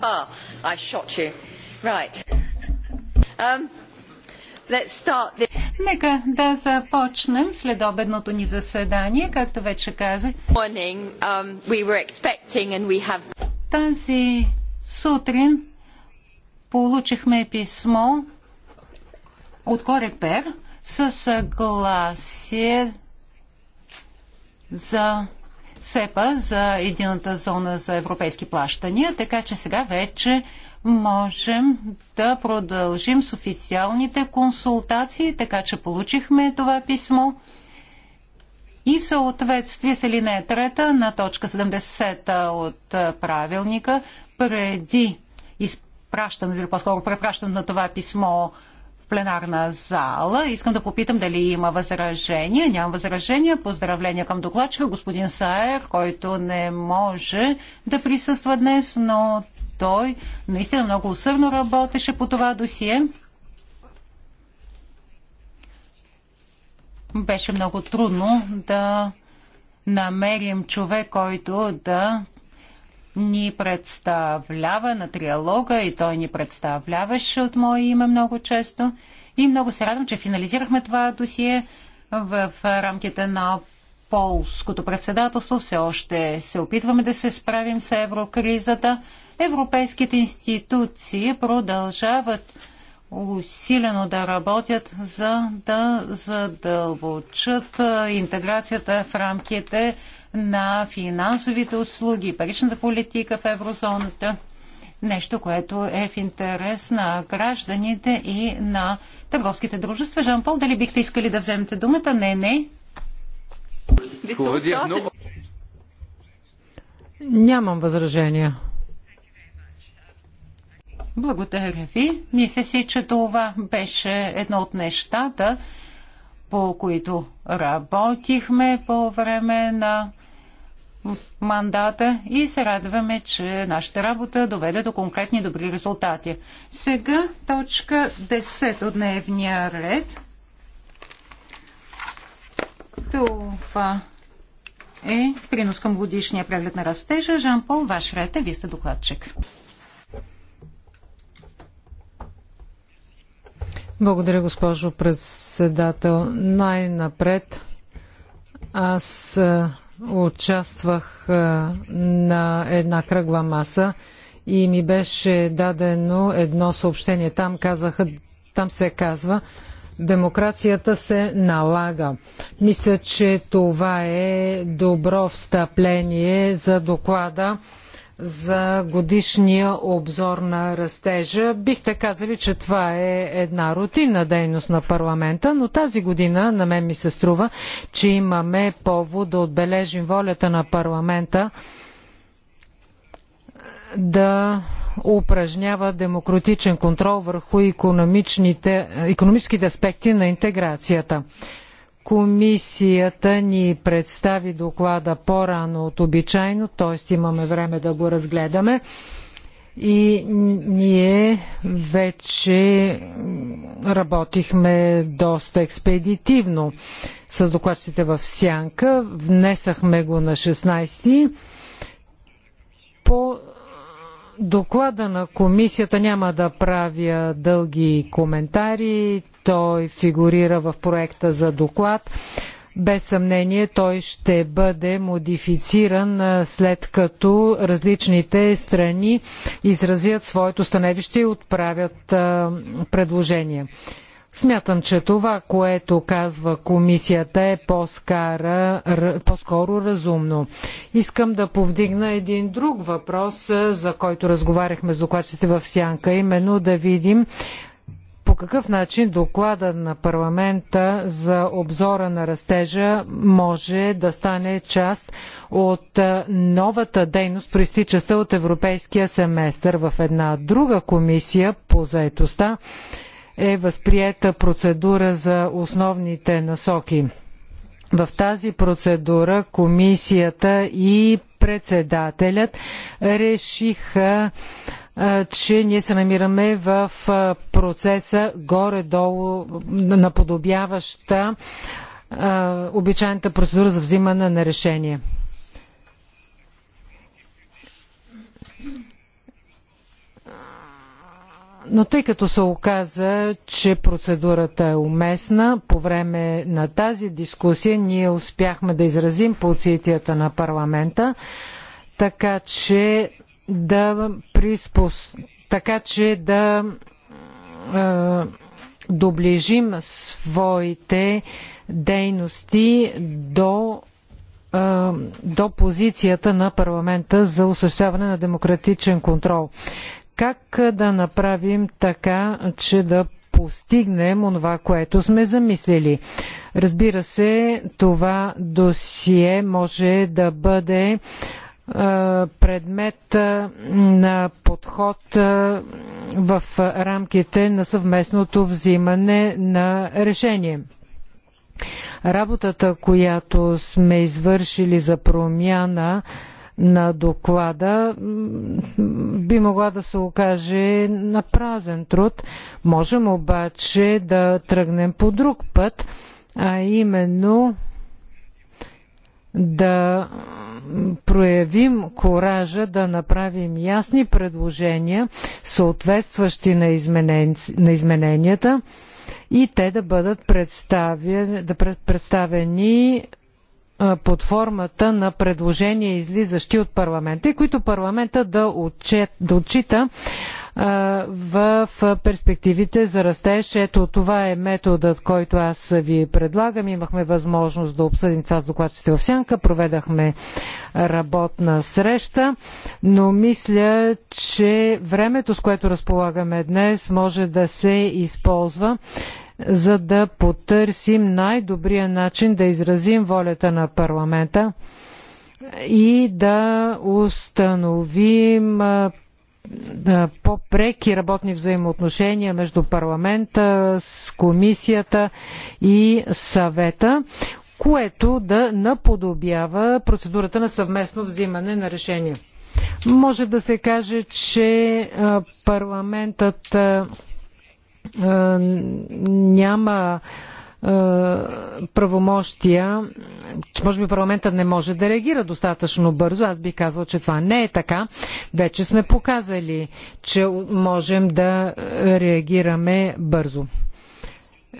I shot you. Right. Um, let's start the... Нека да започнем следобедното ни заседание, както вече казах. Morning, um, we were expecting and we have... Тази сутрин получихме писмо от Корепер с съгласие за СЕПА за едината зона за европейски плащания, така че сега вече можем да продължим с официалните консултации, така че получихме това писмо. И в съответствие с линия трета на точка 70 от правилника, преди изпращането или по-скоро препращането на това писмо в пленарна зала. Искам да попитам дали има възражения. Нямам възражения. Поздравления към докладчика господин Саер, който не може да присъства днес, но той наистина много усърно работеше по това досие. Беше много трудно да намерим човек, който да ни представлява на триалога и той ни представляваше от мое име много често. И много се радвам, че финализирахме това досие в рамките на полското председателство. Все още се опитваме да се справим с еврокризата. Европейските институции продължават усилено да работят, за да задълбочат интеграцията в рамките на финансовите услуги, паричната политика в еврозоната. Нещо, което е в интерес на гражданите и на търговските дружества. Жан Пол, дали бихте искали да вземете думата? Не, не. Нямам възражения. Благодаря ви. Мисля си, че това беше едно от нещата, по които работихме по време на мандата и се радваме, че нашата работа доведе до конкретни добри резултати. Сега точка 10 от дневния ред. Това е принос към годишния преглед на растежа. Жан-Пол, ваш ред е, вие сте докладчик. Благодаря, госпожо председател. Най-напред аз участвах на една кръгла маса и ми беше дадено едно съобщение. Там, казаха, там се казва, демокрацията се налага. Мисля, че това е добро встъпление за доклада за годишния обзор на растежа. Бихте казали, че това е една рутинна дейност на парламента, но тази година на мен ми се струва, че имаме повод да отбележим волята на парламента да упражнява демократичен контрол върху економическите аспекти на интеграцията. Комисията ни представи доклада по-рано от обичайно, т.е. имаме време да го разгледаме. И ние вече работихме доста експедитивно с докладчите в Сянка. Внесахме го на 16 по доклада на комисията няма да правя дълги коментари. Той фигурира в проекта за доклад. Без съмнение той ще бъде модифициран след като различните страни изразят своето становище и отправят предложения. Смятам, че това, което казва комисията е по-скоро разумно. Искам да повдигна един друг въпрос, за който разговаряхме с докладчите в Сянка, именно да видим по какъв начин доклада на парламента за обзора на растежа може да стане част от новата дейност, проистичаща от европейския семестър в една друга комисия по заетостта е възприета процедура за основните насоки. В тази процедура комисията и председателят решиха, че ние се намираме в процеса горе-долу наподобяваща обичайната процедура за взимане на решение. но тъй като се оказа, че процедурата е уместна, по време на тази дискусия ние успяхме да изразим позицията на парламента, така че да така че да е, доближим своите дейности до до позицията на парламента за осъществяване на демократичен контрол. Как да направим така, че да постигнем онова, което сме замислили. Разбира се, това досие може да бъде предмет на подход в рамките на съвместното взимане на решение. Работата, която сме извършили за промяна на доклада би могла да се окаже на празен труд. Можем обаче да тръгнем по друг път, а именно да проявим коража да направим ясни предложения, съответстващи на, изменен... на измененията и те да бъдат представени, да представени под формата на предложения, излизащи от парламента и които парламента да, отчет, да отчита в перспективите за растеж. Ето това е методът, който аз ви предлагам. Имахме възможност да обсъдим това с докладчите в Сянка. Проведахме работна среща, но мисля, че времето, с което разполагаме днес, може да се използва за да потърсим най-добрия начин да изразим волята на парламента и да установим по-преки работни взаимоотношения между парламента, с комисията и съвета, което да наподобява процедурата на съвместно взимане на решения. Може да се каже, че парламентът е, няма е, правомощия, че може би парламентът не може да реагира достатъчно бързо. Аз би казал, че това не е така. Вече сме показали, че можем да е, реагираме бързо.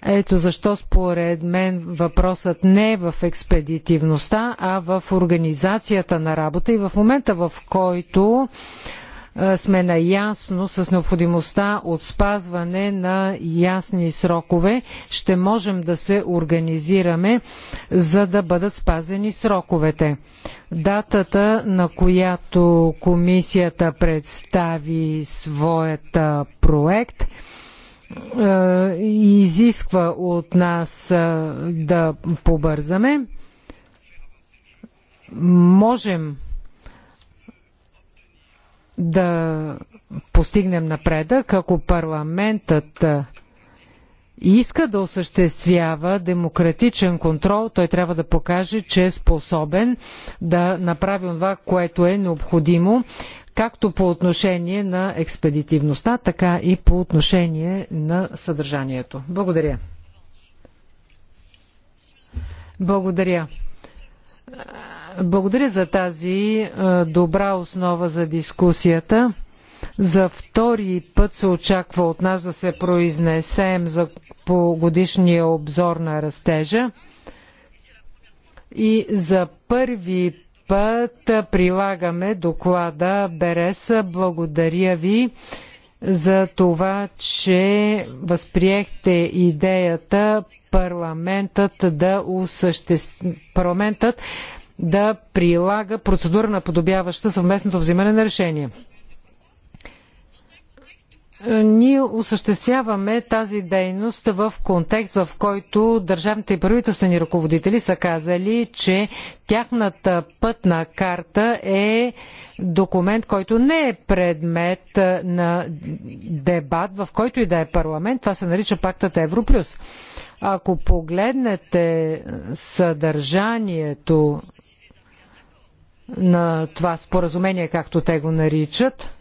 Ето защо според мен въпросът не е в експедитивността, а в организацията на работа и в момента в който е, сме наясно с необходимостта от спазване на ясни срокове, ще можем да се организираме, за да бъдат спазени сроковете. Датата, на която комисията представи своят проект, е, изисква от нас е, да побързаме. Можем да постигнем напредък, ако парламентът иска да осъществява демократичен контрол, той трябва да покаже, че е способен да направи това, което е необходимо, както по отношение на експедитивността, така и по отношение на съдържанието. Благодаря. Благодаря. Благодаря за тази добра основа за дискусията. За втори път се очаква от нас да се произнесем за по годишния обзор на растежа. И за първи път прилагаме доклада Береса. Благодаря ви за това, че възприехте идеята парламентът да осъществи... парламентът да прилага процедура наподобяваща съвместното взимане на решение. Е, ние осъществяваме тази дейност в контекст, в който държавните и правителствени ръководители са казали, че тяхната пътна карта е документ, който не е предмет е, на дебат, в който и да е парламент. Това се нарича пактът Европлюс. Ако погледнете е, съдържанието на това споразумение, както те го наричат,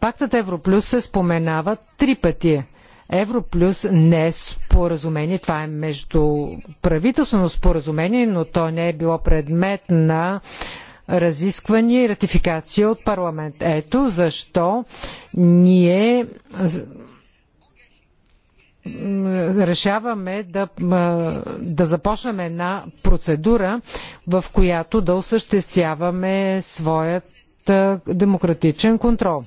пактът Европлюс се споменава три пъти. Европлюс не е споразумение, това е между правителствено споразумение, но то не е било предмет на разисквания и ратификация от парламент. Ето защо ние решаваме да, да започнем една процедура, в която да осъществяваме своят демократичен контрол.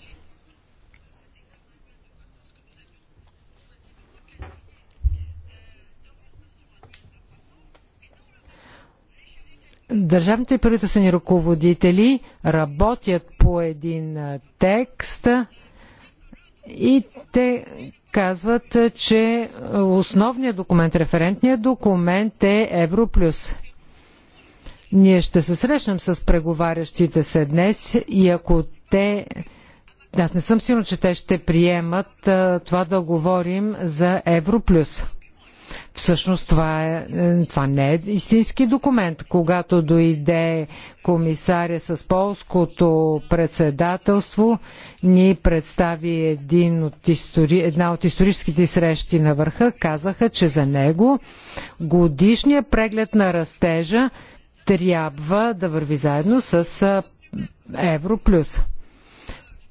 Държавните правителствени ръководители работят по един текст и те казват, че основният документ, референтният документ е Европлюс. Ние ще се срещнем с преговарящите се днес и ако те аз не съм сигурна, че те ще приемат това да говорим за Европлюс. Всъщност това, е, е, това не е истински документ. Когато дойде комисаря с полското председателство, ни представи един от истори... една от историческите срещи на върха, казаха, че за него годишният преглед на растежа трябва да върви заедно с Европлюс.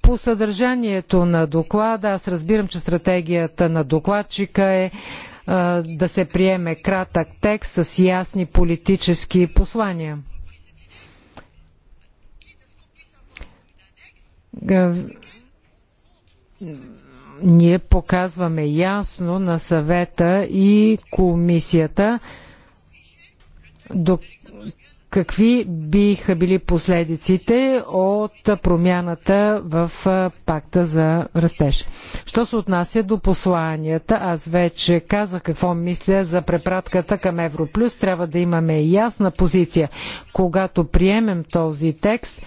По съдържанието на доклада, аз разбирам, че стратегията на докладчика е да се приеме кратък текст с ясни политически послания. Ние показваме ясно на съвета и комисията, до какви биха били последиците от промяната в пакта за растеж. Що се отнася до посланията, аз вече казах какво мисля за препратката към Европлюс. Трябва да имаме ясна позиция. Когато приемем този текст,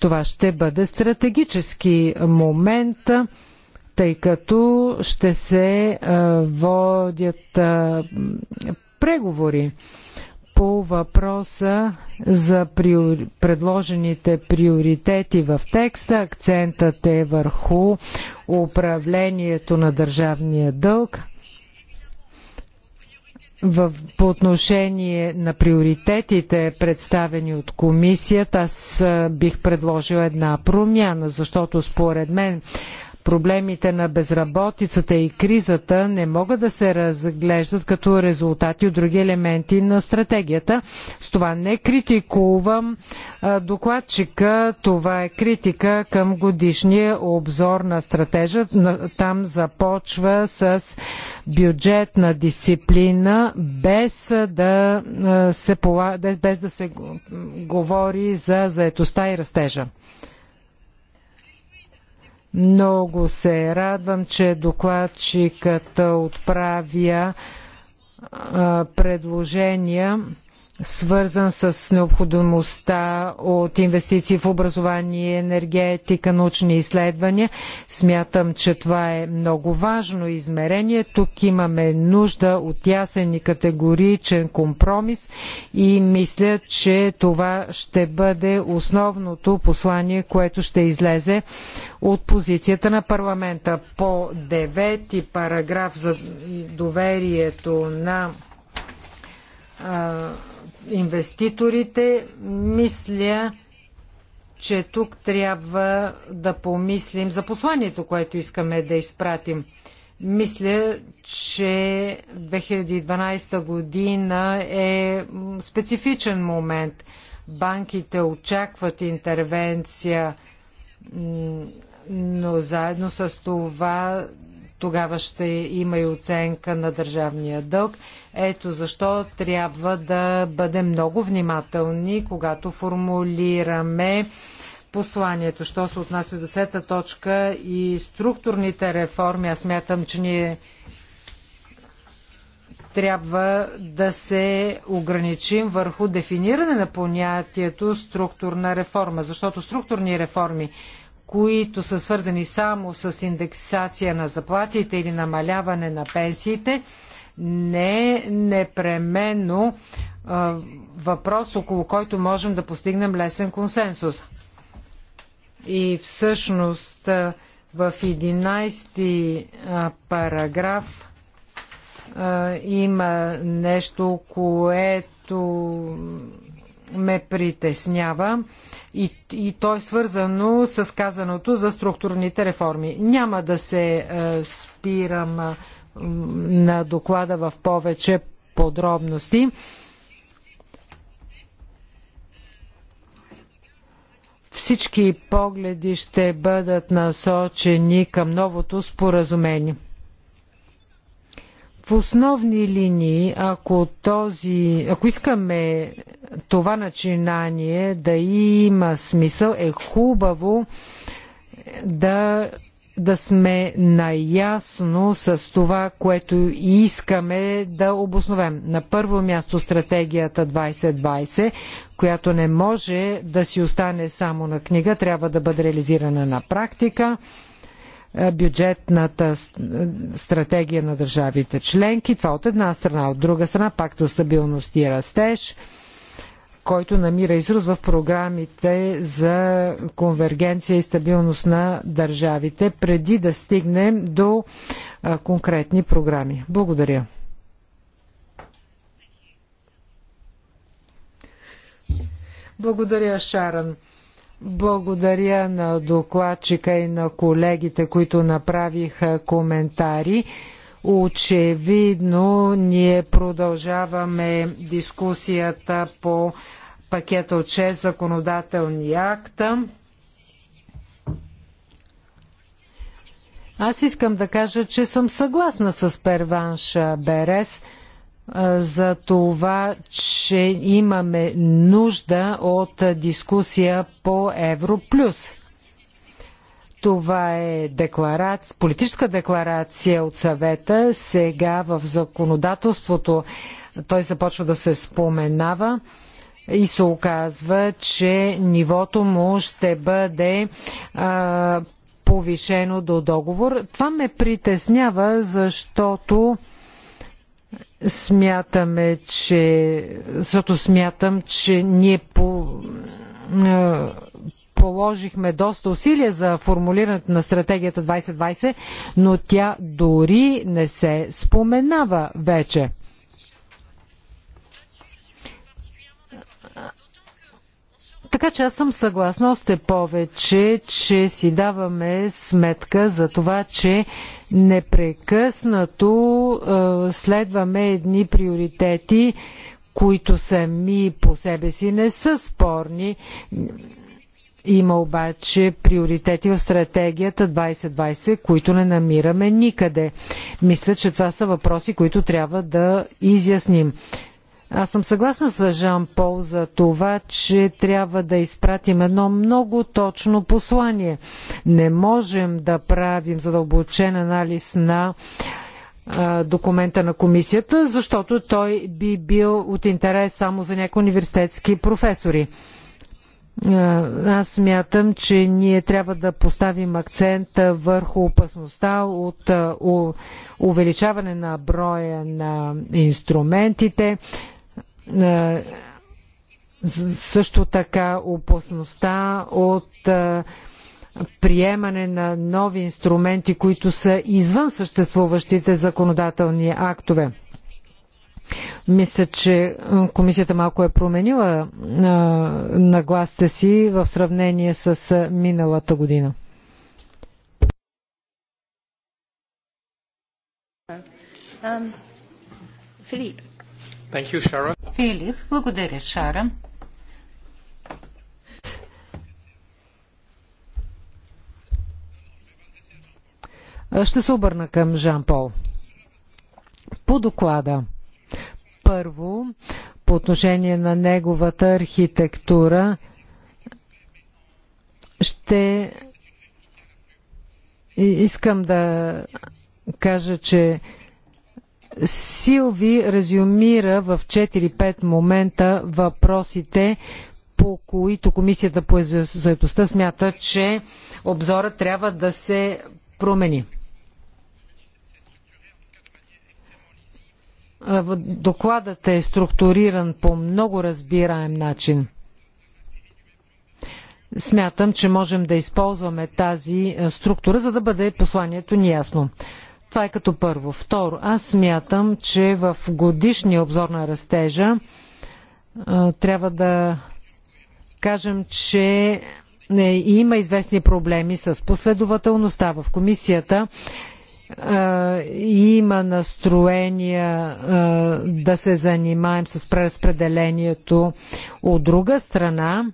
това ще бъде стратегически момент тъй като ще се водят преговори по въпроса за приори... предложените приоритети в текста. Акцентът е върху управлението на държавния дълг. В, по отношение на приоритетите, представени от комисията, аз бих предложил една промяна, защото според мен проблемите на безработицата и кризата не могат да се разглеждат като резултати от други елементи на стратегията. С това не критикувам докладчика, това е критика към годишния обзор на стратежа. Там започва с бюджетна дисциплина, без да се, без да се говори за заетостта и растежа. Много се радвам, че докладчикът отправя предложения свързан с необходимостта от инвестиции в образование, енергетика, научни изследвания. Смятам, че това е много важно измерение. Тук имаме нужда от ясен и категоричен компромис и мисля, че това ще бъде основното послание, което ще излезе от позицията на парламента. По 9 параграф за доверието на инвеститорите. Мисля, че тук трябва да помислим за посланието, което искаме да изпратим. Мисля, че 2012 година е специфичен момент. Банките очакват интервенция, но заедно с това тогава ще има и оценка на държавния дълг. Ето защо трябва да бъдем много внимателни, когато формулираме посланието. Що се отнася до сета точка и структурните реформи, аз мятам, че ние трябва да се ограничим върху дефиниране на понятието структурна реформа, защото структурни реформи които са свързани само с индексация на заплатите или намаляване на пенсиите, не е непременно а, въпрос, около който можем да постигнем лесен консенсус. И всъщност в 11 параграф а, има нещо, което ме притеснява и, и то е свързано с казаното за структурните реформи. Няма да се е, спирам е, на доклада в повече подробности. Всички погледи ще бъдат насочени към новото споразумение. В основни линии, ако, този, ако искаме това начинание да има смисъл, е хубаво да, да сме наясно с това, което искаме да обосновем. На първо място стратегията 2020, която не може да си остане само на книга, трябва да бъде реализирана на практика. Е, бюджетната е, стратегия на държавите членки. Това от една страна. От друга страна пакта за стабилност и растеж който намира израз в програмите за конвергенция и стабилност на държавите, преди да стигнем до е, конкретни програми. Благодаря. Благодаря, Шаран. Благодаря на докладчика и на колегите, които направиха коментари. Очевидно, ние продължаваме дискусията по пакета от 6 законодателни акта. Аз искам да кажа, че съм съгласна с Перванша Берес – за това, че имаме нужда от дискусия по Европлюс. Това е декларация, политическа декларация от съвета. Сега в законодателството той започва да се споменава и се оказва, че нивото му ще бъде а, повишено до договор. Това ме притеснява, защото Смятаме, че... Защото смятам, че ние по е, положихме доста усилия за формулирането на стратегията 2020, но тя дори не се споменава вече. Така че аз съм съгласна още повече, че си даваме сметка за това, че непрекъснато е, следваме едни приоритети, които сами по себе си не са спорни. Има обаче приоритети в стратегията 2020, които не намираме никъде. Мисля, че това са въпроси, които трябва да изясним. Аз съм съгласна с Жан Пол за това, че трябва да изпратим едно много точно послание. Не можем да правим задълбочен анализ на документа на комисията, защото той би бил от интерес само за някои университетски професори. Аз смятам, че ние трябва да поставим акцент върху опасността от увеличаване на броя на инструментите, е, също така опасността от е, приемане на нови инструменти, които са извън съществуващите законодателни актове. Мисля, че е, комисията малко е променила нагласите си в сравнение с миналата година. Филип. Thank you, Sharon. Филип, благодаря, Шара. Ще се обърна към Жан Пол. По доклада. Първо, по отношение на неговата архитектура, ще искам да кажа, че Силви резюмира в 4-5 момента въпросите, по които Комисията по заедостта смята, че обзора трябва да се промени. Докладът е структуриран по много разбираем начин. Смятам, че можем да използваме тази структура, за да бъде посланието ни ясно. Това е като първо. Второ, аз смятам, че в годишния обзор на растежа трябва да кажем, че не, има известни проблеми с последователността в комисията. А, има настроения да се занимаем с преразпределението. От друга страна,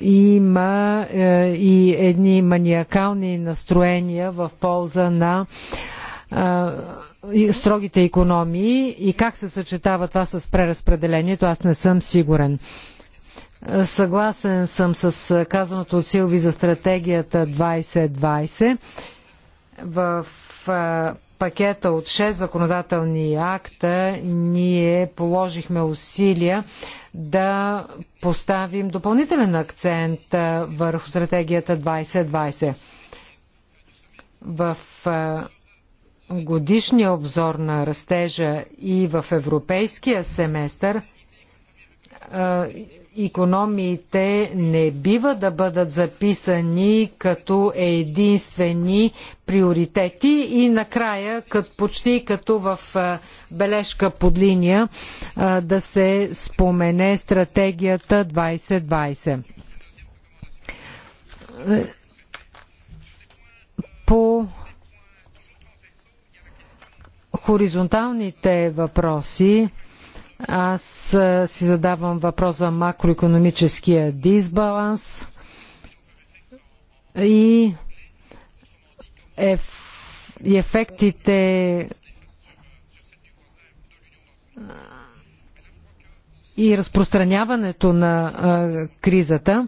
има е, и едни маниакални настроения в полза на е, строгите економии и как се съчетава това с преразпределението, аз не съм сигурен. Съгласен съм с казаното от Силви за стратегията 2020. В е, пакета от 6 законодателни акта ние положихме усилия да поставим допълнителен акцент върху стратегията 2020. В годишния обзор на растежа и в европейския семестър економиите не бива да бъдат записани като единствени приоритети и накрая като, почти като в бележка под линия да се спомене стратегията 2020. По хоризонталните въпроси аз си задавам въпрос за макроекономическия дисбаланс и ефектите и разпространяването на кризата.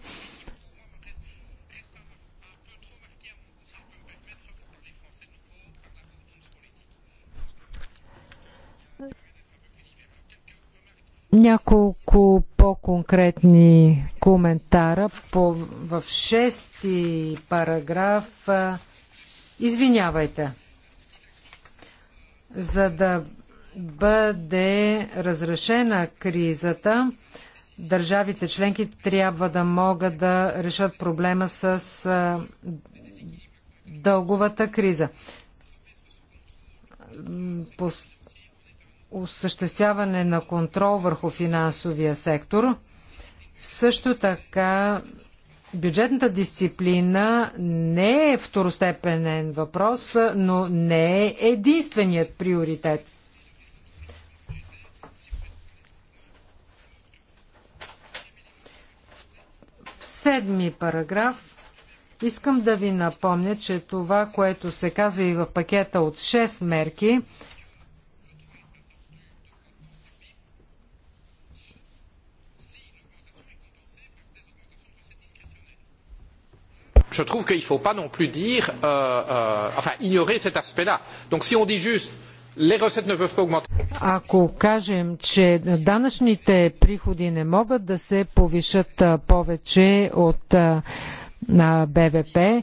Няколко по-конкретни коментара по, в шести параграф. Извинявайте. За да бъде разрешена кризата, държавите членки трябва да могат да решат проблема с дълговата криза осъществяване на контрол върху финансовия сектор. Също така бюджетната дисциплина не е второстепенен въпрос, но не е единственият приоритет. В седми параграф искам да ви напомня, че това, което се казва и в пакета от 6 мерки, je trouve qu'il ne faut pas non plus dire, euh, euh, enfin, ignorer cet aspect-là. Donc si on dit juste ако кажем, че данъчните приходи не могат да се повишат повече от на БВП,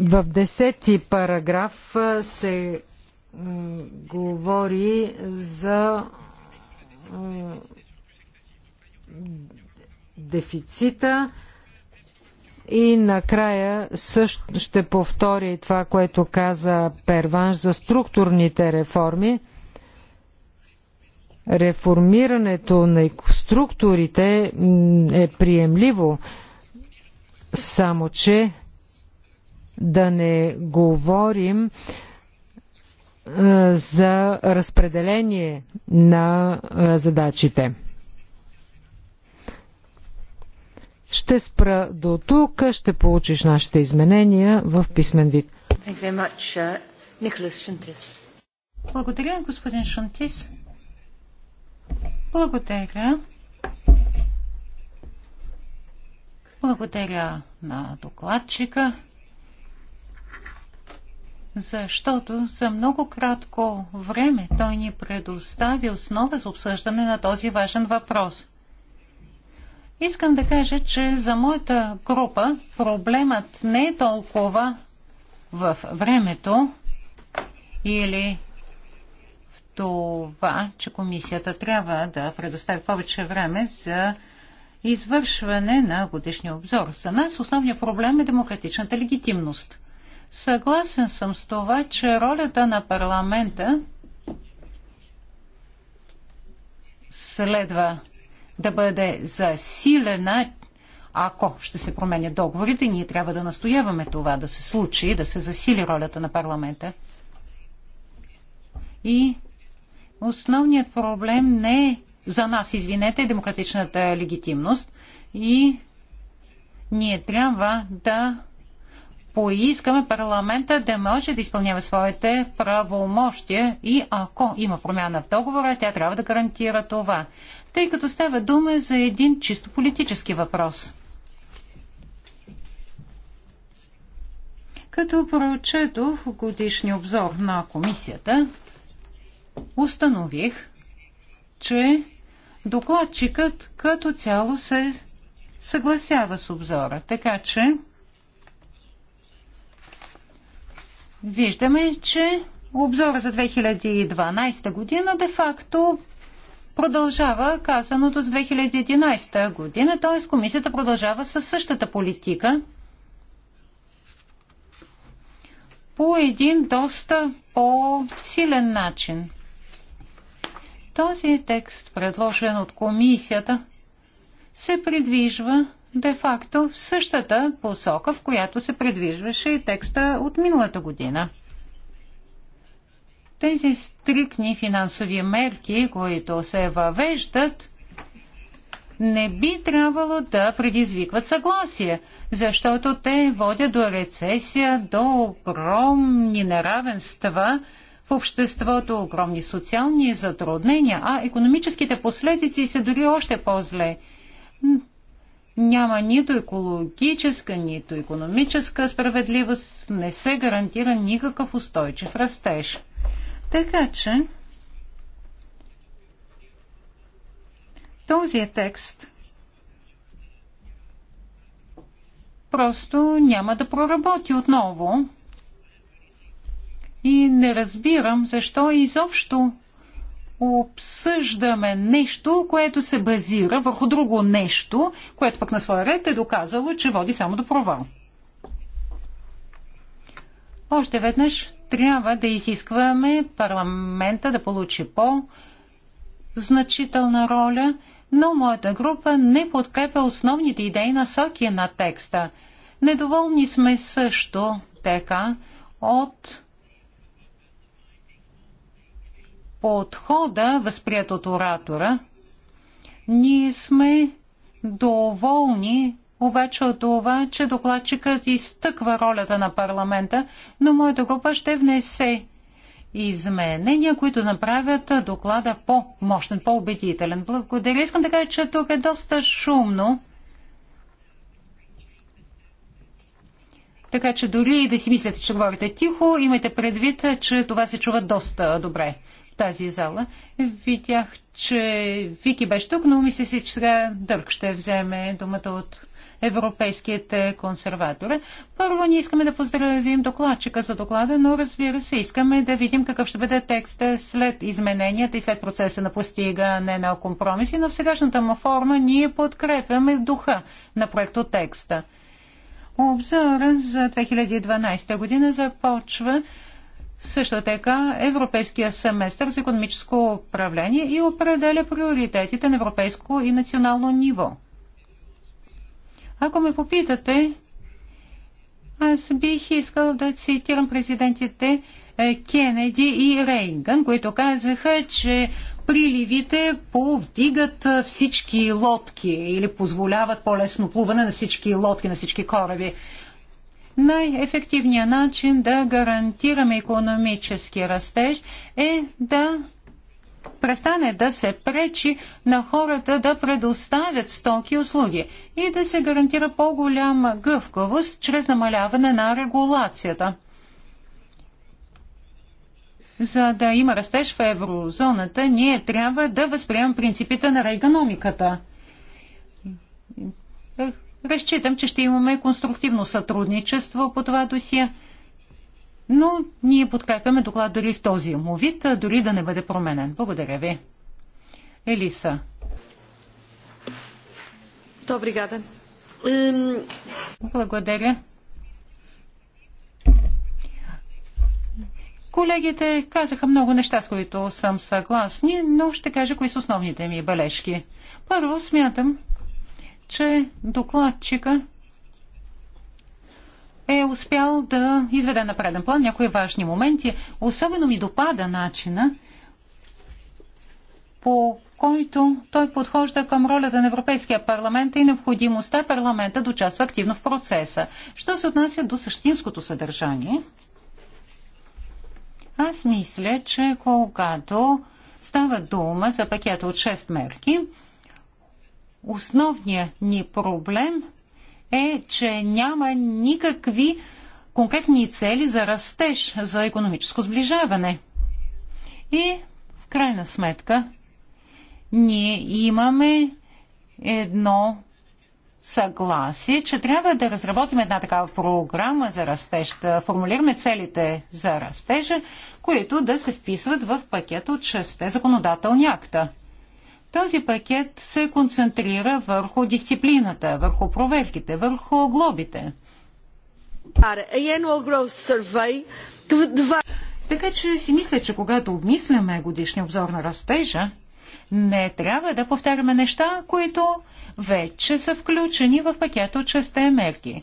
в десети параграф се говори за дефицита. И накрая също ще повторя и това, което каза Перванш за структурните реформи. Реформирането на структурите е приемливо, само че да не говорим за разпределение на задачите. Ще спра до тук, ще получиш нашите изменения в писмен вид. Uh, Благодаря, господин Шунтис. Благодаря. Благодаря на докладчика, защото за много кратко време той ни предостави основа за обсъждане на този важен въпрос – Искам да кажа, че за моята група проблемът не е толкова в времето или в това, че комисията трябва да предостави повече време за извършване на годишния обзор. За нас основният проблем е демократичната легитимност. Съгласен съм с това, че ролята на парламента следва да бъде засилена, ако ще се променят договорите, ние трябва да настояваме това да се случи, да се засили ролята на парламента. И основният проблем не е за нас, извинете, е демократичната легитимност и ние трябва да поискаме парламента да може да изпълнява своите правомощия и ако има промяна в договора, тя трябва да гарантира това тъй като става дума за един чисто политически въпрос. Като прочетох годишния обзор на комисията, установих, че докладчикът като цяло се съгласява с обзора. Така че виждаме, че обзора за 2012 година де-факто продължава казаното с 2011 година, т.е. комисията продължава със същата политика по един доста по-силен начин. Този текст, предложен от комисията, се придвижва де-факто в същата посока, в която се предвижваше и текста от миналата година – тези стрикни финансови мерки, които се въвеждат, не би трябвало да предизвикват съгласие, защото те водят до рецесия, до огромни неравенства в обществото, огромни социални затруднения, а економическите последици са дори още по-зле. Няма нито екологическа, нито економическа справедливост, не се гарантира никакъв устойчив растеж. Така че този е текст просто няма да проработи отново. И не разбирам защо изобщо обсъждаме нещо, което се базира върху друго нещо, което пък на своя ред е доказало, че води само до провал. Още веднъж трябва да изискваме парламента да получи по-значителна роля, но моята група не подкрепя основните идеи насоки на текста. Недоволни сме също така от подхода, възприят от оратора. Ние сме доволни обаче от това, че докладчикът изтъква ролята на парламента, но моята група ще внесе изменения, които направят доклада по-мощен, по-убедителен. Благодаря. Искам да кажа, че тук е доста шумно. Така че дори и да си мислите, че говорите тихо, имайте предвид, че това се чува доста добре в тази зала. Видях, че Вики беше тук, но мисля си, че сега Дърк ще вземе думата от европейските консерватори. Първо, ние искаме да поздравим докладчика за доклада, но разбира се, искаме да видим какъв ще бъде текст след измененията и след процеса на постигане на компромиси, но в сегашната му форма ние подкрепяме духа на проекто текста. Обзора за 2012 година започва също така Европейския семестър за економическо управление и определя приоритетите на европейско и национално ниво. Ако ме попитате, аз бих искал да цитирам президентите е, Кенеди и Рейган, които казаха, че приливите повдигат е, всички лодки или позволяват по-лесно плуване на всички лодки, на всички кораби. Най-ефективният начин да гарантираме економически растеж е да престане да се пречи на хората да предоставят стоки и услуги и да се гарантира по-голяма гъвкавост чрез намаляване на регулацията. За да има растеж в еврозоната, ние трябва да възприемем принципите на рейгономиката. Разчитам, че ще имаме конструктивно сътрудничество по това досие но ние подкрепяме доклад дори в този му вид, дори да не бъде променен. Благодаря ви. Елиса. Добригада. Благодаря. Колегите казаха много неща, с които съм съгласни, но ще кажа кои са основните ми бележки. Първо смятам, че докладчика е успял да изведе на преден план някои важни моменти. Особено ми допада начина, по който той подхожда към ролята на Европейския парламент и необходимостта парламента да участва активно в процеса. Що се отнася до същинското съдържание, аз мисля, че когато става дума за пакета от 6 мерки, основният ни проблем е, че няма никакви конкретни цели за растеж, за економическо сближаване. И в крайна сметка ние имаме едно съгласие, че трябва да разработим една такава програма за растеж, да формулираме целите за растежа, които да се вписват в пакета от 6 законодателни акта. Този пакет се концентрира върху дисциплината, върху проверките, върху глобите. Е, е, така че си мисля, че когато обмисляме годишния обзор на растежа, не трябва да повтаряме неща, които вече са включени в пакет от шесте мерки.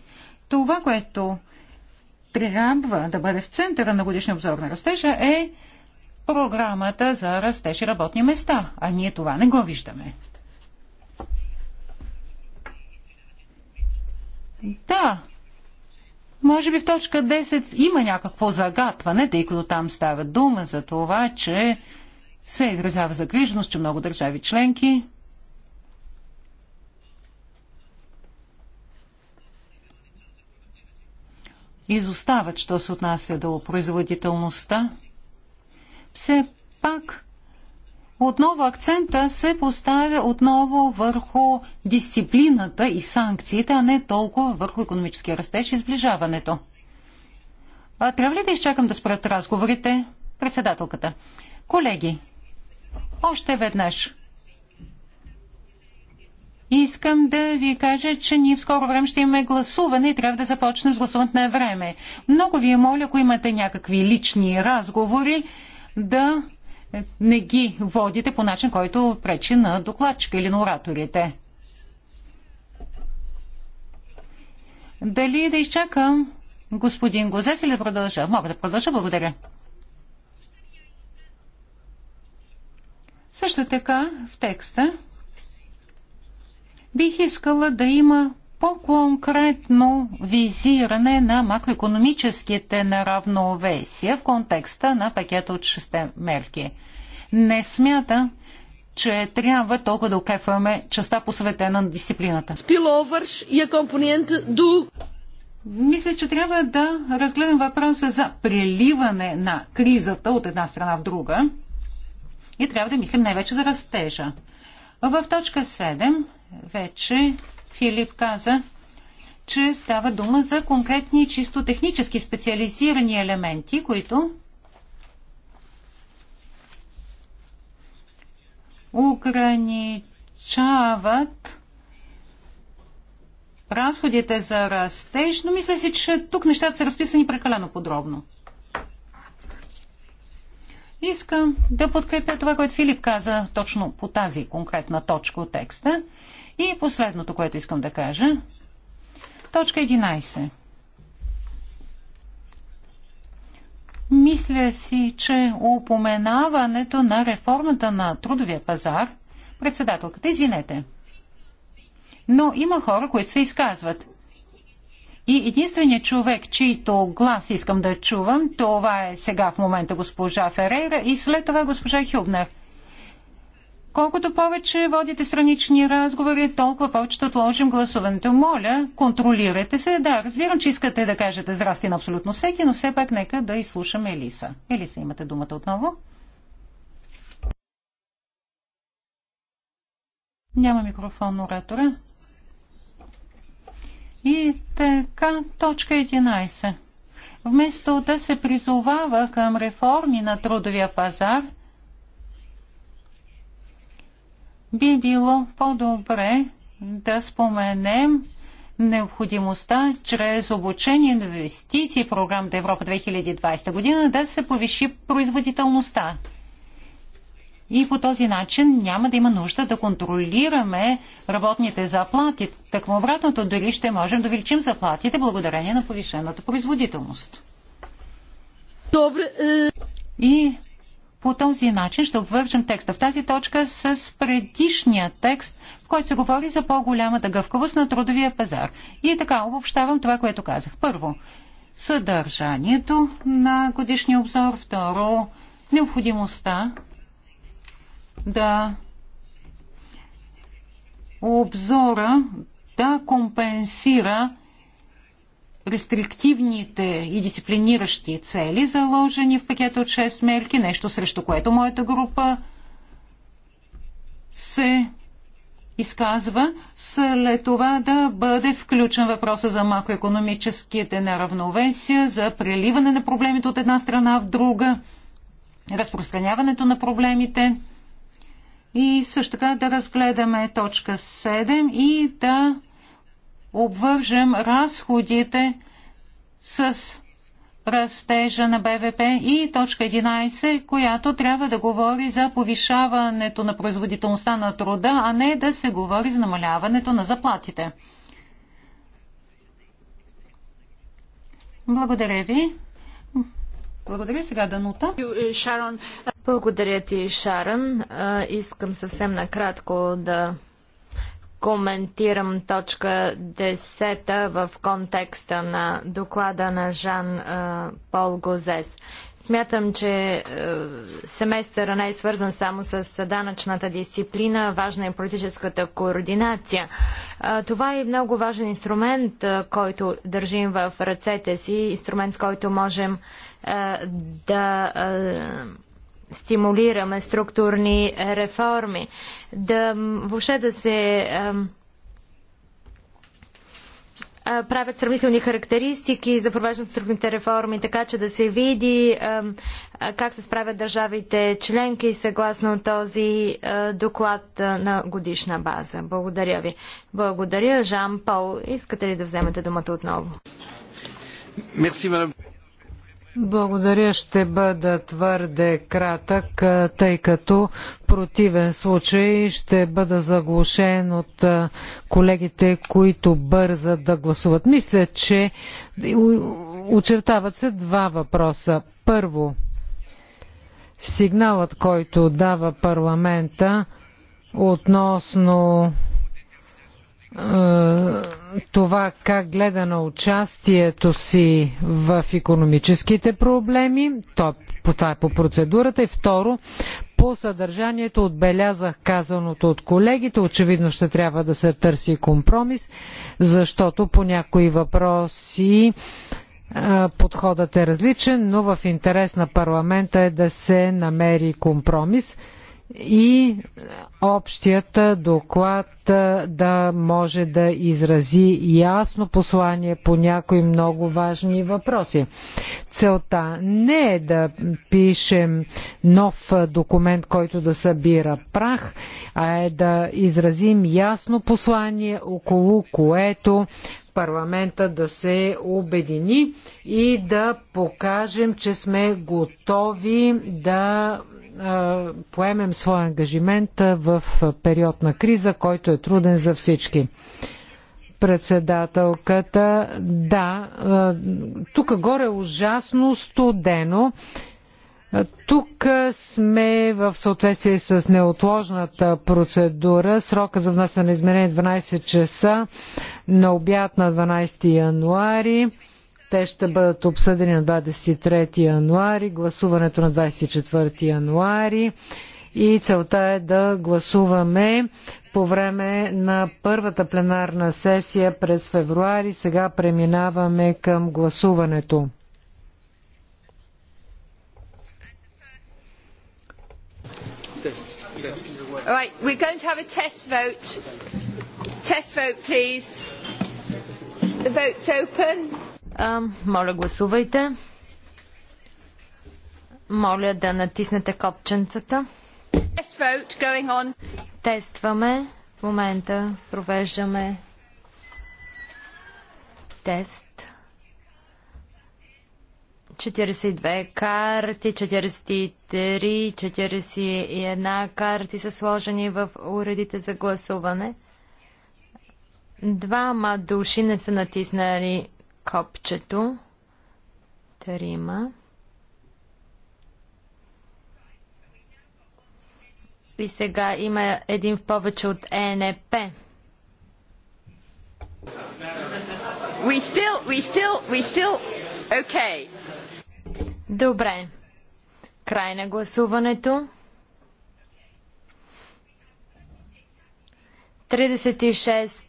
Това, което трябва да бъде в центъра на годишния обзор на растежа е програмата за растеж и работни места, а ние това не го виждаме. Да, може би в точка 10 има някакво загатване, тъй като там става дума за това, че се изразява загриженост, че много държави членки изостават, що се отнася до производителността все пак отново акцента се поставя отново върху дисциплината и санкциите, а не толкова върху економическия растеж и сближаването. А, трябва ли да изчакам да спрат разговорите? Председателката. Колеги, още веднъж. Искам да ви кажа, че ние в скоро време ще имаме гласуване и трябва да започнем с гласуването на време. Много ви моля, ако имате някакви лични разговори, да не ги водите по начин, който пречи на докладчика или на ораторите. Дали да изчакам господин Гозес или да продължа? Мога да продължа, благодаря. Също така в текста бих искала да има по-конкретно визиране на макроекономическите неравновесия в контекста на пакета от шесте мерки. Не смята, че трябва толкова да укрепваме частта посветена на дисциплината. Спиловърш и компонент до... Мисля, че трябва да разгледам въпроса за преливане на кризата от една страна в друга и трябва да мислим най-вече за растежа. В точка 7 вече Филип каза, че става дума за конкретни чисто технически специализирани елементи, които ограничават разходите за растеж, но мисля си, че тук нещата са разписани прекалено подробно. Искам да подкрепя това, което Филип каза точно по тази конкретна точка от текста. И последното, което искам да кажа. Точка 11. Мисля си, че упоменаването на реформата на трудовия пазар, председателката, извинете, но има хора, които се изказват. И единственият човек, чийто глас искам да чувам, това е сега в момента госпожа Ферейра и след това госпожа Хюбнер. Колкото повече водите странични разговори, толкова повече ще отложим гласуването. Моля, контролирайте се. Да, разбирам, че искате да кажете здрасти на абсолютно всеки, но все пак нека да изслушаме Елиса. Елиса, имате думата отново. Няма микрофон оратора. И така, точка 11. Вместо да се призовава към реформи на трудовия пазар – би било по-добре да споменем необходимостта чрез обучение, инвестиции в програмата Европа 2020 година да се повиши производителността. И по този начин няма да има нужда да контролираме работните заплати. Такво обратното, дори ще можем да увеличим заплатите благодарение на повишената производителност. Добре. Е. И по този начин ще обвържем текста в тази точка с предишния текст, в който се говори за по-голямата гъвкавост на трудовия пазар. И така обобщавам това, което казах. Първо, съдържанието на годишния обзор. Второ, необходимостта да обзора да компенсира рестриктивните и дисциплиниращи цели, заложени в пакета от 6 мерки, нещо срещу което моята група се изказва, след това да бъде включен въпроса за макроекономическите неравновесия, за преливане на проблемите от една страна в друга, разпространяването на проблемите и също така да разгледаме точка 7 и да обвържем разходите с растежа на БВП и точка 11, която трябва да говори за повишаването на производителността на труда, а не да се говори за намаляването на заплатите. Благодаря ви. Благодаря сега, Данута. Благодаря ти, Шаран. Искам съвсем накратко да коментирам точка 10 в контекста на доклада на Жан Пол Гозес. Смятам, че семестъра не е свързан само с данъчната дисциплина, важна е политическата координация. Това е много важен инструмент, който държим в ръцете си, инструмент, с който можем да стимулираме структурни реформи, да въобще да се правят сравнителни характеристики за провеждането на структурните реформи, така че да се види как се справят държавите членки съгласно този доклад на годишна база. Благодаря ви. Благодаря, Жан Пол. Искате ли да вземете думата отново? Мерси, благодаря, ще бъда твърде кратък, тъй като противен случай ще бъда заглушен от колегите, които бързат да гласуват. Мисля, че очертават се два въпроса. Първо, сигналът, който дава парламента относно това как гледа на участието си в економическите проблеми. То, това е по процедурата. И второ, по съдържанието отбелязах казаното от колегите. Очевидно ще трябва да се търси компромис, защото по някои въпроси подходът е различен, но в интерес на парламента е да се намери компромис и общият доклад да може да изрази ясно послание по някои много важни въпроси. Целта не е да пишем нов документ, който да събира прах, а е да изразим ясно послание, около което парламента да се обедини и да покажем, че сме готови да поемем своя ангажимент в период на криза, който е труден за всички. Председателката, да, тук горе е ужасно студено. Тук сме в съответствие с неотложната процедура. Срока за внасяне на изменение 12 е часа на обяд на 12 януари. Те ще бъдат обсъдени на 23 януари, гласуването на 24 януари и целта е да гласуваме по време на първата пленарна сесия през февруари. Сега преминаваме към гласуването. Right, we're going to have a test vote. Test vote, please. The vote's open. Моля, гласувайте. Моля да натиснете копченцата. Тестваме. В момента провеждаме тест. 42 карти, 43, 41 карти са сложени в уредите за гласуване. Двама души не са натиснали копчето. Трима. И сега има един в повече от ЕНП. We still, we still, we still, okay. Добре. Край на гласуването. 36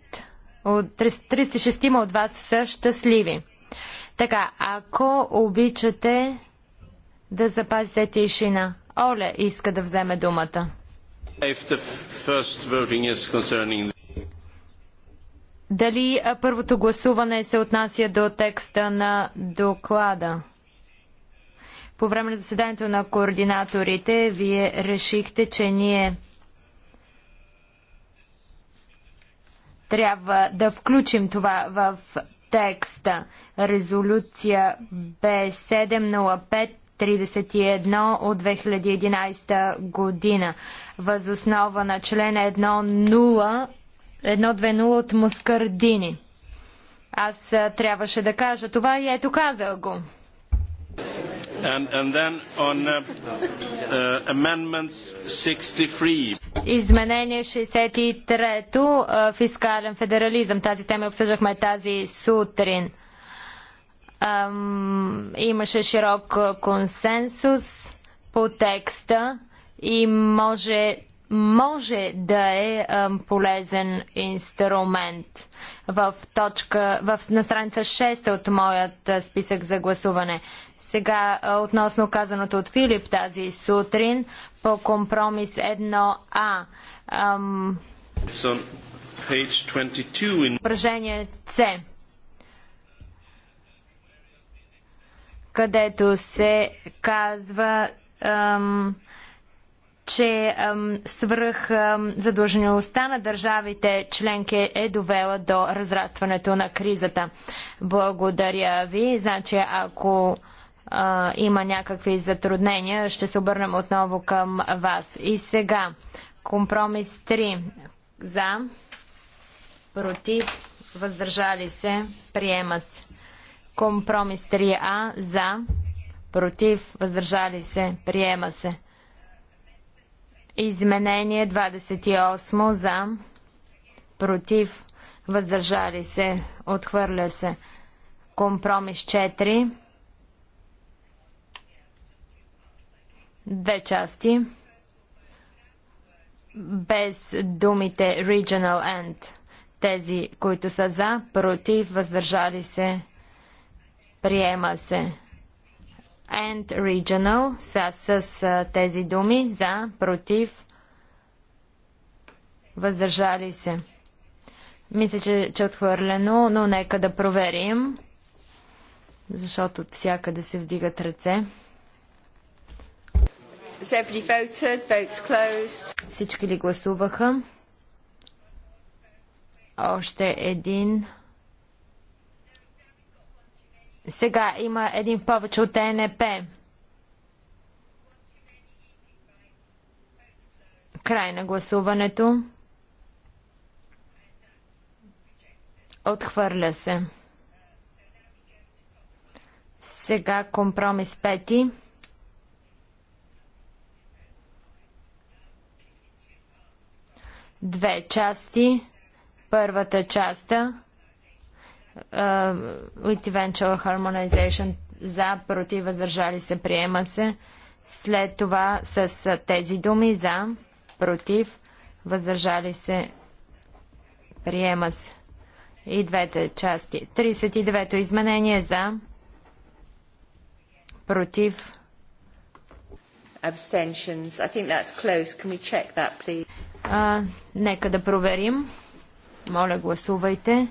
от 306 от вас са щастливи. Така, ако обичате да запазите тишина. Оле иска да вземе думата. Дали първото гласуване се отнася до текста на доклада? По време на заседанието на координаторите вие решихте, че ние Трябва да включим това в текста. Резолюция Б705 31 от 2011 година. Възоснова на член 1.2.0 от Мускардини. Аз трябваше да кажа това и ето казах го. And, then on uh, uh, amendments 63. Изменение 63-то фискален федерализъм. Тази тема обсъждахме тази сутрин. имаше широк консенсус по текста и може, може да е полезен инструмент в точка, в, на страница 6 от моят списък за гласуване. Сега относно казаното от Филип тази сутрин по компромис 1А. Ам... Упражнение С. където се казва, ам, че ам, свръх ам, задължеността на държавите членки е довела до разрастването на кризата. Благодаря ви. Значи, ако а, има някакви затруднения, ще се обърнем отново към вас. И сега, компромис 3 за, против, въздържали се, приема се. Компромис 3А за, против, въздържали се, приема се. Изменение 28 за, против, въздържали се, отхвърля се. Компромис 4 две части без думите regional and, Тези, които са за, против, въздържали се, приема се. And regional са с тези думи за, против, въздържали се. Мисля, че, че е отхвърлено, но нека да проверим, защото всякъде се вдигат ръце. Всички ли гласуваха? Още един. Сега има един повече от ЕНП. Край на гласуването. Отхвърля се. Сега компромис пети. две части. Първата част with eventual harmonization за, против, въздържали се, приема се. След това с тези думи за, против, въздържали се, приема се. И двете части. 39-то изменение за, против, abstentions. I think that's close. Can we check that, please? А, нека да проверим. Моля, гласувайте.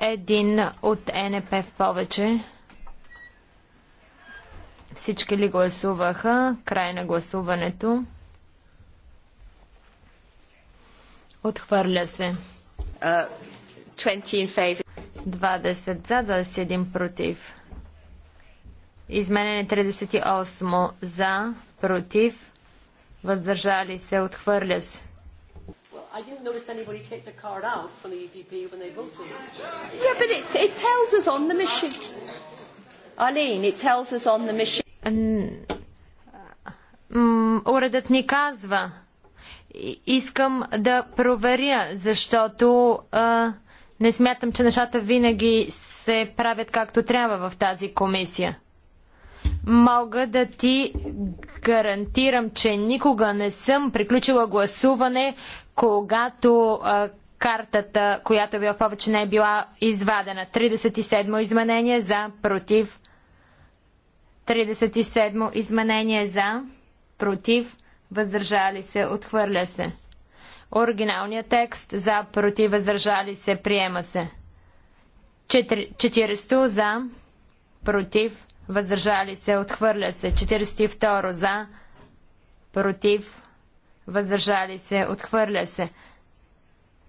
Един от НП в повече. Всички ли гласуваха? Край на гласуването. Отхвърля се. 20 uh, за, 21 против. Изменение 38 за, против, въздържали се, отхвърля се. I didn't notice anybody take the card out from the EPP when they voted. Yeah, but it, it tells us on the mission. it tells us on the mission. Уредът ни казва, искам да проверя, защото а, не смятам, че нещата винаги се правят както трябва в тази комисия. Мога да ти гарантирам, че никога не съм приключила гласуване, когато картата, която е била повече, не е била извадена. 37 изменение за, против. 37 изменение за, против, въздържали се, отхвърля се. Оригиналният текст за, против, въздържали се, приема се. 400 за, против, въздържали се, отхвърля се. 42 за, против, въздържали се, отхвърля се.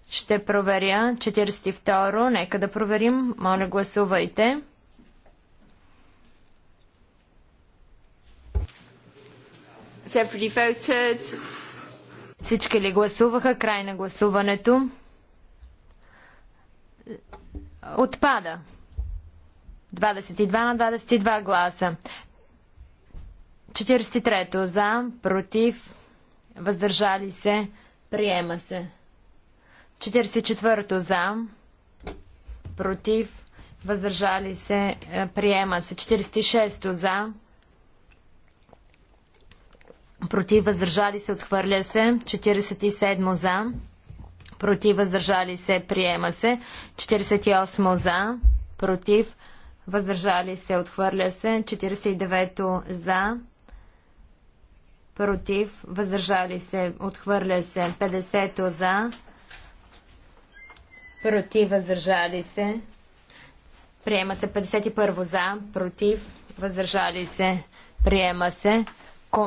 Ще проверя. 42. Нека да проверим. Моля, гласувайте. Всички ли гласуваха? Край на гласуването. Отпада. 22 на 22 гласа. 43-то за, против, въздържали се, приема се. 44-то е, за, против, въздържали се, приема се. 46-то за, против, въздържали се, отхвърля се. 47-то за, против, въздържали се, приема се. 48-то за, против, въздържали се, отхвърля се. 49-то за, против, въздържали се, отхвърля се. 50-то за, против, въздържали се. Приема се 51 за, против, въздържали се, приема се.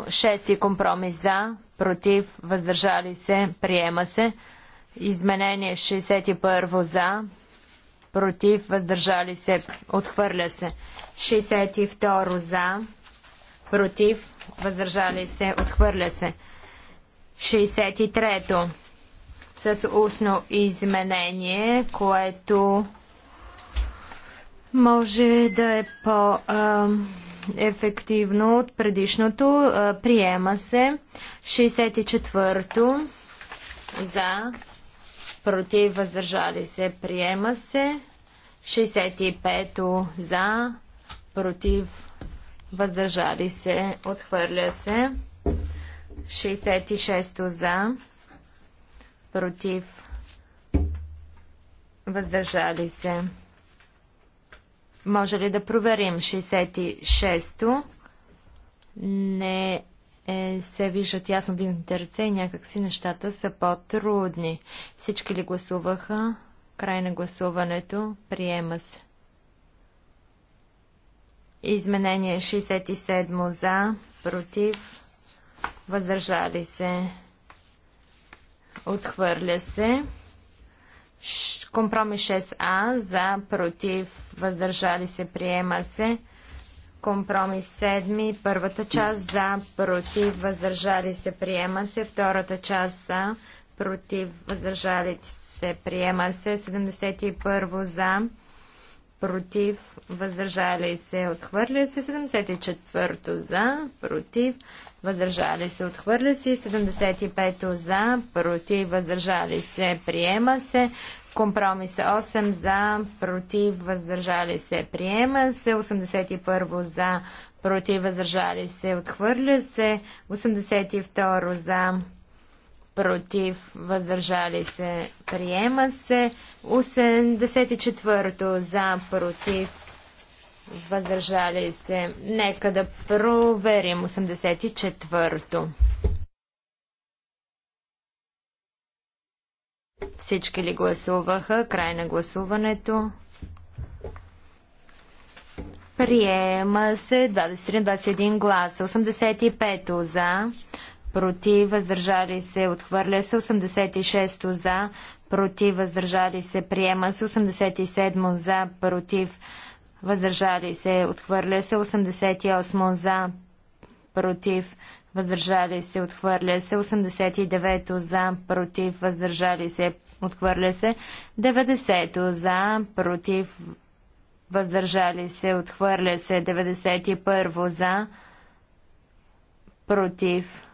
Шести компромис за, против, въздържали се, приема се. Изменение 61 за, против, въздържали се, отхвърля се. 62 за, против, въздържали се, отхвърля се. 63 с устно изменение, което може да е по-ефективно от предишното. Приема се. 64 то за, против, въздържали се, приема се. 65-то за, против, въздържали се, отхвърля се. 66-то за, против, въздържали се. Може ли да проверим 66-то? Не е, се виждат ясно дигнатите ръце и някакси нещата са по-трудни. Всички ли гласуваха? Край на гласуването. Приема се. Изменение 67 за, против, въздържали се, отхвърля се. Компромис 6а за, против, въздържали се, приема се. Компромис 7, първата част за, против, въздържали се, приема се. Втората част за, против, въздържали се, приема се. 71 за, против, въздържали се, отхвърля се. 74 за, против, въздържали се, отхвърля се. 75 за, против, въздържали се, приема се. Компромис 8 за, против, въздържали се, приема се. 81 за, против, въздържали се, отхвърля се. 82 за, против, въздържали се, приема се. 84 за, против, въздържали се. Нека да проверим 84-то. Всички ли гласуваха? Край на гласуването. Приема се 23-21 гласа. 85 за, против, въздържали се, отхвърля се. 86 за, против, въздържали се, приема се. 87 за, против, въздържали се, отхвърля се. 88 за, против, въздържали се, отхвърля се. 89 то за, против, въздържали се, отхвърля се. 90 за, против, въздържали се, отхвърля се. 91 за, против,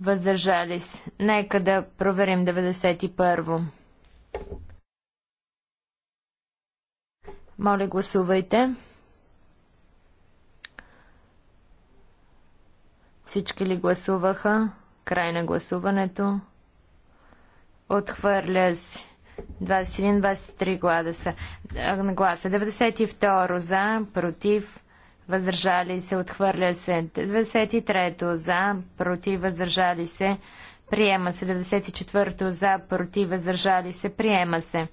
въздържали се. Нека да проверим 91. Моля, гласувайте. Всички ли гласуваха? Край на гласуването. Отхвърля се. 21-23 гласа. гласа. 92 за, против, въздържали се, отхвърля се. 93 за, против, въздържали се, приема се. 94 за, против, въздържали се, приема се.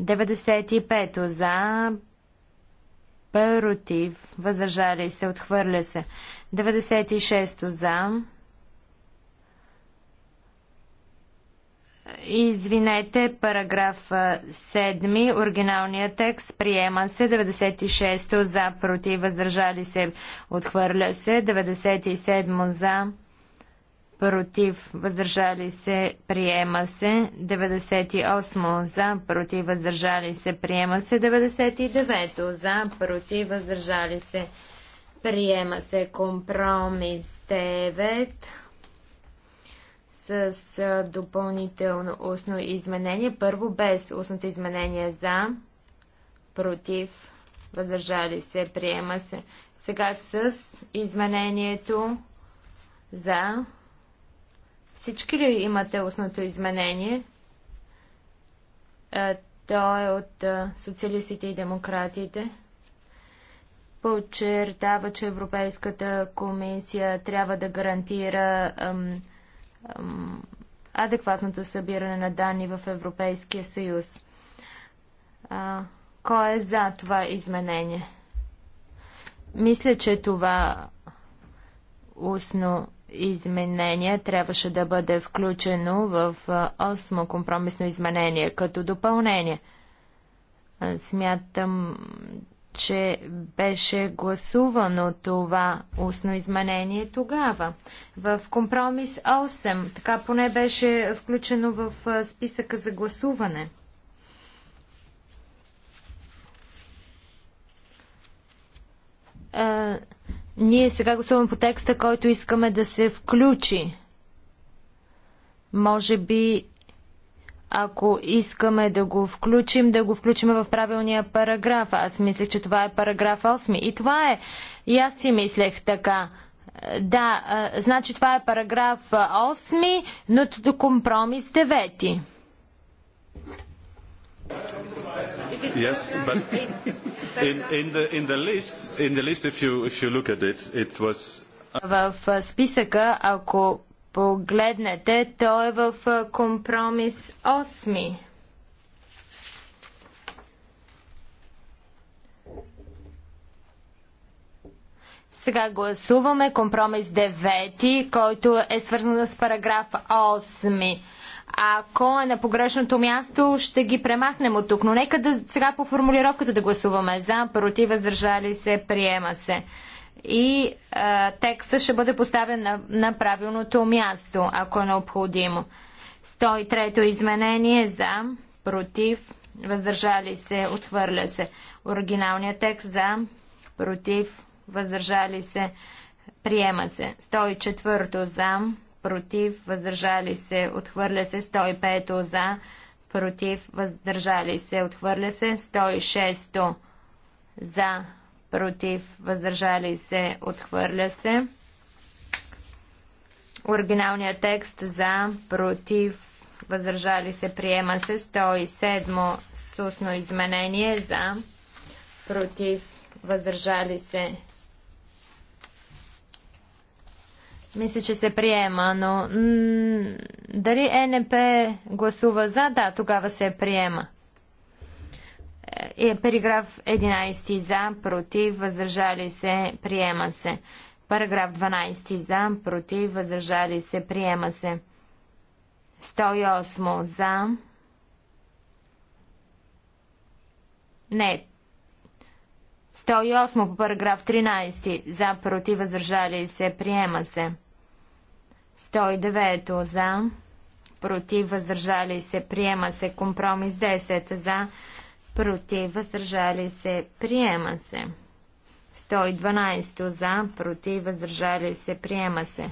95 за, против, въздържали се, отхвърля се. 96-то за. Извинете, параграф 7, оригиналният текст, приема се, 96-то за, против, въздържали се, отхвърля се, 97-то за против, въздържали се, приема се. 98 за, против, въздържали се, приема се. 99 за, против, въздържали се, приема се. Компромис 9 с допълнително устно изменение. Първо без устното изменение за, против, въздържали се, приема се. Сега с изменението за, всички ли имате устното изменение? Е, то е от е, социалистите и демократите. Подчертава, че Европейската комисия трябва да гарантира ам, ам, адекватното събиране на данни в Европейския съюз. А, кой е за това изменение? Мисля, че това устно изменение трябваше да бъде включено в осмо компромисно изменение като допълнение. Смятам, че беше гласувано това устно изменение тогава. В компромис 8, така поне беше включено в списъка за гласуване. Ние сега гласуваме по текста, който искаме да се включи. Може би, ако искаме да го включим, да го включим в правилния параграф. Аз мислех, че това е параграф 8. И това е. И аз си мислех така. Да, значи това е параграф 8, но компромис 9. Yes, but in, in, the, in, the list, in the list, if you, if you look at it, it was... Uh, в списъка, ако погледнете, то е в компромис 8. Сега гласуваме компромис 9, който е свързан с параграф 8. Ако е на погрешното място, ще ги премахнем от тук. Но нека да сега по формулировката да гласуваме за, против, въздържали се, приема се. И а, текста ще бъде поставен на, на правилното място, ако е необходимо. 103-то изменение за, против, въздържали се, отхвърля се. Оригиналният текст за, против, въздържали се, приема се. 104-то за, против, въздържали се, отхвърля се 105 за, против, въздържали се, отхвърля се 106 за, против, въздържали се, отхвърля се. Оригиналният текст за, против, въздържали се, приема се 107 сусно изменение за, против, въздържали се, Мисля, че се приема, но дали НП гласува за, да, тогава се приема. Е, е параграф 11 за, против, въздържали се, приема се. Параграф 12 за, против, въздържали се, приема се. 108 за. Не, 108 по параграф 13 за против въздържали се приема се. 109 за против въздържали се приема се. Компромис 10 за против въздържали се приема се. 112 за против въздържали се приема се.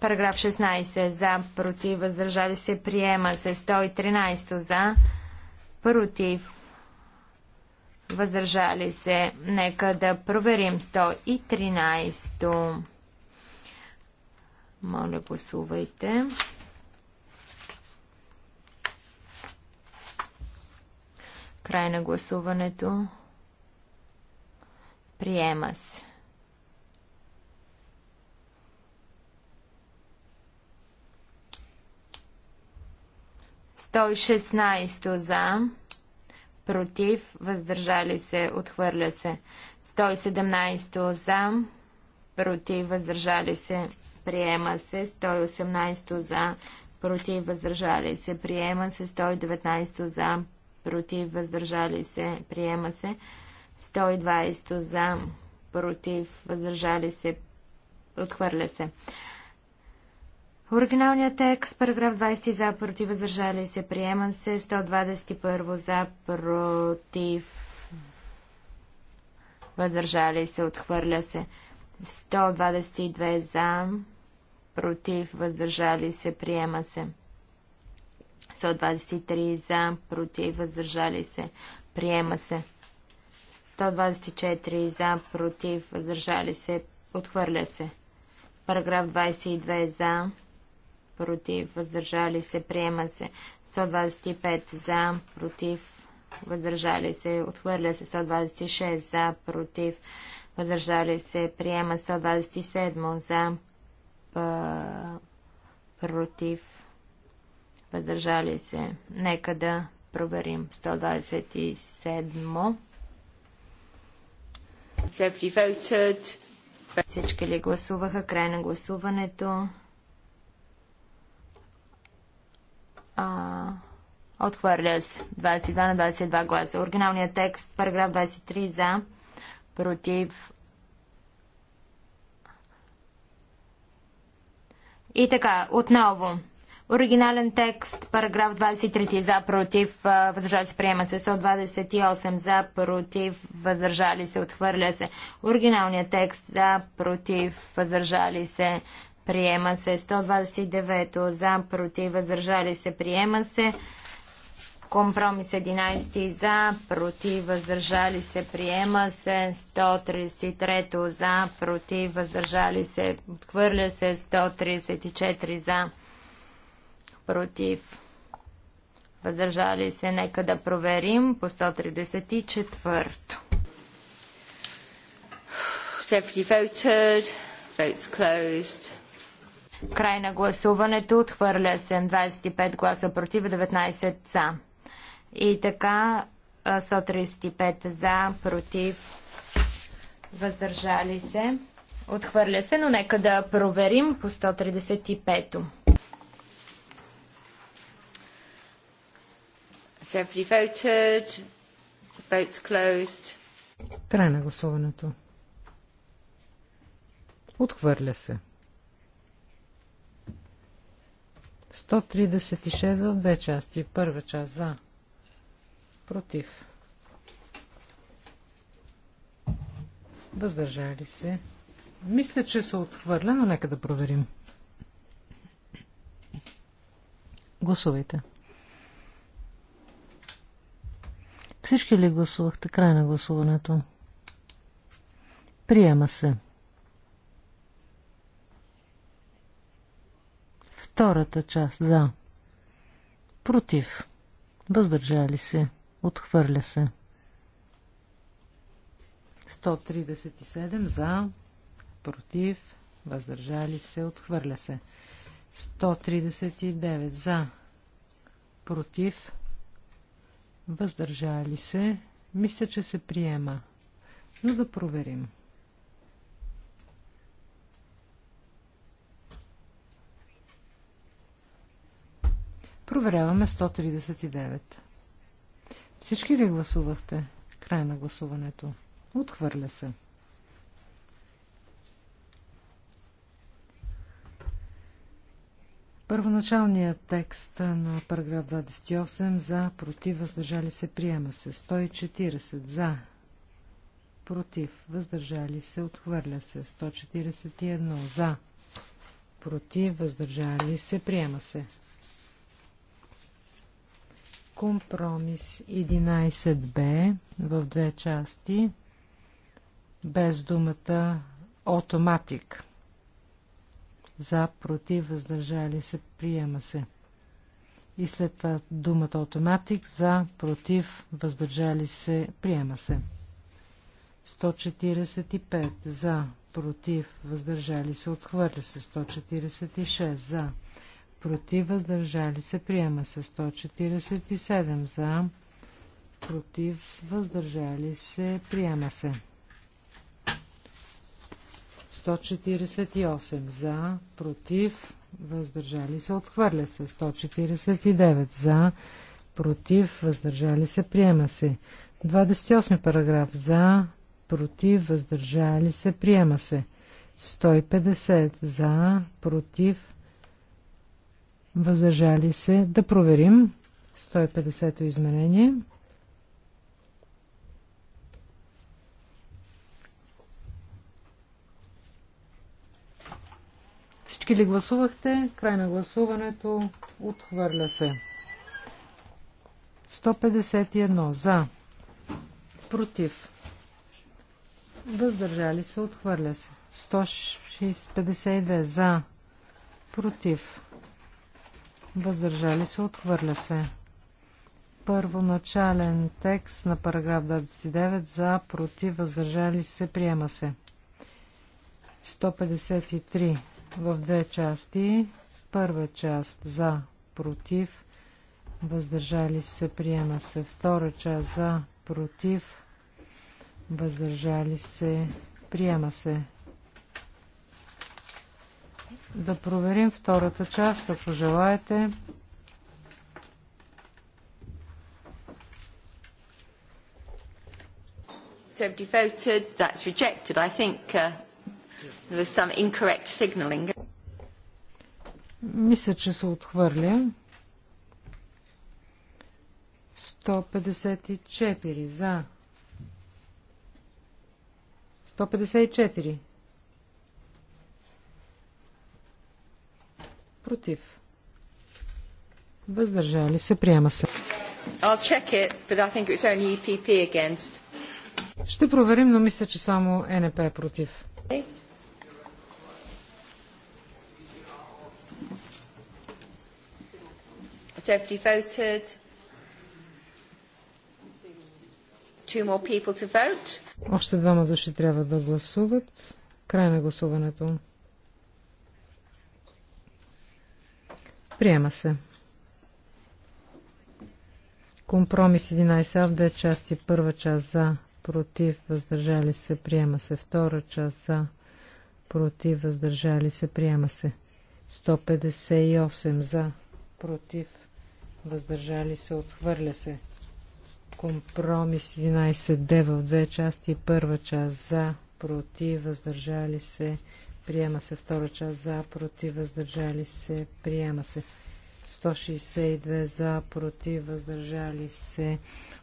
Параграф 16 за против въздържали се приема се. 113 за против въздържали се. Нека да проверим 113. Моля, гласувайте. Край на гласуването. Приема се. Сто 16 за против, въздържали се, отхвърля се. 117 за, против, въздържали се, приема се. 118 за, против, въздържали се, приема се. 119 за, против, въздържали се, приема се. 120 за, против, въздържали се, отхвърля се. Оригиналният текст, параграф 20 за, против, въздържали се, приема се, 121 за, против, въздържали се, отхвърля се, 122 за, против, въздържали се, приема се, 123 за, против, въздържали се, приема се, 124 за, против, въздържали се, отхвърля се, параграф 22 за, против, въздържали се, приема се. 125 за, против, въздържали се, отхвърля се. 126 за, против, въздържали се, приема 127 за, против, въздържали се. Нека да проверим 127. Всички ли гласуваха? Край на гласуването. А, отхвърля се 22 на 22 гласа. Оригиналният текст, параграф 23 за, против. И така, отново. Оригинален текст, параграф 23 за, против, въздържали се, приема се 128 за, против, въздържали се, отхвърля се. Оригиналният текст за, против, въздържали се, Приема се 129 за, против, въздържали се. Приема се. Компромис 11 за, против, въздържали се. Приема се 133 за, против, въздържали се. Отхвърля се 134 за, против, въздържали се. Нека да проверим по 134. Safety voted. Votes closed Край на гласуването. Отхвърля се 25 гласа против, 19 за. И така 135 за, против, въздържали се. Отхвърля се, но нека да проверим по 135-то. Край на гласуването. Отхвърля се. 136 в две части. Първа част за. Против. Въздържали се. Мисля, че се отхвърля, но нека да проверим. Гласувайте. Всички ли гласувахте край на гласуването? Приема се. Втората част за. Против. Въздържали се. Отхвърля се. 137 за. Против. Въздържали се. Отхвърля се. 139 за. Против. Въздържали се. Мисля, че се приема. Но да проверим. 139. Проверяваме 139. Всички ли гласувахте? Край на гласуването. Отхвърля се. Първоначалният текст на параграф 28 за, против, въздържали се, приема се. 140 за, против, въздържали се, отхвърля се. 141 за, против, въздържали се, приема се. Компромис 11b в две части без думата автоматик. За, против, въздържали се, приема се. И след това думата автоматик за, против, въздържали се, приема се. 145 за, против, въздържали се, отхвърля се. 146 за, против, въздържали се, приема се 147 за, против, въздържали се, приема се. 148 за, против, въздържали се, отхвърля се. 149 за, против, въздържали се, приема се. 28 параграф за, против, въздържали се, приема се. 150 за, против, въздържали се, да проверим 150-то изменение. Всички ли гласувахте? Край на гласуването отхвърля се. 151 за, против, въздържали се, отхвърля се. 152 за, против, въздържали се, отхвърля се. Първоначален текст на параграф 29 за, против, въздържали се, приема се. 153 в две части. Първа част за, против, въздържали се, приема се. Втора част за, против, въздържали се, приема се. Да проверим втората част, ако желаете. Somebody voted, that's rejected. I think uh, there was some incorrect signaling. Мисля, че се отхвърля. 154 за. 154. Против. Въздържали се. Приема се. It, Ще проверим, но мисля, че само НП е против. Okay. So voted. Two more people to vote. Още двама души трябва да гласуват. Край на гласуването. Приема се. Компромис 11а в две части. Първа част за, против, въздържали се, приема се. Втора част за, против, въздържали се, приема се. 158 за, против, въздържали се, отхвърля се. Компромис 11 в две части. Първа част за, против, въздържали се, приема се. Втора част за, против, въздържали се, приема се. 162 за, против, въздържали се,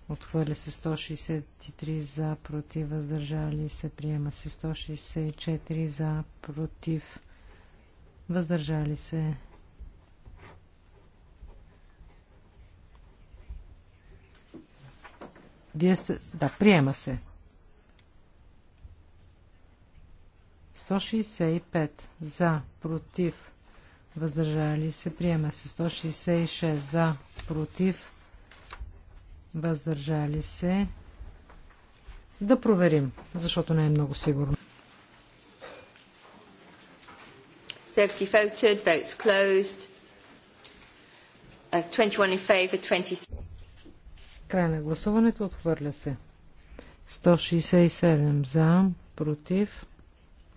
отхвърля се 163 за, против, въздържали се, приема се 164 за, против, въздържали се. Вие сте... Да, приема се. 165 за, против, въздържали се, приема се 166 за, против, въздържали се. Да проверим, защото не е много сигурно. Safety voted, votes closed. As 21 in favor, 23. Край на гласуването отхвърля се. 167 за, против,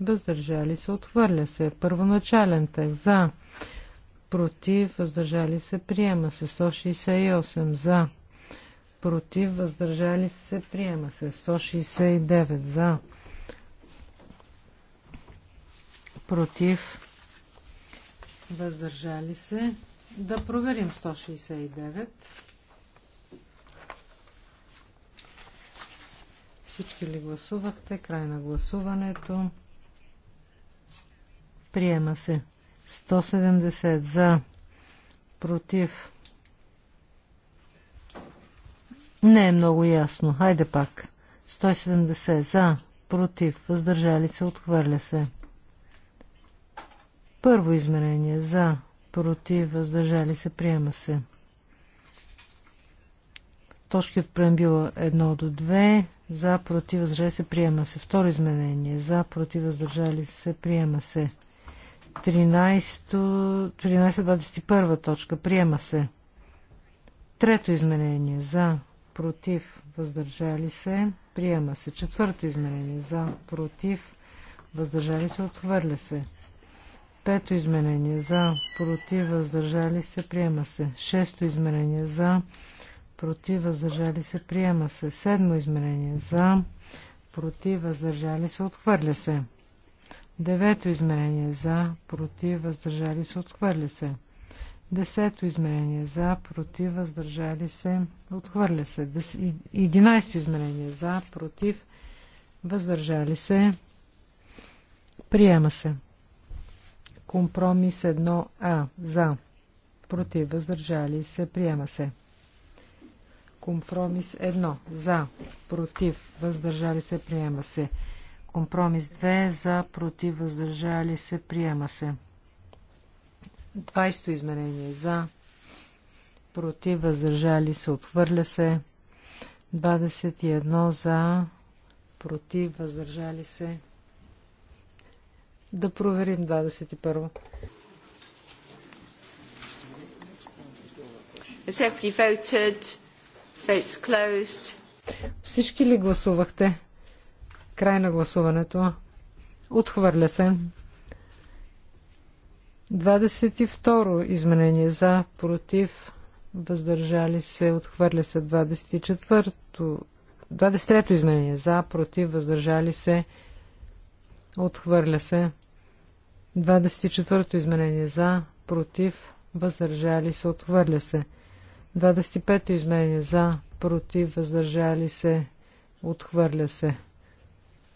въздържали се, отхвърля се. Първоначален текст за, против, въздържали се, приема се. 168 за, против, въздържали се, приема се. 169 за, против, въздържали се. Да проверим 169. Всички ли гласувахте? Край на гласуването. Приема се. 170 за. Против. Не е много ясно. Хайде пак. 170 за. Против. Въздържали се. Отхвърля се. Първо измерение. За. Против. Въздържали се. Приема се. Точки от преамбила 1 до 2. За. Против. Въздържали се. Приема се. Второ изменение. За. Против. Въздържали се. Приема се. 13.21 точка. Приема се. Трето изменение. За. Против. Въздържали се. Приема се. Четвърто изменение. За. Против. Въздържали се. Отхвърля се. Пето изменение. За. Против. Въздържали се. Приема се. Шесто изменение. За. Против. Въздържали се. Приема се. Седмо изменение. За. Против. Въздържали се. Отхвърля се. Девето измерение за, против, въздържали се, отхвърля се. Десето измерение за, против, въздържали се, отхвърля се. Единайсто измерение за, против, въздържали се, приема се. Компромис 1А за, против, въздържали се, приема се. Компромис 1 за, против, въздържали се, приема се. Компромис 2 за против въздържали се приема се. 20 изменение за против въздържали се отхвърля се. 21 за против въздържали се. Да проверим 21. Всички ли гласувахте? Край на гласуването. Отхвърля се. 22 изменение за, против, въздържали се, отхвърля се 24 23 изменение за, против, въздържали се, отхвърля се 24 изменение за, против, въздържали се, отхвърля се 25 то изменение за, против, въздържали се, отхвърля се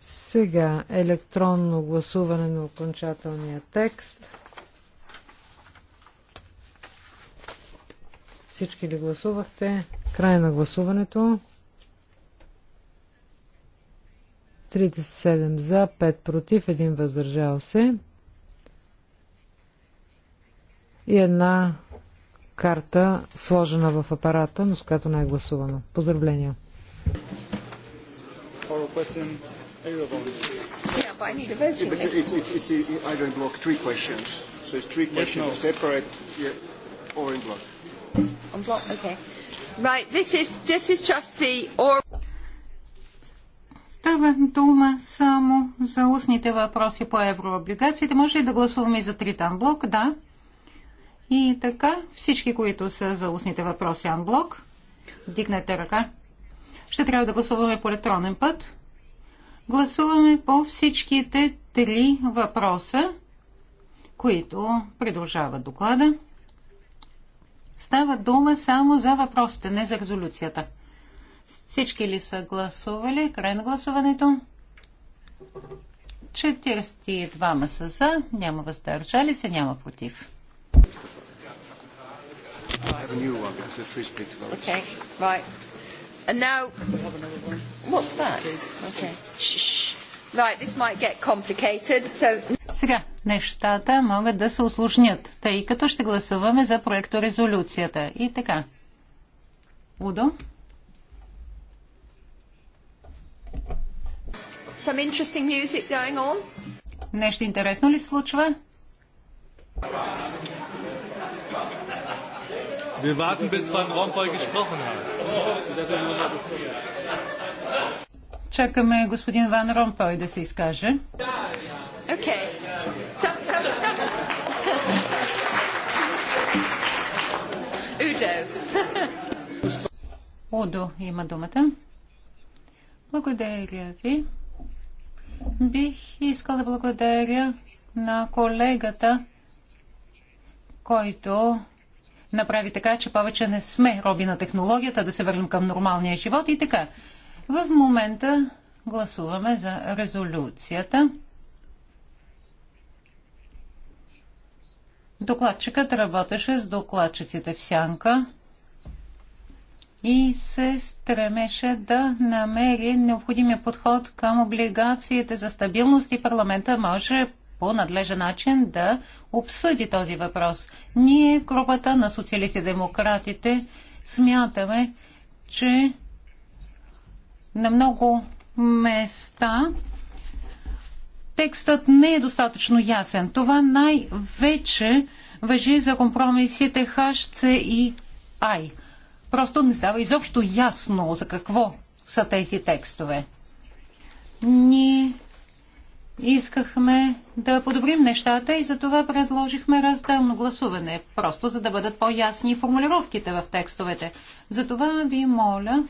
сега електронно гласуване на окончателния текст. Всички ли гласувахте? Край на гласуването. 37 за, 5 против, 1 въздържал се. И една карта, сложена в апарата, но с която не е гласувано. Поздравления! Yeah, but I need a voting yeah, list. It's, it's, it's, it's either in block three questions. So it's three questions yes, no. separate yeah, or in block. On block, okay. Right, this is, this is just the... Or... Става дума само за устните въпроси по еврооблигациите. Може ли да гласуваме и за тритан блок? Да. И така, всички, които са за устните въпроси анблок, дигнете ръка. Ще трябва да гласуваме по електронен път. Гласуваме по всичките три въпроса, които продължават доклада. Става дума само за въпросите, не за резолюцията. Всички ли са гласували? Край на гласуването. 42 са за, няма въздържали се, няма против. Okay, right. And now, what's that? Okay. Shh. Right, this might get complicated. So... Сега нещата могат да се усложнят, тъй като ще гласуваме за проекто резолюцията. И така. Удо? Some interesting music going on. Нещо интересно ли се случва? Wir warten, bis Van Rompuy gesprochen hat. Чакаме господин Ван Ромпой да се изкаже. Okay. Удо има думата. Благодаря ви. Бих искал да благодаря на колегата, който направи така, че повече не сме роби на технологията, да се върнем към нормалния живот и така. В момента гласуваме за резолюцията. Докладчикът работеше с докладчиците в сянка и се стремеше да намери необходимия подход към облигациите за стабилност и парламента може по надлежен начин да обсъди този въпрос. Ние в групата на социалисти-демократите смятаме, че на много места текстът не е достатъчно ясен. Това най-вече въжи за компромисите HC и Ай. Просто не става изобщо ясно за какво са тези текстове. Ние искахме да подобрим нещата и за това предложихме разделно гласуване, просто за да бъдат по-ясни формулировките в текстовете. За това ви моля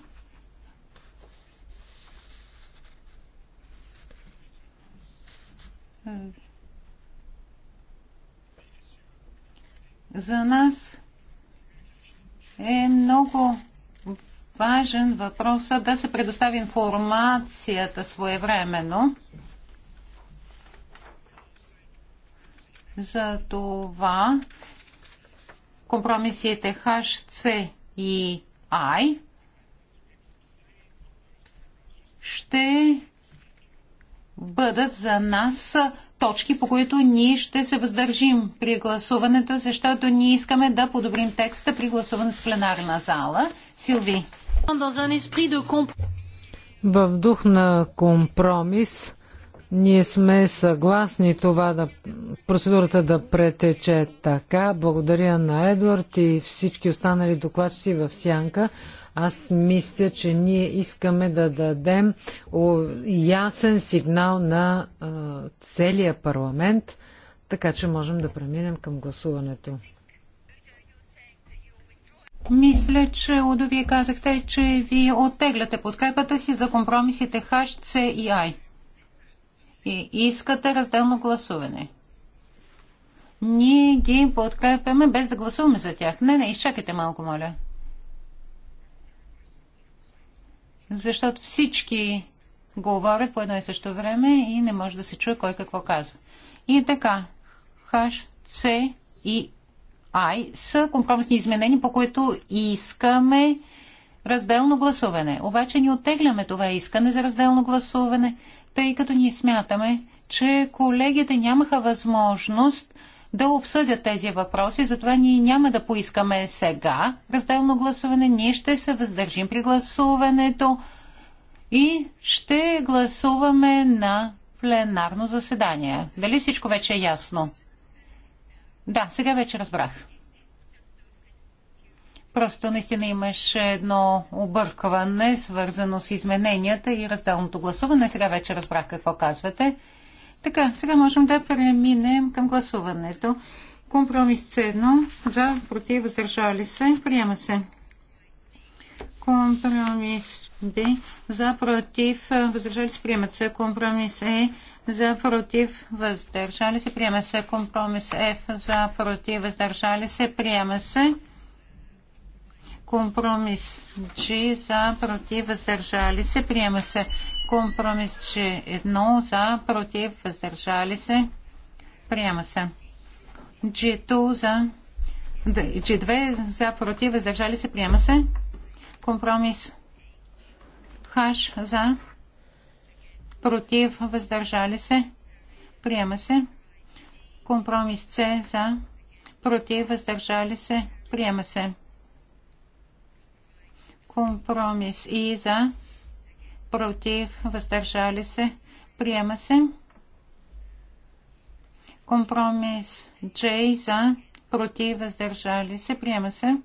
за нас е много важен въпросът да се предостави информацията своевременно. За това компромисите HC и I ще бъдат за нас точки, по които ние ще се въздържим при гласуването, защото ние искаме да подобрим текста при гласуване в пленарна зала. Силви. В дух на компромис ние сме съгласни това да, процедурата да претече така. Благодаря на Едвард и всички останали докладчици в Сянка. Аз мисля, че ние искаме да дадем ясен сигнал на целия парламент, така че можем да преминем към гласуването. Мисля, че Удо, вие казахте, че вие оттегляте подкрепата си за компромисите HC и I и искате разделно гласуване. Ние ги подкрепяме без да гласуваме за тях. Не, не, изчакайте малко, моля. Защото всички говорят по едно и също време и не може да се чуе кой какво казва. И така, H, C и I са компромисни изменения, по които искаме разделно гласуване. Обаче ни оттегляме това искане за разделно гласуване тъй като ние смятаме, че колегите нямаха възможност да обсъдят тези въпроси, затова ние няма да поискаме сега разделно гласуване, ние ще се въздържим при гласуването и ще гласуваме на пленарно заседание. Дали всичко вече е ясно? Да, сега вече разбрах. Просто наистина имаше едно объркване, свързано с измененията и разделното гласуване. Сега вече разбрах какво казвате. Така, сега можем да преминем към гласуването. Компромис С 1 за, против, въздържали се, приема се. Компромис Б за, против, въздържали се, приема се. Компромис Е за, против, въздържали се, приема се. Компромис Ф за, против, въздържали се, приема се. Компромис G за против въздържали се. Приема се. Компромис G1 за против въздържали се. Приема се. G2 за G2 за против въздържали се. Приема се. Компромис H за против въздържали се. Приема се. Компромис С за против въздържали се. Приема се. Компромис и за, против, въздържали се, приема се. Компромис J за, против, въздържали се, приема се.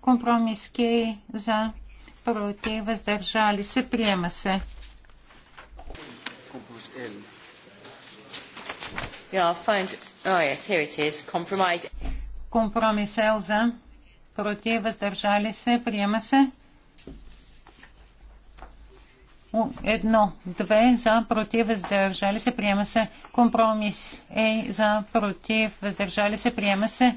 Компромис K за, против, въздържали се, приема се. Yeah, find... oh, yes, Компромис L за, против, въздържали се, приема се едно, две за против, въздържали се, приема се. Компромис Е за против, въздържали се, приема се.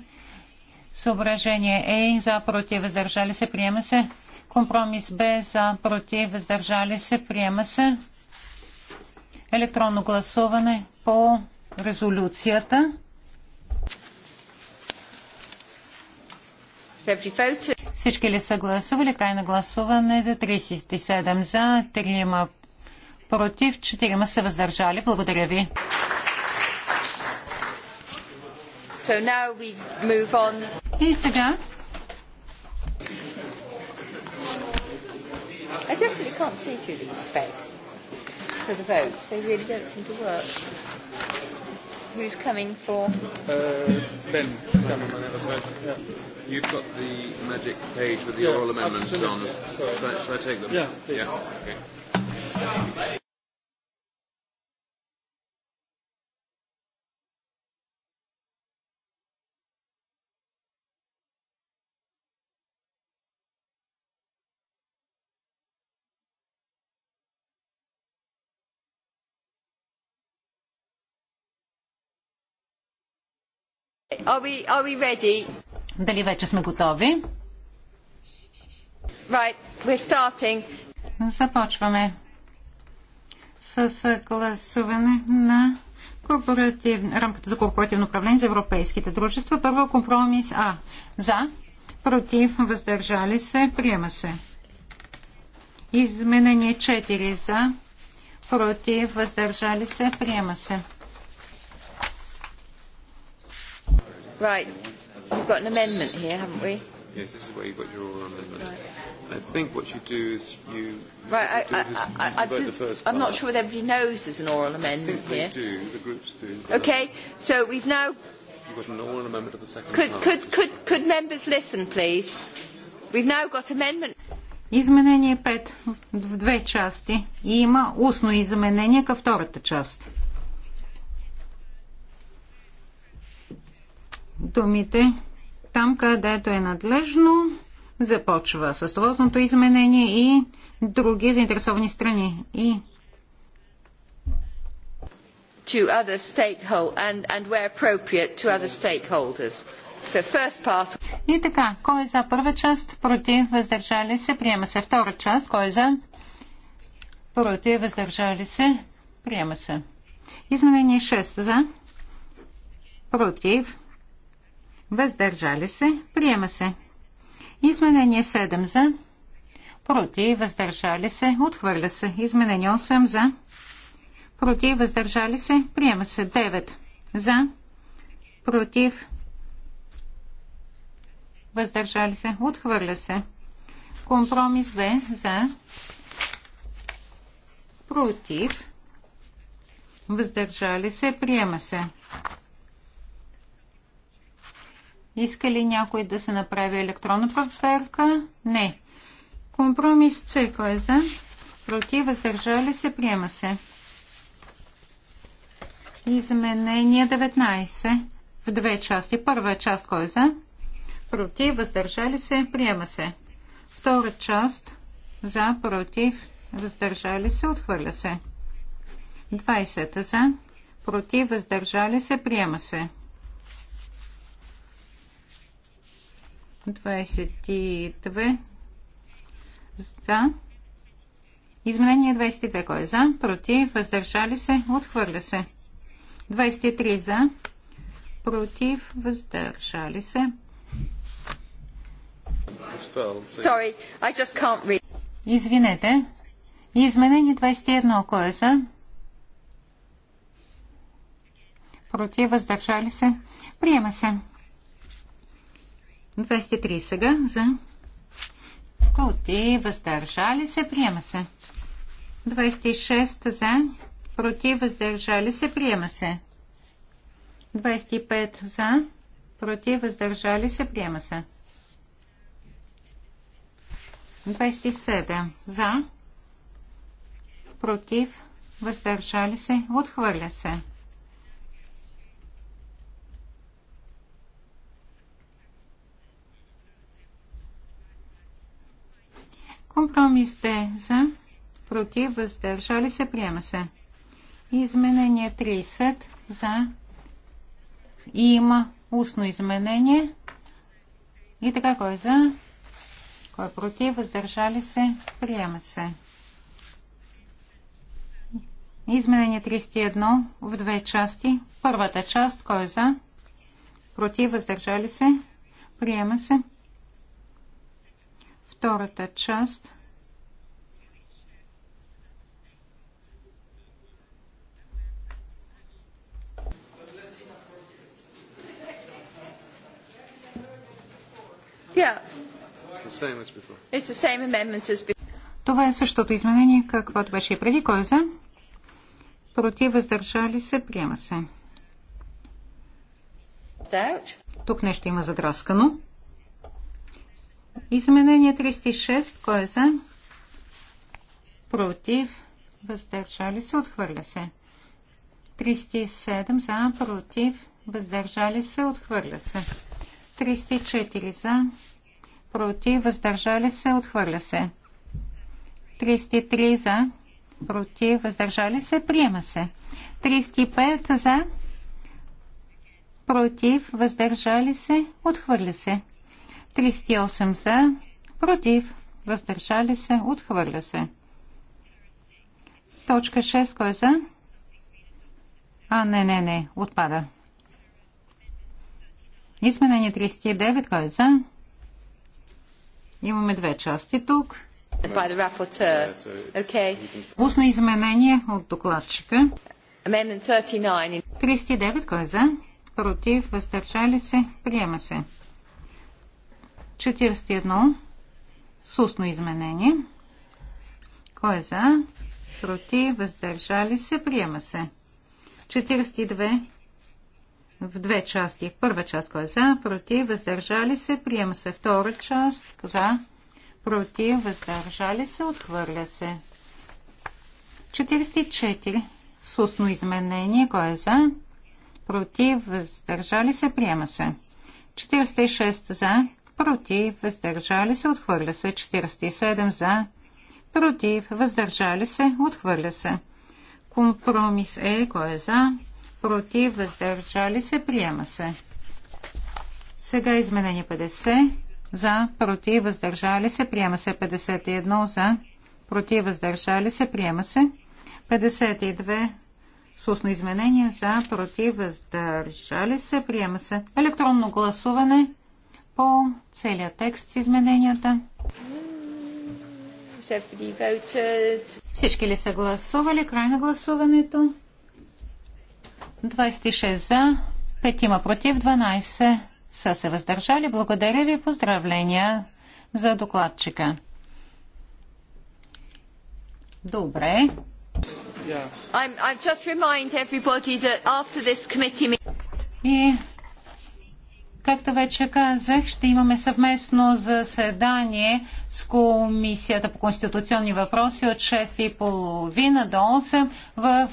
Съображение Е за против, въздържали се, приема се. Компромис Б за против, въздържали се, приема се. Електронно гласуване по резолюцията. Всички ли са гласували? Край на гласуването. 37 за, 3 против, 4 са въздържали. Благодаря ви. So И сега I definitely can't see through these specs for the votes. They really don't seem to work who's coming for? Uh, ben is coming on the other side. Yeah. You've got the magic page with the yeah, oral amendments absolutely. on. Should I, should I take them? Yeah. Please. Yeah. Okay. Are we, are we ready? Дали вече сме готови? Right, we're starting. Започваме с гласуване на корпоратив... рамката за корпоративно управление за европейските дружества. Първо компромис А. За, против, въздържали се, приема се. Изменение 4 за, против, въздържали се, приема се. Right. We've got an amendment here, haven't we? Yes, this is where you've got your oral amendment. Right. I think what you do is you. Right, I, I, I, I do, the first I'm not sure whether everybody knows there's an oral amendment I think here. They do, the groups do. Okay, so we've now. You've got an oral amendment of the second could, part. Could, could, could members listen, please? We've now got amendment. Изменение 5 в две части. И има устно изменение към втората част. думите там, където е надлежно, започва с товарното изменение и други заинтересовани страни. И to other and, and where appropriate to other stakeholders. So first part... И така, кой е за първа част, против, въздържали се, приема се. Втора част, кой е за, против, въздържали се, приема се. Изменение 6 за, против, Въздържали се. Приема се. Изменение 7 за. Против. Въздържали се. Отхвърля се. Изменение 8 за. Против. Въздържали се. Приема се. 9 за. Против. Въздържали се. Отхвърля се. Компромис Б за. Против. Въздържали се. Приема се. Иска ли някой да се направи електронна проверка? Не. Компромис С. Кой е за? Против. Въздържали се. Приема се. Изменение 19. В две части. Първа част кой е за? Против. Въздържали се. Приема се. Втора част. За. Против. Въздържали се. Отхвърля се. 20 за. Против. Въздържали се. Приема се. 22 за. Изменение 22. Кой е за? Против. Въздържали се. Отхвърля се. 23 за. Против. Въздържали се. Sorry, I just can't read. Извинете. Изменение 21. Кой е за? Против. Въздържали се. Приема се. 23 сега за. Против, въздържали се, приема се. 26 за. Против, въздържали се, приема се. 25 за. Против, въздържали се, приема се. 27 за. Против, въздържали се, отхвърля се. Компромис Д за, против, въздържали се, приема се. Изменение 30 за. И има устно изменение. И така, кой е за? Кой е против? Въздържали се? Приема се. Изменение 31 в две части. Първата част, кой е за? Против? Въздържали се? Приема се втората част Yeah. As... Това е същото изменение, каквото беше и преди. Кой е за? Против, въздържали се, приема се. Тук нещо има задраскано. Изменение 36. Кой е за? Против. Въздържали се. Отхвърля се. 37 за. Против. Въздържали се. Отхвърля се. 34 за. Против. Въздържали се. Отхвърля се. 33 за. Против. Въздържали се. Приема се. 35 за. Против. Въздържали се. Отхвърля се. 38 за, против, въздържали се, отхвърля се. Точка 6, кой е за? А, не, не, не, отпада. Изменение 39, кой е за? Имаме две части тук. Устно изменение от докладчика. 39, кой е за? Против, въздържали се, приема се. 41 сусно изменение. Кой е за? Против, въздържали се, приема се. 42 в две части. Първа част, кой е за? Против, въздържали се, приема се. Втора част, е за? Против, въздържали се, отхвърля се. 44 сусно изменение, кой е за? Против, въздържали се, приема се. 46 за, против, въздържали се, отхвърля се. 47 за, против, въздържали се, отхвърля се. Компромис е, кой е за, против, въздържали се, приема се. Сега изменение 50 за, против, въздържали се, приема се 51 за, против, въздържали се, приема се. 52 с устно изменение за, против, въздържали се, приема се. Електронно гласуване по целия текст с измененията. Всички ли са гласували? Край на гласуването. 26 за, 5 има против, 12 са се въздържали. Благодаря ви. Поздравления за докладчика. Добре. Yeah. I'm, I'm just remind everybody that after this committee... И Както вече казах, ще имаме съвместно заседание с Комисията по конституционни въпроси от 6.30 до 8 в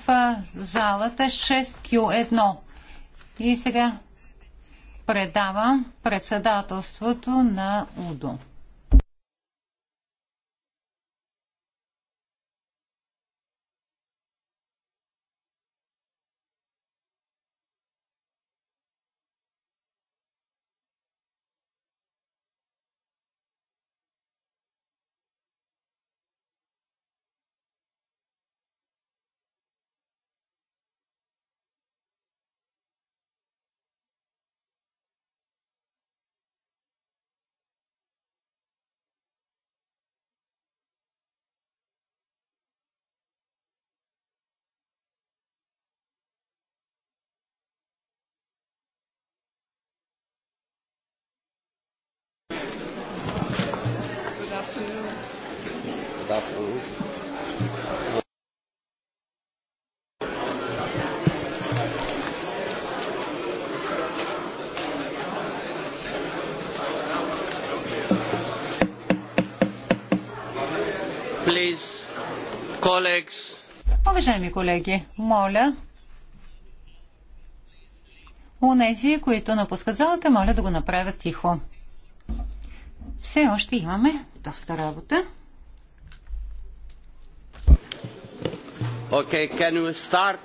залата 6Q1. И сега предавам председателството на УДО. dopo. Уважаеми колеги, моля, Унези, които напускат залата, моля да го направят тихо. Все още имаме доста работа. Okay, can we start?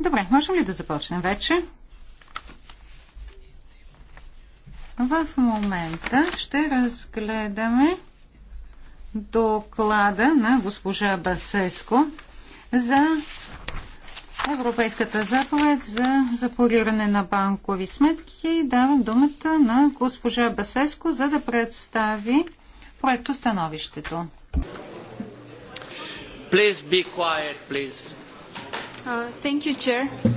Добре, можем ли да започнем вече? В момента ще разгледаме доклада на госпожа Басеско за Европейската заповед за запориране на банкови сметки. Давам думата на госпожа Басеско, за да представи проекто становището. Please be quiet, please. Uh, thank you, Chair. Uh,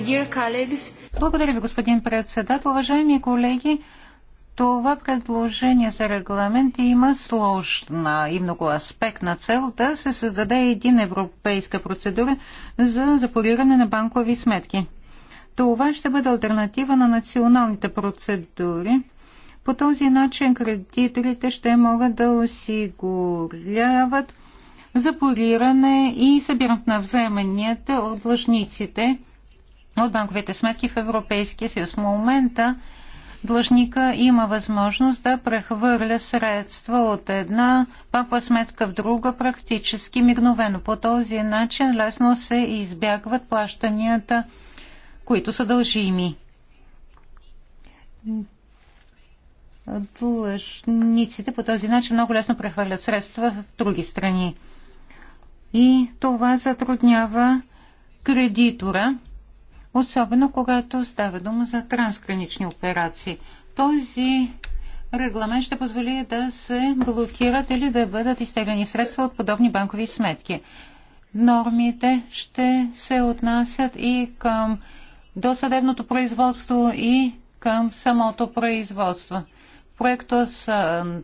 dear colleagues. Благодаря ви, господин председател. Уважаеми колеги, това предложение за регламент има сложна и многоаспектна цел да се създаде един европейска процедура за запориране на банкови сметки. Това ще бъде альтернатива на националните процедури. По този начин кредиторите ще могат да осигуряват запориране и събирането на вземанията от длъжниците от банковите сметки в Европейския съюз. В момента длъжника има възможност да прехвърля средства от една банкова сметка в друга практически мигновено. По този начин лесно се избягват плащанията, които са дължими. Длъжниците по този начин много лесно прехвърлят средства в други страни и това затруднява кредитора, особено когато става дума за трансгранични операции. Този регламент ще позволи да се блокират или да бъдат изтеглени средства от подобни банкови сметки. Нормите ще се отнасят и към досъдебното производство и към самото производство проекто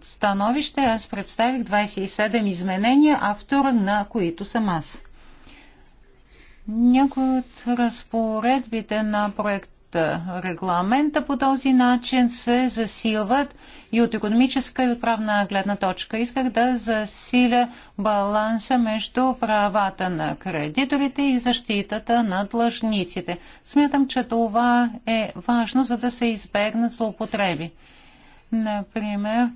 становище аз представих 27 изменения, автор на които съм аз. Някои от разпоредбите на проекта регламента по този начин се засилват и от економическа и от правна гледна точка. Исках да засиля баланса между правата на кредиторите и защитата на длъжниците. Смятам, че това е важно, за да се избегнат злоупотреби. Например,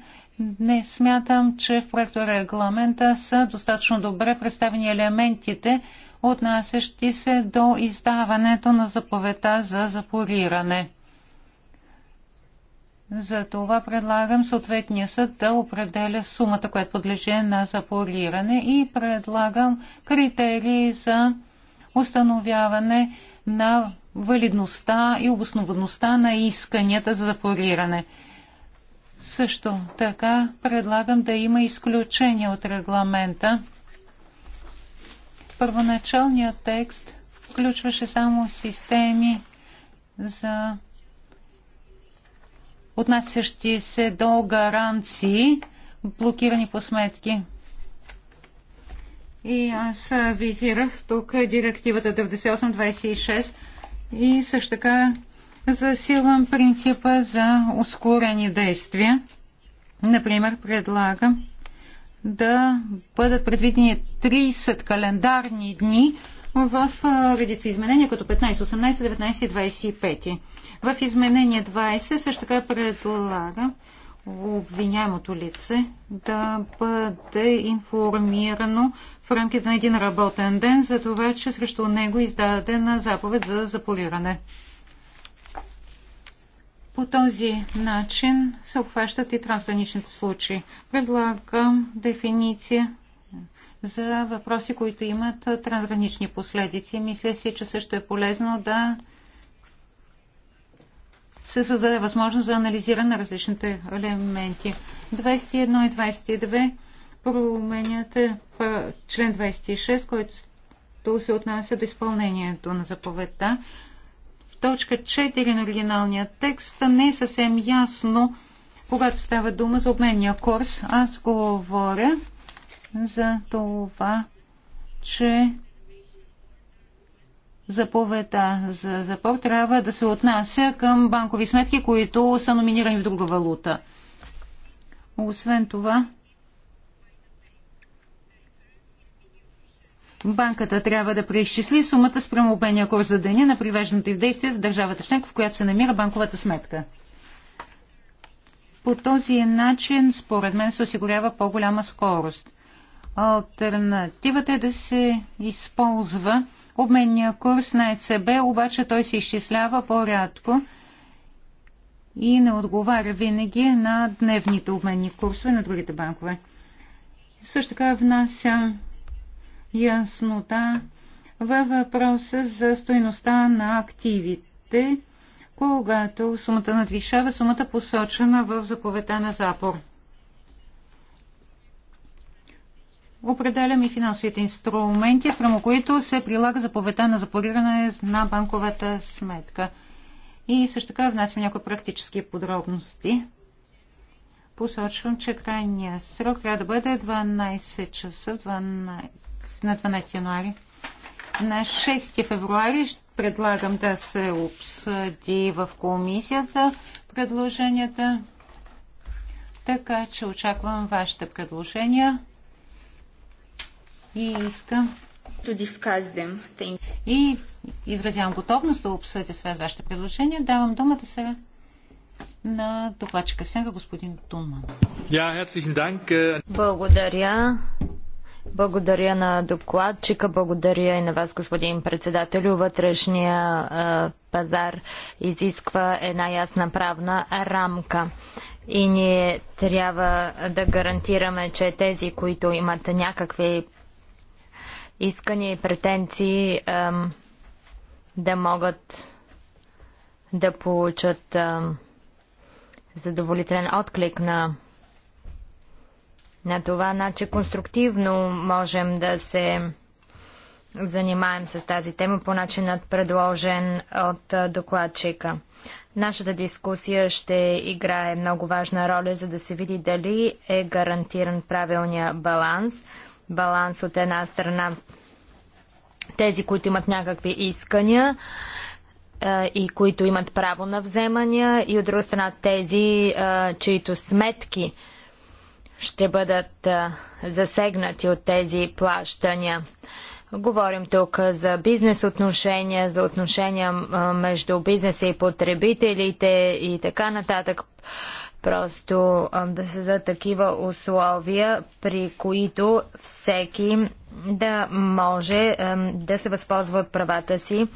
не смятам, че в проекта регламента са достатъчно добре представени елементите, отнасящи се до издаването на заповедта за запориране. Затова предлагам съответния съд да определя сумата, която подлежи на запориране и предлагам критерии за установяване на валидността и обоснованността на исканията за запориране – също така предлагам да има изключение от регламента. Първоначалният текст включваше само системи за отнасящи се до гаранции, блокирани по сметки. И аз визирах тук директивата 9826 и също така засилвам принципа за ускорени действия. Например, предлагам да бъдат предвидени 30 календарни дни в редица изменения, като 15, 18, 19 и 25. В изменение 20 също така предлага обвиняемото лице да бъде информирано в рамките на един работен ден за това, че срещу него е издадена заповед за запориране. По този начин се обхващат и трансграничните случаи. Предлагам дефиниция за въпроси, които имат трансгранични последици. Мисля си, че също е полезно да се създаде възможност за анализиране на различните елементи. 21 и 22 променят е, член 26, който се отнася до изпълнението на заповедта точка 4 на оригиналния текст не е съвсем ясно, когато става дума за обменния курс. Аз говоря за това, че заповедта за запор трябва да се отнася към банкови сметки, които са номинирани в друга валута. Освен това, Банката трябва да преизчисли сумата спрямо обменния курс за деня на привеждането и в действие за държавата членка, в която се намира банковата сметка. По този начин, според мен, се осигурява по-голяма скорост. Альтернативата е да се използва обменния курс на ЕЦБ, обаче той се изчислява по-рядко и не отговаря винаги на дневните обменни курсове на другите банкове. Също така внася яснота във въпроса за стоеността на активите, когато сумата надвишава сумата посочена в заповедта на запор. Определям и финансовите инструменти, спрямо които се прилага заповедта на запориране на банковата сметка. И също така внасям някои практически подробности. Посочвам, че крайният срок трябва да бъде 12 часа, 12 на 12 януари. На 6 февруари предлагам да се обсъди в комисията предложенията. Така че очаквам вашите предложения и искам to discuss them. Thank и изразявам готовност да обсъдя с вас вашите предложения. Давам думата сега на докладчика всяка господин Тунман. Yeah, äh, Благодаря. Благодаря на докладчика, благодаря и на вас, господин председател, Вътрешния е, пазар изисква една ясна правна рамка и ние трябва да гарантираме, че тези, които имат някакви искания и претенции, е, да могат да получат е, задоволителен отклик на на това, значи конструктивно можем да се занимаем с тази тема по начинът предложен от докладчика. Нашата дискусия ще играе много важна роля, за да се види дали е гарантиран правилния баланс. Баланс от една страна тези, които имат някакви искания е, и които имат право на вземания, и от друга страна тези, е, чието сметки ще бъдат засегнати от тези плащания. Говорим тук за бизнес отношения, за отношения между бизнеса и потребителите и така нататък. Просто да се за такива условия, при които всеки да може да се възползва от правата си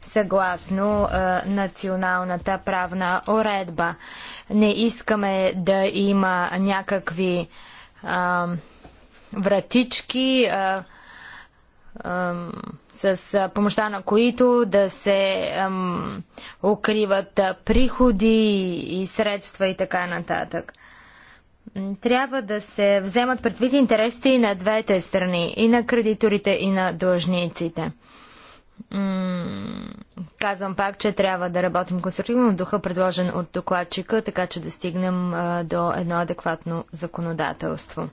съгласно а, е, националната правна уредба. Не искаме да има някакви а, е, вратички, а, е, а, с помощта на които да се укриват приходи и средства и така нататък трябва да се вземат предвид интересите и на двете страни, и на кредиторите, и на длъжниците казвам пак, че трябва да работим конструктивно в духа, предложен от докладчика, така че да стигнем а, до едно адекватно законодателство.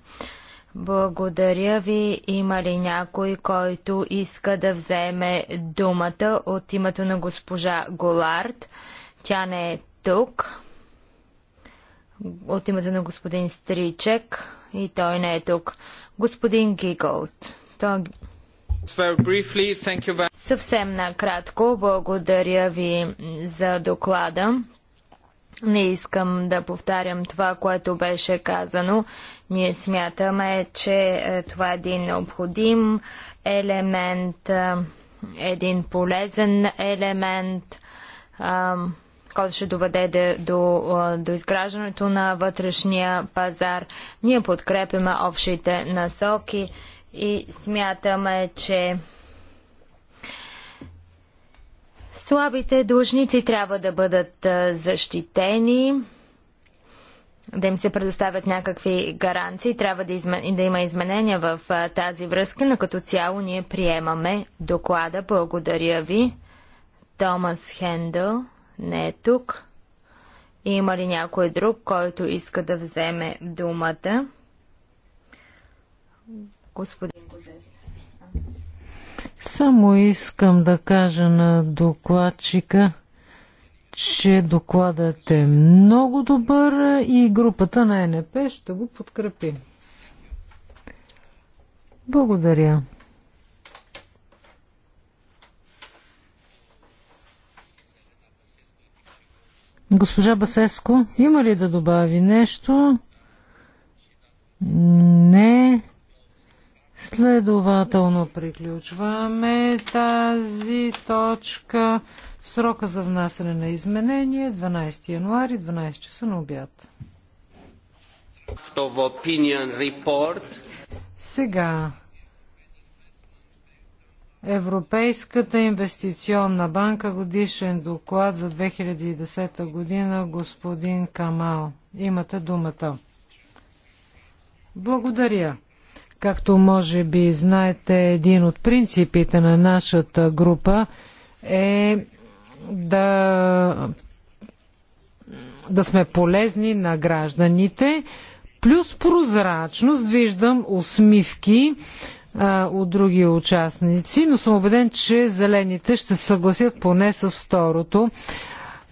Благодаря ви. Има ли някой, който иска да вземе думата от името на госпожа Голард? Тя не е тук. От името на господин Стричек и той не е тук. Господин Гиголд. Той Съвсем накратко, благодаря ви за доклада. Не искам да повтарям това, което беше казано. Ние смятаме, че е, това е един необходим елемент, е, един полезен елемент, е, който ще доведе до, до изграждането на вътрешния пазар. Ние подкрепяме общите насоки и смятаме, че слабите длъжници трябва да бъдат защитени, да им се предоставят някакви гаранции. Трябва да, изме... да има изменения в тази връзка, но като цяло ние приемаме доклада. Благодаря ви. Томас Хендъл не е тук. Има ли някой друг, който иска да вземе думата? Господин Козес. Само искам да кажа на докладчика, че докладът е много добър и групата на НП ще го подкрепи. Благодаря. Госпожа Басеско, има ли да добави нещо? Не. Следователно приключваме тази точка. Срока за внасяне на изменение 12 януари, 12 часа на обяд. Сега Европейската инвестиционна банка годишен доклад за 2010 година, господин Камал. Имате думата. Благодаря. Както може би знаете, един от принципите на нашата група е да, да сме полезни на гражданите, плюс прозрачност. Виждам усмивки а, от други участници, но съм убеден, че зелените ще съгласят поне с второто.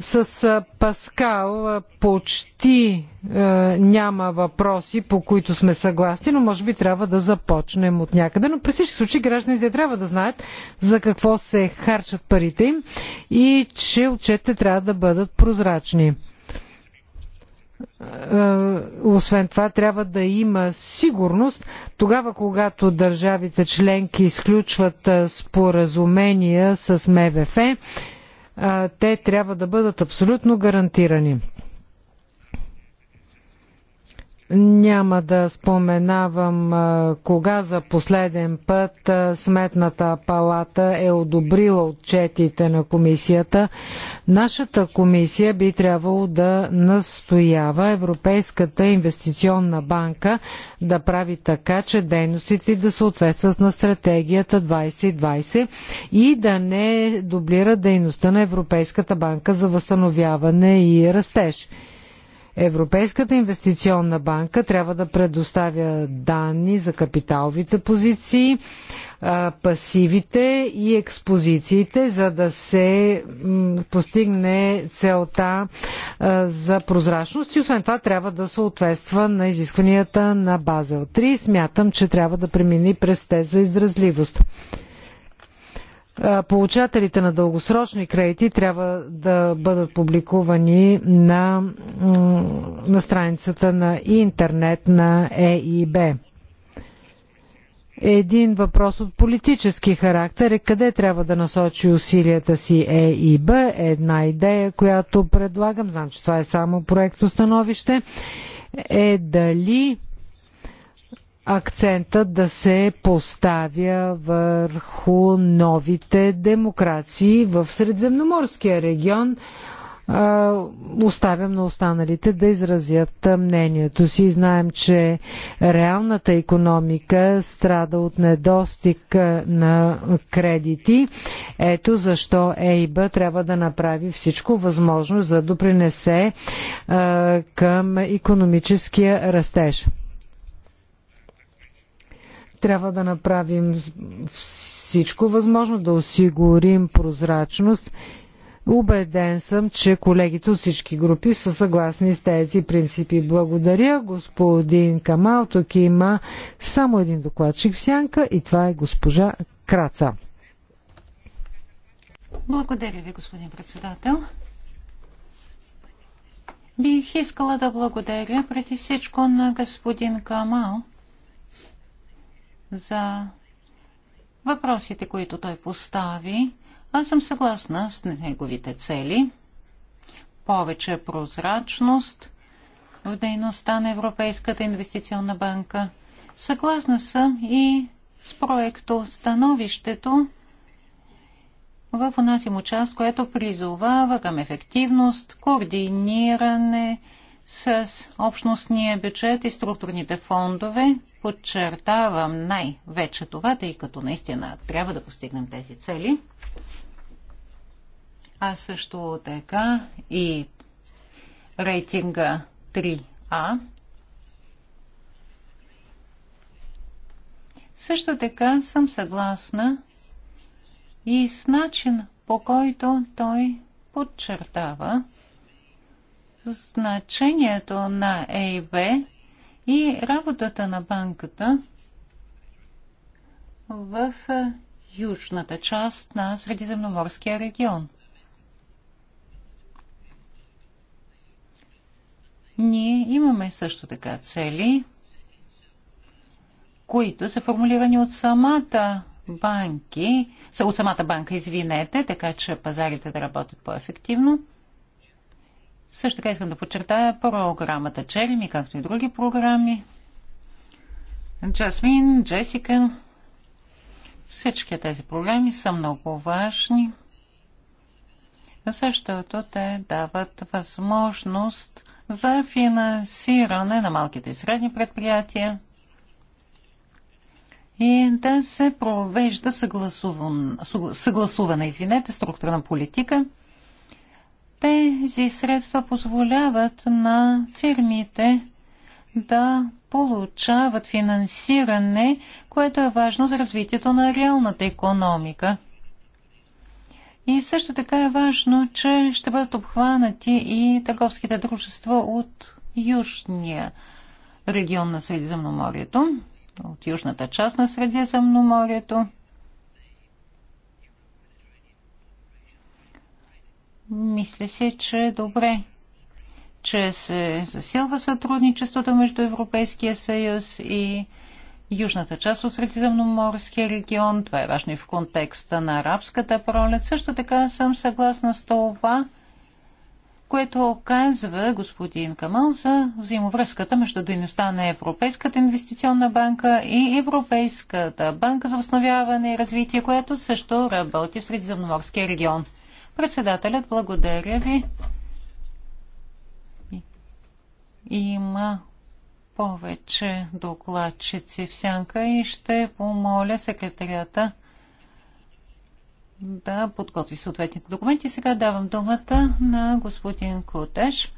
С Паскал почти е, няма въпроси, по които сме съгласни, но може би трябва да започнем от някъде. Но при всички случаи гражданите трябва да знаят за какво се харчат парите им и че отчетите трябва да бъдат прозрачни. Освен това, трябва да има сигурност тогава, когато държавите членки изключват споразумения с МВФ те трябва да бъдат абсолютно гарантирани. Няма да споменавам кога за последен път Сметната палата е одобрила отчетите на комисията. Нашата комисия би трябвало да настоява Европейската инвестиционна банка да прави така, че дейностите да съответстват на стратегията 2020 и да не дублира дейността на Европейската банка за възстановяване и растеж. Европейската инвестиционна банка трябва да предоставя данни за капиталовите позиции, пасивите и експозициите, за да се постигне целта за прозрачност и освен това трябва да съответства на изискванията на Базел 3. Смятам, че трябва да премини през теза изразливост. Получателите на дългосрочни кредити трябва да бъдат публикувани на, на страницата на интернет на ЕИБ. Един въпрос от политически характер е къде трябва да насочи усилията си Е и Б. Една идея, която предлагам, знам, че това е само проект становище, е дали акцентът да се поставя върху новите демокрации в Средземноморския регион. Оставям на останалите да изразят мнението си. Знаем, че реалната економика страда от недостиг на кредити. Ето защо Ейба трябва да направи всичко възможно за да допринесе към економическия растеж. Трябва да направим всичко възможно да осигурим прозрачност. Убеден съм, че колегите от всички групи са съгласни с тези принципи. Благодаря, господин Камал. Тук има само един докладчик в сянка и това е госпожа Краца. Благодаря ви, господин председател. Бих искала да благодаря преди всичко на господин Камал за въпросите, които той постави. Аз съм съгласна с неговите цели. Повече прозрачност в дейността на Европейската инвестиционна банка. Съгласна съм и с проекто становището в онази му част, което призовава към ефективност, координиране, с общностния бюджет и структурните фондове. Подчертавам най-вече това, тъй като наистина трябва да постигнем тези цели. А също така и рейтинга 3А. Също така съм съгласна и с начин, по който той подчертава, значението на ЕИБ и работата на банката в южната част на Средиземноморския регион. Ние имаме също така цели, които са формулирани от самата банки, от самата банка, извинете, така че пазарите да работят по-ефективно – също така искам да подчертая програмата Череми, както и други програми. Джасмин, Джесика. Всички тези програми са много важни, защото те дават възможност за финансиране на малките и средни предприятия и да се провежда съгласуване. съгласувана извинете, структурна политика – тези средства позволяват на фирмите да получават финансиране, което е важно за развитието на реалната економика. И също така е важно, че ще бъдат обхванати и търговските дружества от южния регион на Средиземноморието, от южната част на Средиземноморието. Мисля се, че е добре, че се засилва сътрудничеството между Европейския съюз и южната част от Средиземноморския регион. Това е важно и в контекста на арабската пролет. Също така съм съгласна с това, което казва господин Камал за взаимовръзката между дейността на Европейската инвестиционна банка и Европейската банка за възстановяване и развитие, която също работи в Средиземноморския регион. Председателят, благодаря ви. Има повече докладчици в сянка и ще помоля секретарията да подготви съответните документи. Сега давам думата на господин Кутеш.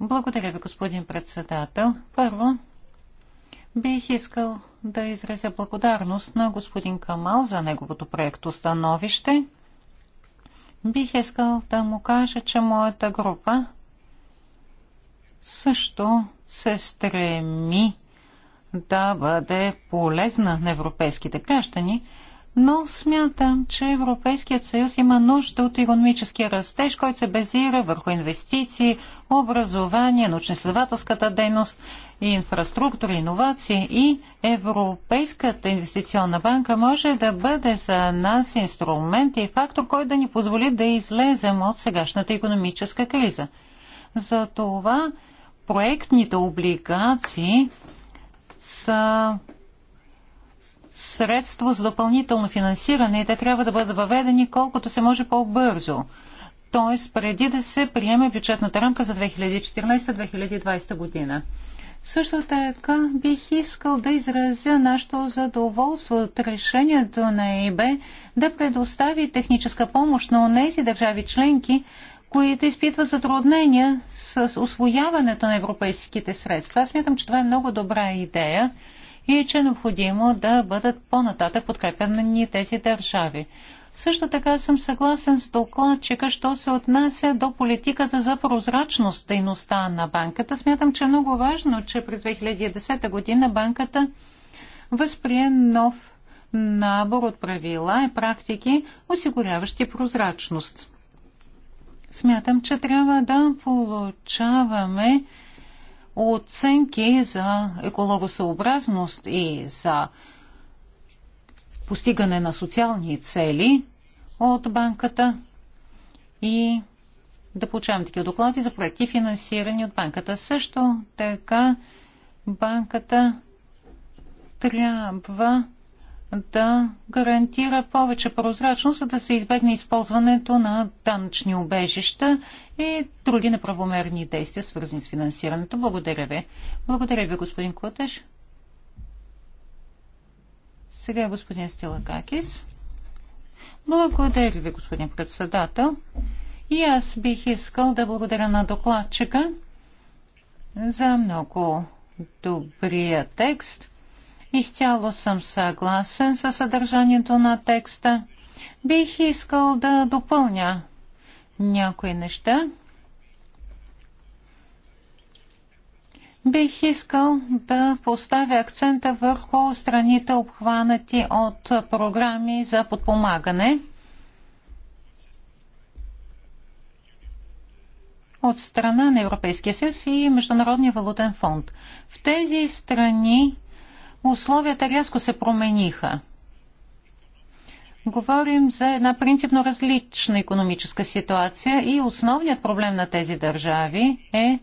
Благодаря ви, господин председател. Първо, бих искал да изразя благодарност на господин Камал за неговото проекто становище бих искал да му кажа, че моята група също се стреми да бъде полезна на европейските граждани – но смятам, че Европейският съюз има нужда от економически растеж, който се базира върху инвестиции, образование, научно-изследователската дейност, инфраструктура, иновации и Европейската инвестиционна банка може да бъде за нас инструмент и фактор, който да ни позволи да излезем от сегашната економическа криза. Затова проектните облигации са средство за допълнително финансиране и те трябва да бъдат въведени колкото се може по-бързо. Т.е. преди да се приеме бюджетната рамка за 2014-2020 година. Също така бих искал да изразя нашето задоволство от решението на ЕИБ да предостави техническа помощ на тези държави членки, които изпитват затруднения с освояването на европейските средства. Аз смятам, че това е много добра идея и че е необходимо да бъдат по-нататък подкрепени тези държави. Също така съм съгласен с докладчика, що се отнася до политиката за прозрачност дейността на банката. Смятам, че е много важно, че през 2010 година банката възприе нов набор от правила и практики, осигуряващи прозрачност. Смятам, че трябва да получаваме оценки за екологосъобразност и за постигане на социални цели от банката и да получавам такива доклади за проекти, финансирани от банката. Също така банката трябва да гарантира повече прозрачност, за да се избегне използването на данъчни убежища и други неправомерни действия, свързани с финансирането. Благодаря ви. Благодаря ви, господин Котеш. Сега е господин Стилакакис. Благодаря ви, господин председател. И аз бих искал да благодаря на докладчика за много добрия текст – Изцяло съм съгласен със съдържанието на текста. Бих искал да допълня някои неща. Бих искал да поставя акцента върху страните обхванати от програми за подпомагане. от страна на Европейския съюз и Международния валутен фонд. В тези страни условията рязко се промениха. Говорим за една принципно различна економическа ситуация и основният проблем на тези държави е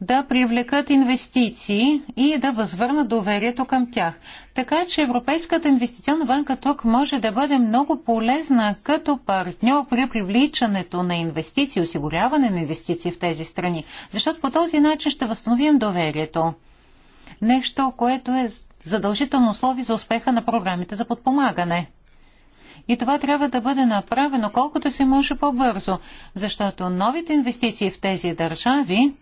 да привлекат инвестиции и да възвърнат доверието към тях. Така че Европейската инвестиционна банка тук може да бъде много полезна като партньор при привличането на инвестиции, осигуряване на инвестиции в тези страни, защото по този начин ще възстановим доверието нещо, което е задължително условие за успеха на програмите за подпомагане. И това трябва да бъде направено колкото се може по-бързо, защото новите инвестиции в тези държави,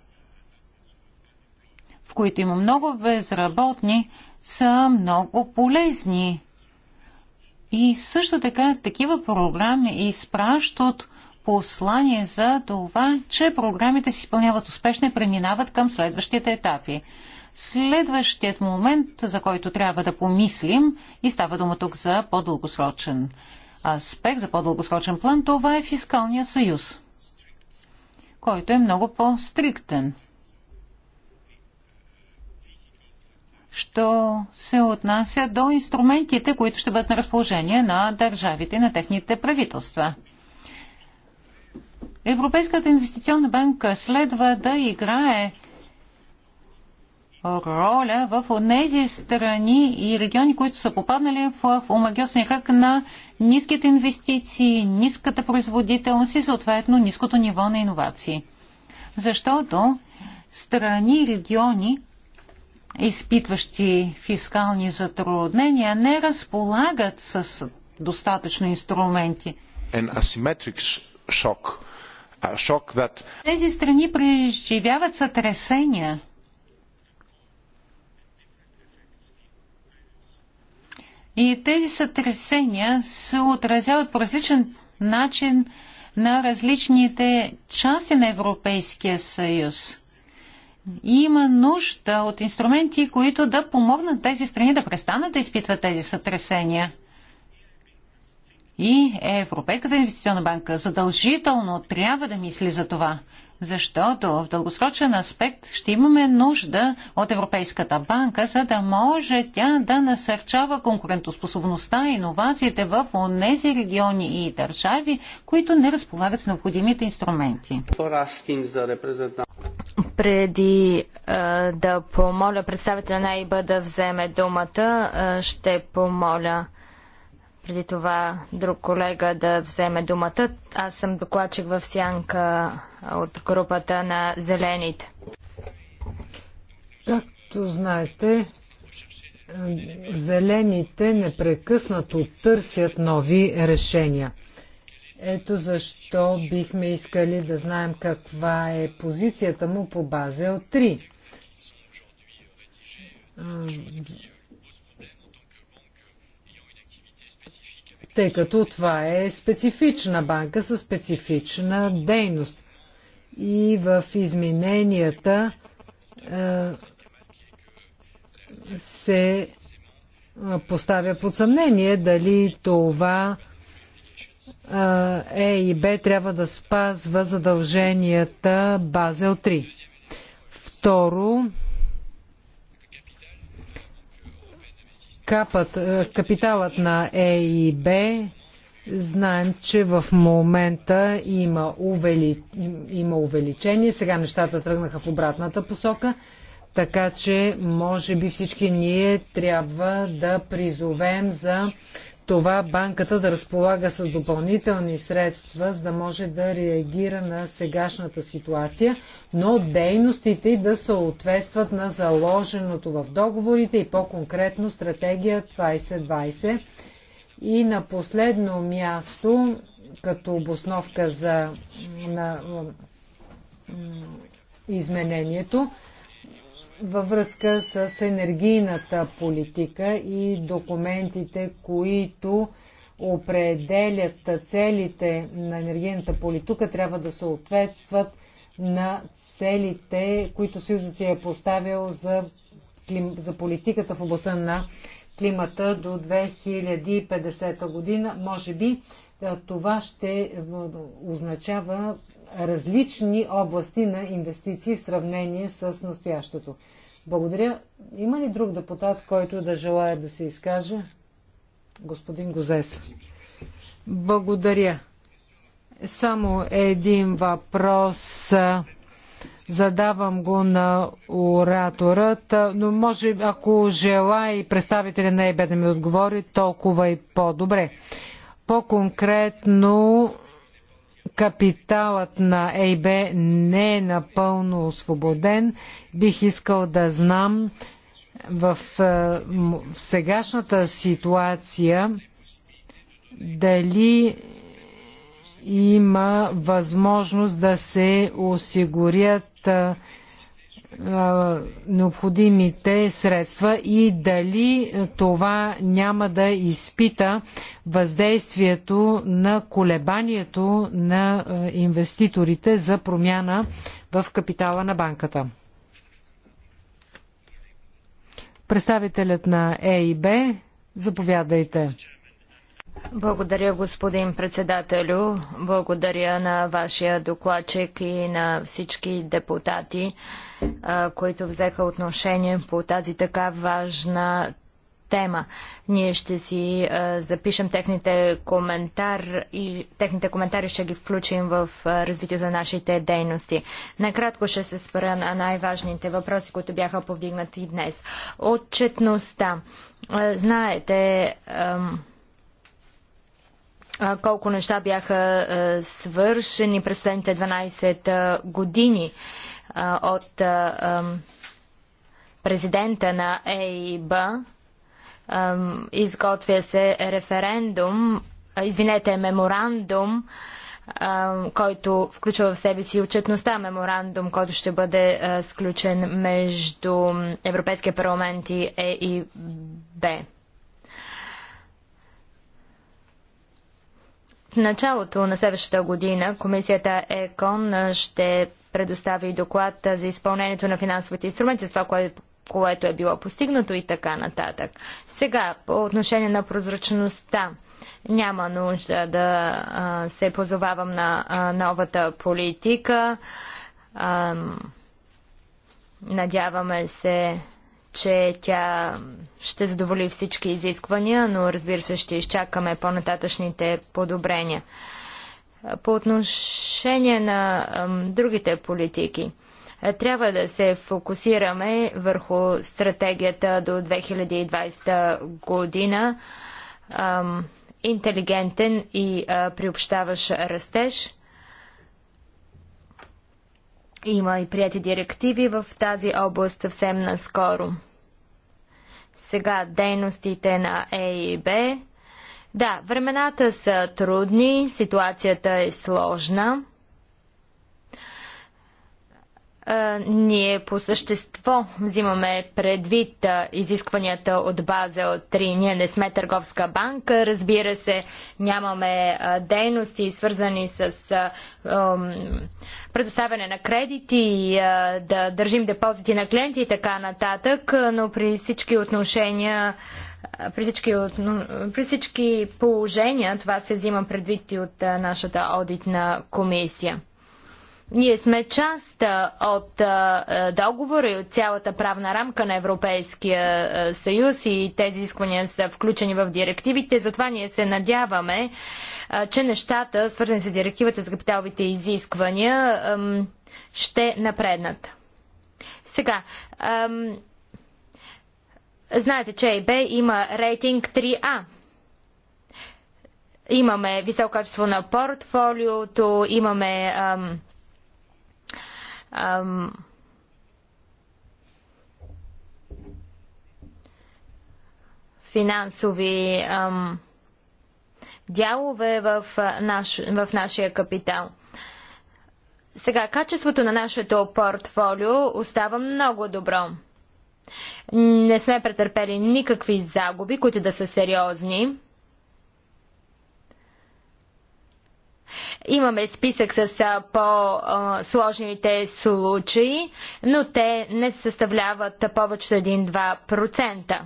в които има много безработни, са много полезни. И също така такива програми изпращат послание за това, че програмите си изпълняват успешно и преминават към следващите етапи. Следващият момент, за който трябва да помислим, и става дума тук за по-дългосрочен аспект, за по-дългосрочен план, това е фискалния съюз, който е много по-стриктен. Що се отнася до инструментите, които ще бъдат на разположение на държавите и на техните правителства. Европейската инвестиционна банка следва да играе роля в тези страни и региони, които са попаднали в омагиосния кръг на ниските инвестиции, ниската производителност и съответно ниското ниво на иновации. Защото страни и региони, изпитващи фискални затруднения, не разполагат с достатъчно инструменти. Тези страни преживяват сътресения И тези сътресения се отразяват по различен начин на различните части на Европейския съюз. Има нужда от инструменти, които да помогнат тези страни да престанат да изпитват тези сътресения. И Европейската инвестиционна банка задължително трябва да мисли за това защото в дългосрочен аспект ще имаме нужда от Европейската банка, за да може тя да насърчава конкурентоспособността и иновациите в тези региони и държави, които не разполагат с необходимите инструменти. Преди да помоля представителя на ИБ да вземе думата, ще помоля преди това друг колега да вземе думата. Аз съм докладчик в сянка от групата на Зелените. Както знаете, Зелените непрекъснато търсят нови решения. Ето защо бихме искали да знаем каква е позицията му по Базел 3 тъй като това е специфична банка със специфична дейност. И в измененията е, се е, поставя под съмнение дали това е, е и Б трябва да спазва задълженията Базел 3. Второ, капът, е, капиталът на ЕИБ Знаем, че в момента има, увели... има увеличение. Сега нещата тръгнаха в обратната посока. Така че, може би всички ние трябва да призовем за това банката да разполага с допълнителни средства, за да може да реагира на сегашната ситуация, но дейностите да съответстват на заложеното в договорите и по-конкретно стратегия 2020. И на последно място, като обосновка за на, изменението, във връзка с енергийната политика и документите, които определят целите на енергийната политика, трябва да съответстват на целите, които Съюзът си е поставил за, клим... за политиката в областта на климата до 2050 година. Може би това ще означава различни области на инвестиции в сравнение с настоящето. Благодаря. Има ли друг депутат, който да желая да се изкаже? Господин Гозес. Благодаря. Само един въпрос. Задавам го на ораторът, но може, ако желая и представителя на ЕБ да ми отговори, толкова и по-добре. По-конкретно капиталът на ЕИБ не е напълно освободен. Бих искал да знам в, е, в сегашната ситуация дали има възможност да се осигурят е, необходимите средства и дали това няма да изпита въздействието на колебанието на инвеститорите за промяна в капитала на банката. Представителят на ЕИБ, заповядайте. Благодаря, господин председателю. Благодаря на вашия докладчик и на всички депутати, които взеха отношение по тази така важна тема. Ние ще си запишем техните коментар и техните коментари ще ги включим в развитието на нашите дейности. Накратко ще се спра на най-важните въпроси, които бяха повдигнати днес. Отчетността. знаете, колко неща бяха свършени през последните 12 години от президента на ЕИБ. Изготвя се референдум, извинете, меморандум, който включва в себе си отчетността меморандум, който ще бъде сключен между Европейския парламент и ЕИБ. началото на следващата година комисията ЕКОН ще предостави доклад за изпълнението на финансовите инструменти, това, което което е било постигнато и така нататък. Сега, по отношение на прозрачността, няма нужда да а, се позовавам на а, новата политика. А, надяваме се че тя ще задоволи всички изисквания, но разбира се ще изчакаме по-нататъчните подобрения. По отношение на другите политики, е, трябва да се фокусираме върху стратегията до 2020 година, интелигентен и приобщаващ растеж. Има и прияти директиви в тази област съвсем наскоро. Сега дейностите на Е и Б. Да, времената са трудни, ситуацията е сложна ние по същество взимаме предвид изискванията от Базел 3. Ние не сме търговска банка, разбира се, нямаме дейности свързани с предоставяне на кредити, да държим депозити на клиенти и така нататък, но при всички отношения при всички, при всички положения това се взима предвид и от нашата одитна комисия. Ние сме част от договора и от цялата правна рамка на Европейския съюз и тези изисквания са включени в директивите. Затова ние се надяваме, че нещата, свързани с директивата за капиталовите изисквания, ще напреднат. Сега, знаете, че ЕБ има рейтинг 3А. Имаме високо качество на портфолиото, имаме ам, Um, финансови ам... дялове в, наш... в нашия капитал. Сега, качеството на нашето портфолио остава много добро. Не сме претърпели никакви загуби, които да са сериозни. Имаме списък с по-сложните случаи, но те не съставляват повече от 1-2%.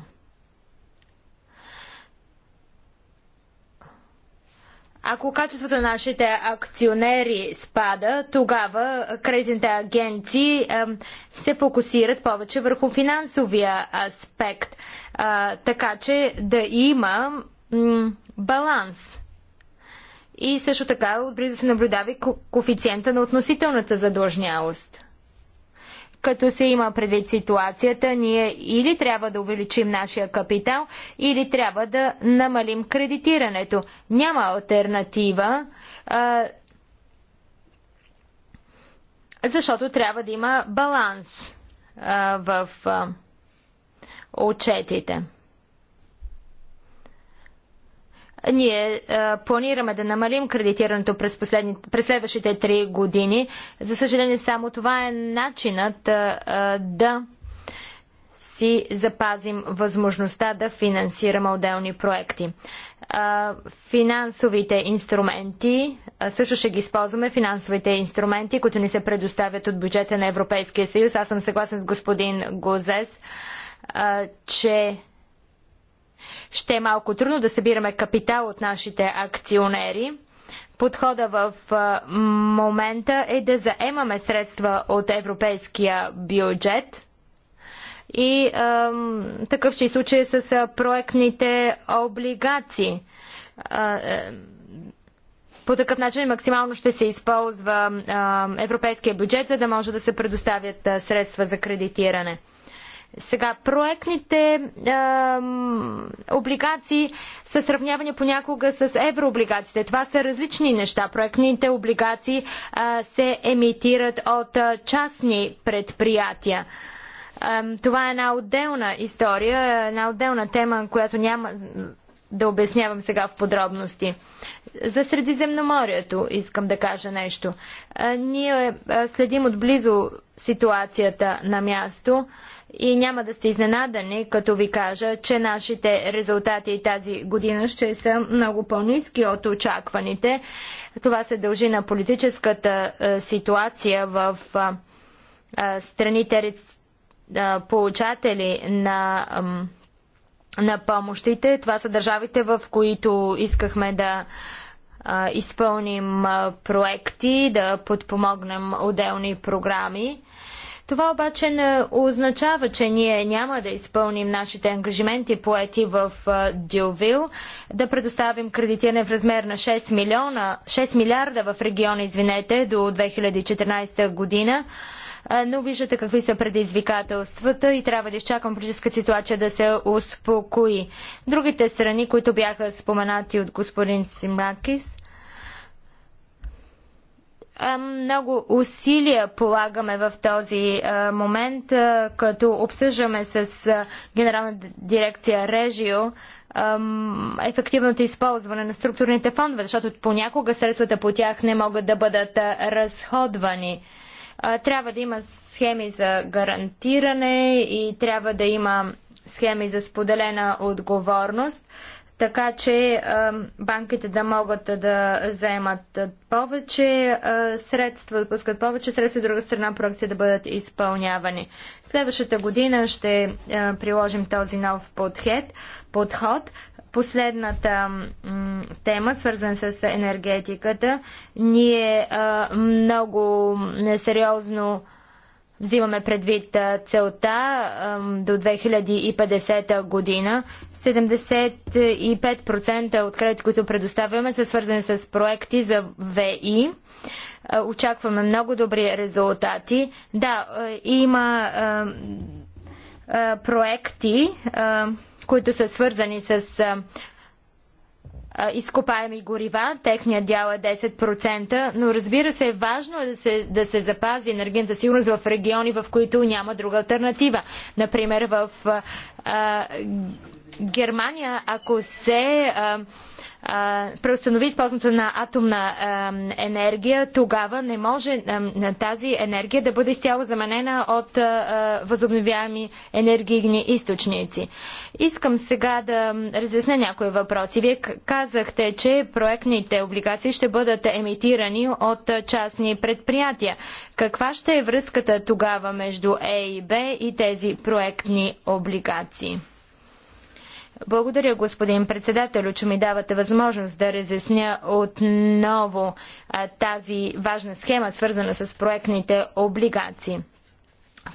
Ако качеството на нашите акционери спада, тогава кредитните агенции се фокусират повече върху финансовия аспект, така че да има баланс. И също така отблизо се наблюдава и коефициента на относителната задлъжнялост. Като се има предвид ситуацията, ние или трябва да увеличим нашия капитал, или трябва да намалим кредитирането. Няма альтернатива, а, защото трябва да има баланс а, в а, отчетите. Ние а, е, планираме да намалим кредитирането през, през следващите три години. За съжаление, само това е начинът а, е, е, да си запазим възможността да финансираме отделни проекти. А, финансовите инструменти, а, също ще ги използваме финансовите инструменти, които ни се предоставят от бюджета на Европейския съюз. Аз съм съгласен с господин Гозес, а, че ще е малко трудно да събираме капитал от нашите акционери. Подхода в момента е да заемаме средства от европейския бюджет и такъв ще е случай с проектните облигации. по такъв начин максимално ще се използва европейския бюджет, за да може да се предоставят средства за кредитиране. Сега, проектните е, облигации са сравнявани понякога с еврооблигациите. Това са различни неща. Проектните облигации е, се емитират от е, частни предприятия. Е, това е една отделна история, една отделна тема, която няма да обяснявам сега в подробности. За Средиземноморието искам да кажа нещо. Ние следим отблизо ситуацията на място. И няма да сте изненадани, като ви кажа, че нашите резултати тази година ще са много по-низки от очакваните. Това се дължи на политическата ситуация в страните получатели на, на помощите. Това са държавите, в които искахме да изпълним проекти, да подпомогнем отделни програми. Това обаче не означава, че ние няма да изпълним нашите ангажименти поети в Дювил, да предоставим кредитиране в размер на 6, милиона, 6 милиарда в региона, извинете, до 2014 година. Но виждате какви са предизвикателствата и трябва да изчакам политическа ситуация да се успокои. Другите страни, които бяха споменати от господин Симакис, много усилия полагаме в този момент, като обсъждаме с Генерална дирекция Режио ефективното използване на структурните фондове, защото понякога средствата по тях не могат да бъдат разходвани. Трябва да има схеми за гарантиране и трябва да има схеми за споделена отговорност така че банките да могат да заемат повече средства, да пускат повече средства, и друга страна проекти да бъдат изпълнявани. Следващата година ще приложим този нов подход. Последната тема, свързана с енергетиката, ние много несериозно Взимаме предвид целта до 2050 година. 75% от кредит, които предоставяме, са свързани с проекти за ВИ. Очакваме много добри резултати. Да, има проекти, които са свързани с изкопаеми горива, техният дял е 10%, но разбира се, важно е да се, да се запази енергийната сигурност в региони, в които няма друга альтернатива. Например, в а, Германия, ако се а, преустанови използването на атомна енергия, тогава не може тази енергия да бъде изцяло заменена от възобновяеми енергийни източници. Искам сега да разясня някои въпроси. Вие казахте, че проектните облигации ще бъдат емитирани от частни предприятия. Каква ще е връзката тогава между Е и Б и тези проектни облигации? Благодаря, господин председател, че ми давате възможност да разясня отново а, тази важна схема, свързана с проектните облигации.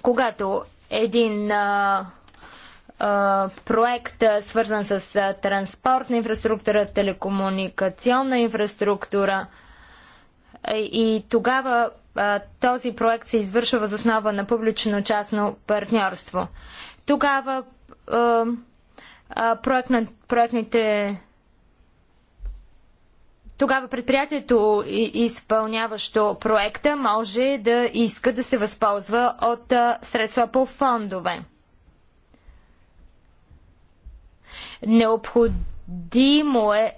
Когато един а, а, проект, свързан с а, транспортна инфраструктура, телекомуникационна инфраструктура, и тогава а, този проект се извършва въз основа на публично-частно партньорство. Тогава а, проект на, проектните тогава предприятието, изпълняващо проекта, може да иска да се възползва от средства по фондове. Необходимо е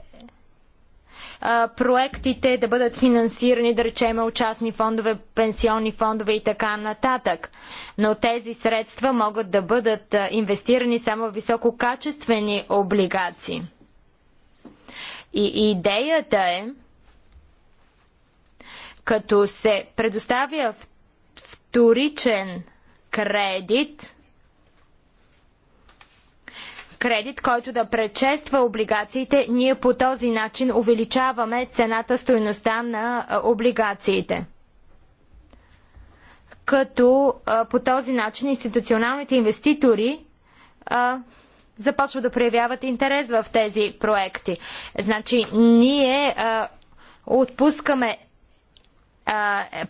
проектите да бъдат финансирани, да речем, частни фондове, пенсионни фондове и така нататък. Но тези средства могат да бъдат инвестирани само в висококачествени облигации. И идеята е, като се предоставя вторичен кредит, кредит, който да предшества облигациите, ние по този начин увеличаваме цената, стоеността на облигациите. Като по този начин институционалните инвеститори започват да проявяват интерес в тези проекти. Значи, ние отпускаме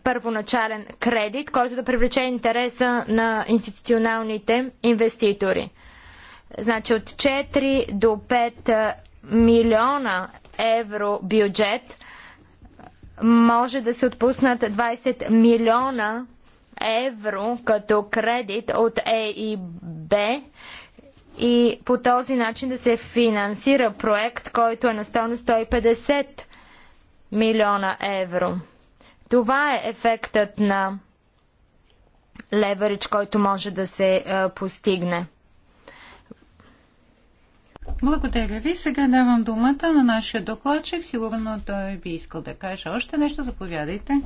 първоначален кредит, който да привлече интереса на институционалните инвеститори. Значи от 4 до 5 е, милиона евро бюджет може да се отпуснат 20 милиона евро като кредит от ЕИБ и по този начин да се финансира проект, който е на стойност 150 милиона евро. Това е ефектът на леверидж, който може да се е, постигне. Благодаря ви. Сега давам думата на нашия докладчик. Сигурно той би искал да каже още нещо. Заповядайте.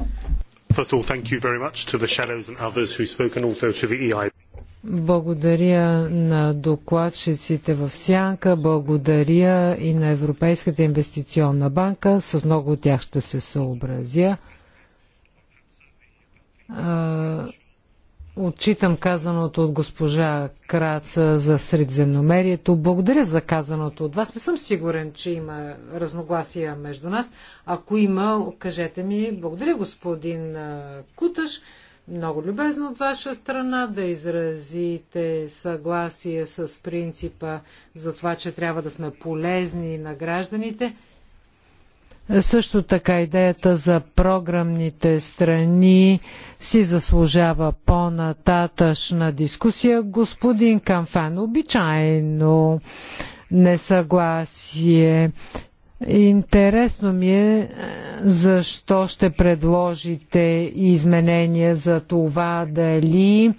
E благодаря на докладчиците в Сянка, благодаря и на Европейската инвестиционна банка. С много от тях ще се съобразя отчитам казаното от госпожа Краца за Средземномерието. Благодаря за казаното от вас. Не съм сигурен, че има разногласия между нас. Ако има, кажете ми. Благодаря, господин Куташ. Много любезно от ваша страна да изразите съгласие с принципа за това, че трябва да сме полезни на гражданите – също така идеята за програмните страни си заслужава по-нататъчна дискусия. Господин Камфан, обичайно несъгласие. Интересно ми е, е защо ще предложите изменения за това дали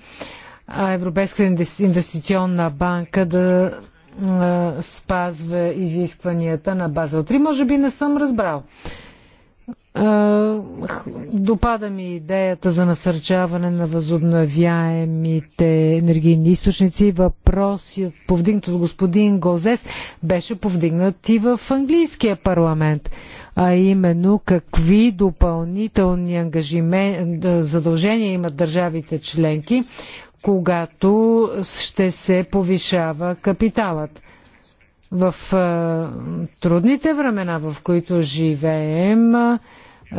Европейска инвестиционна банка да спазва изискванията на Базел 3. Може би не съм разбрал. Допада ми идеята за насърчаване на възобновяемите енергийни източници. Въпросът, повдигнат от господин Гозес, беше повдигнат и в английския парламент. А именно какви допълнителни ангажимен... задължения имат държавите членки, когато ще се повишава капиталът. В трудните времена, в които живеем,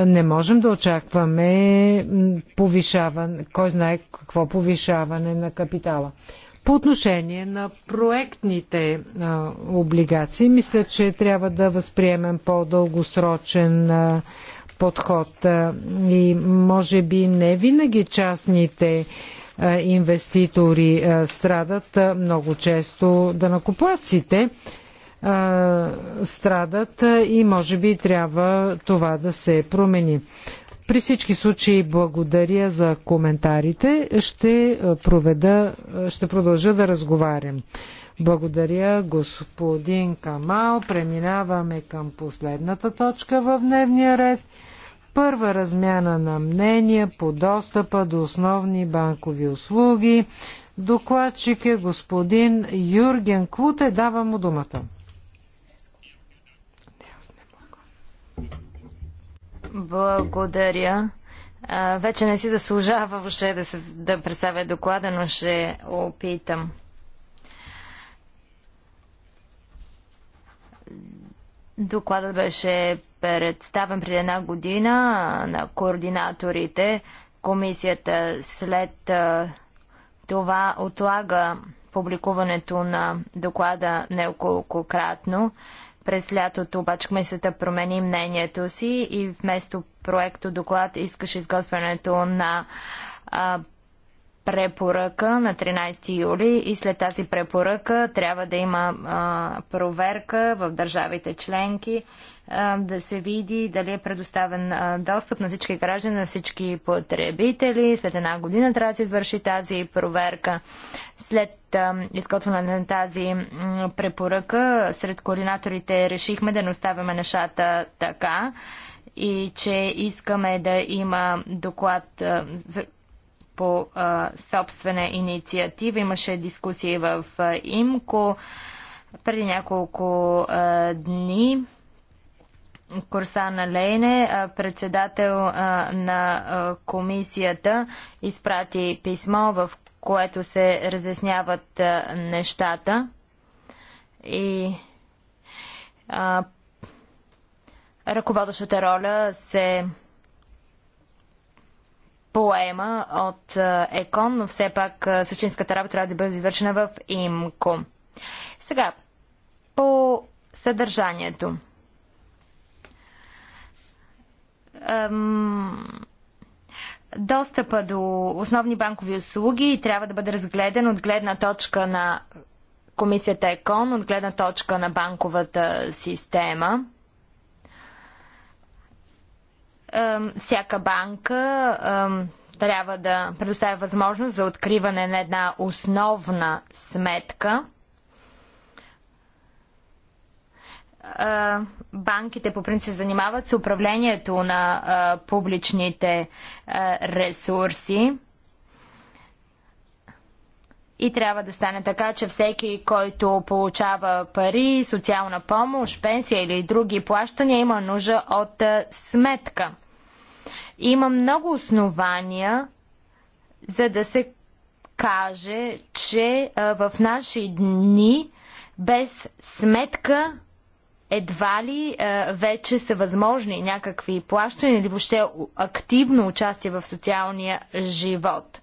не можем да очакваме повишаване, кой знае какво повишаване на капитала. По отношение на проектните а, облигации, мисля, че трябва да възприемем по-дългосрочен подход а, и може би не винаги частните е, инвеститори е, страдат, е, много често данакоплаците страдат и може би трябва това да се промени. При всички случаи благодаря за коментарите. Ще, проведа, ще продължа да разговарям. Благодаря, господин Камал. Преминаваме към последната точка в дневния ред. Първа размяна на мнения по достъпа до основни банкови услуги. Докладчик е господин Юрген Куте. Давам му думата. Благодаря. А, вече не си заслужава въобще да, се, да представя доклада, но ще опитам. Докладът беше представен преди една година на координаторите. Комисията след това отлага публикуването на доклада неколкократно. През лятото обаче комисията промени мнението си и вместо проекто доклад искаше изготвянето на а, препоръка на 13 юли и след тази препоръка трябва да има а, проверка в държавите членки да се види дали е предоставен достъп на всички граждани, на всички потребители. След една година трябва да се извърши тази проверка. След изготвяне на тази препоръка, сред координаторите решихме да не оставяме нещата така и че искаме да има доклад по собствена инициатива. Имаше дискусии в ИМКО преди няколко дни Корсана Лейне, председател на комисията, изпрати писмо, в което се разясняват нещата и а, ръководещата роля се поема от ЕКОН, но все пак същинската работа трябва да бъде извършена в ИМКО. Сега, по съдържанието. достъпа до основни банкови услуги трябва да бъде разгледан от гледна точка на комисията ЕКОН, от гледна точка на банковата система. Всяка банка трябва да предоставя възможност за откриване на една основна сметка – банките по принцип се занимават с управлението на публичните ресурси. И трябва да стане така, че всеки, който получава пари, социална помощ, пенсия или други плащания, има нужда от сметка. Има много основания, за да се каже, че в наши дни без сметка едва ли е, вече са възможни някакви плащания или въобще активно участие в социалния живот.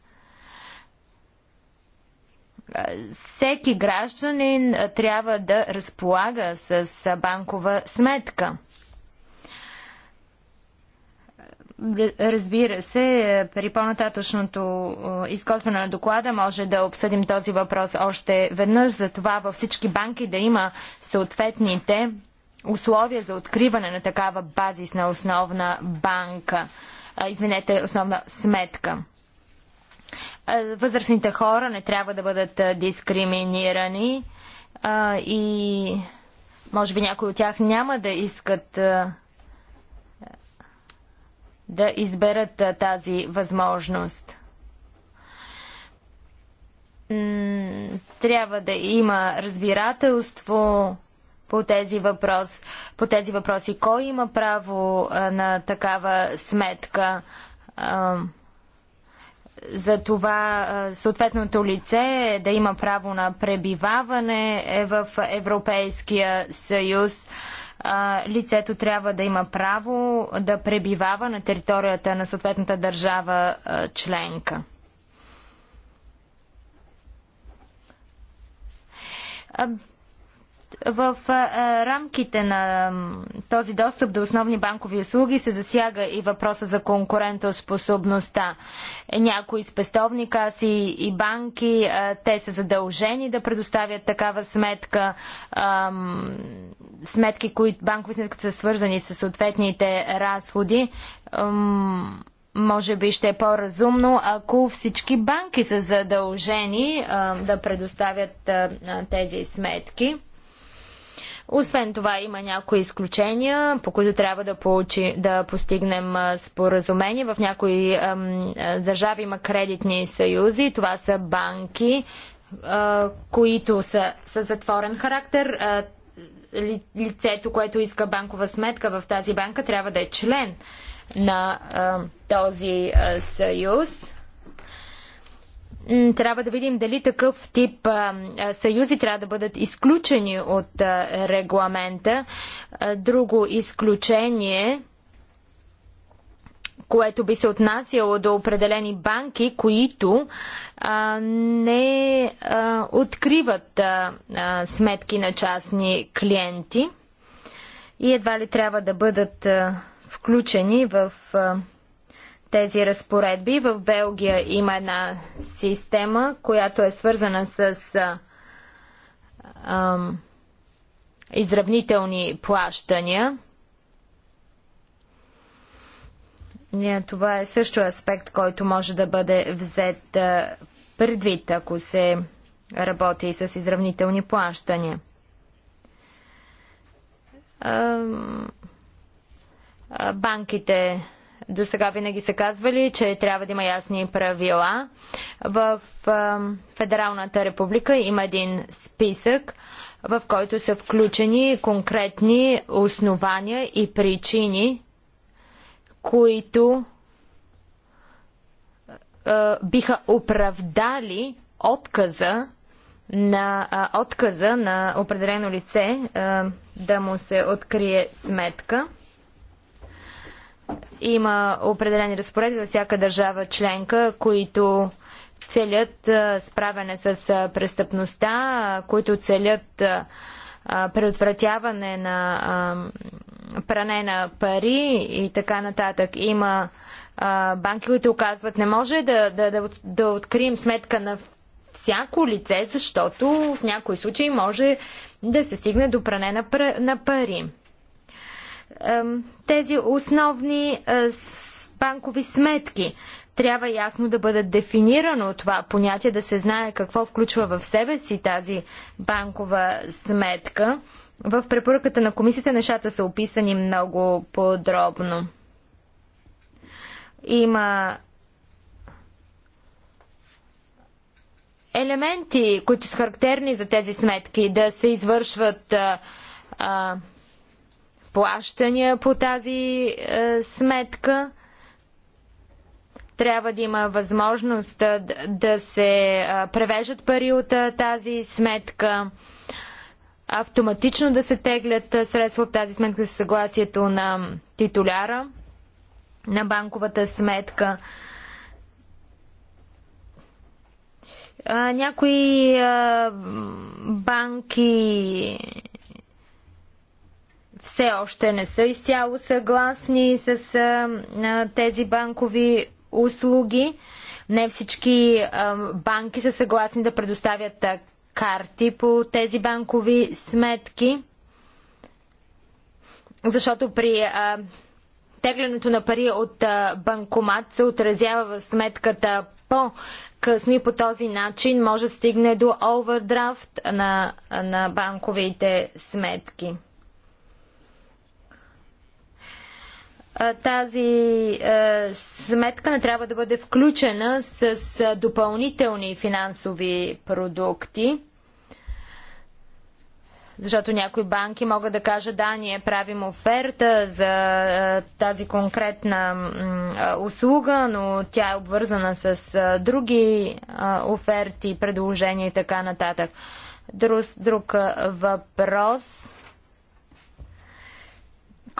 Е, всеки гражданин е, трябва да разполага с банкова сметка. Разбира се, е, при по-нататъчното изготвяне на доклада може да обсъдим този въпрос още веднъж. Затова във всички банки да има съответните условия за откриване на такава базисна основна банка, извинете, основна сметка. Възрастните хора не трябва да бъдат дискриминирани и може би някои от тях няма да искат да изберат тази възможност трябва да има разбирателство по тези, въпрос, по тези въпроси. Кой има право а, на такава сметка? А, за това съответното лице да има право на пребиваване е в Европейския съюз. Лицето трябва да има право да пребивава на територията на съответната държава членка в рамките на този достъп до основни банкови услуги се засяга и въпроса за конкурентоспособността. Някои спестовни каси и банки, те са задължени да предоставят такава сметка, сметки, които, банкови сметки, са свързани с съответните разходи може би ще е по-разумно, ако всички банки са задължени а, да предоставят а, тези сметки. Освен това има някои изключения, по които трябва да, получи, да постигнем споразумение. В някои ам, държави има кредитни съюзи. Това са банки, а, които са с затворен характер. А, ли, лицето, което иска банкова сметка в тази банка, трябва да е член на а, този а, съюз трябва да видим дали такъв тип съюзи трябва да бъдат изключени от регламента. Друго изключение което би се отнасяло до определени банки, които а, не а, откриват а, а, сметки на частни клиенти и едва ли трябва да бъдат а, включени в а, тези разпоредби. В Белгия има една система, която е свързана с ам, изравнителни плащания. Е, това е също аспект, който може да бъде взет предвид, ако се работи и с изравнителни плащания. Банките до сега винаги са казвали, че трябва да има ясни правила. В Федералната република има един списък, в който са включени конкретни основания и причини, които биха оправдали отказа на отказа на определено лице да му се открие сметка. Има определени разпоредби във всяка държава членка, които целят справяне с престъпността, които целят предотвратяване на пране на пари и така нататък. Има банки, които оказват не може да, да, да, да открием сметка на всяко лице, защото в някои случаи може да се стигне до пране на, на пари тези основни е, банкови сметки. Трябва ясно да бъде дефинирано това понятие, да се знае какво включва в себе си тази банкова сметка. В препоръката на комисията нещата са описани много подробно. Има елементи, които са характерни за тези сметки, да се извършват а, а, плащания по тази е, сметка. Трябва да има възможност да, да се е, превежат пари от е, тази сметка, автоматично да се теглят е, средства от тази сметка с съгласието на титуляра на банковата сметка. някои банки все още не са изцяло съгласни с а, тези банкови услуги. Не всички а, банки са съгласни да предоставят а, карти по тези банкови сметки, защото при а, теглянето на пари от а, банкомат се отразява в сметката по-късно и по този начин може да стигне до овердрафт на, на банковите сметки. тази сметка не трябва да бъде включена с допълнителни финансови продукти. Защото някои банки могат да кажат, да, ние правим оферта за тази конкретна услуга, но тя е обвързана с други оферти, предложения и така нататък. Друг, друг въпрос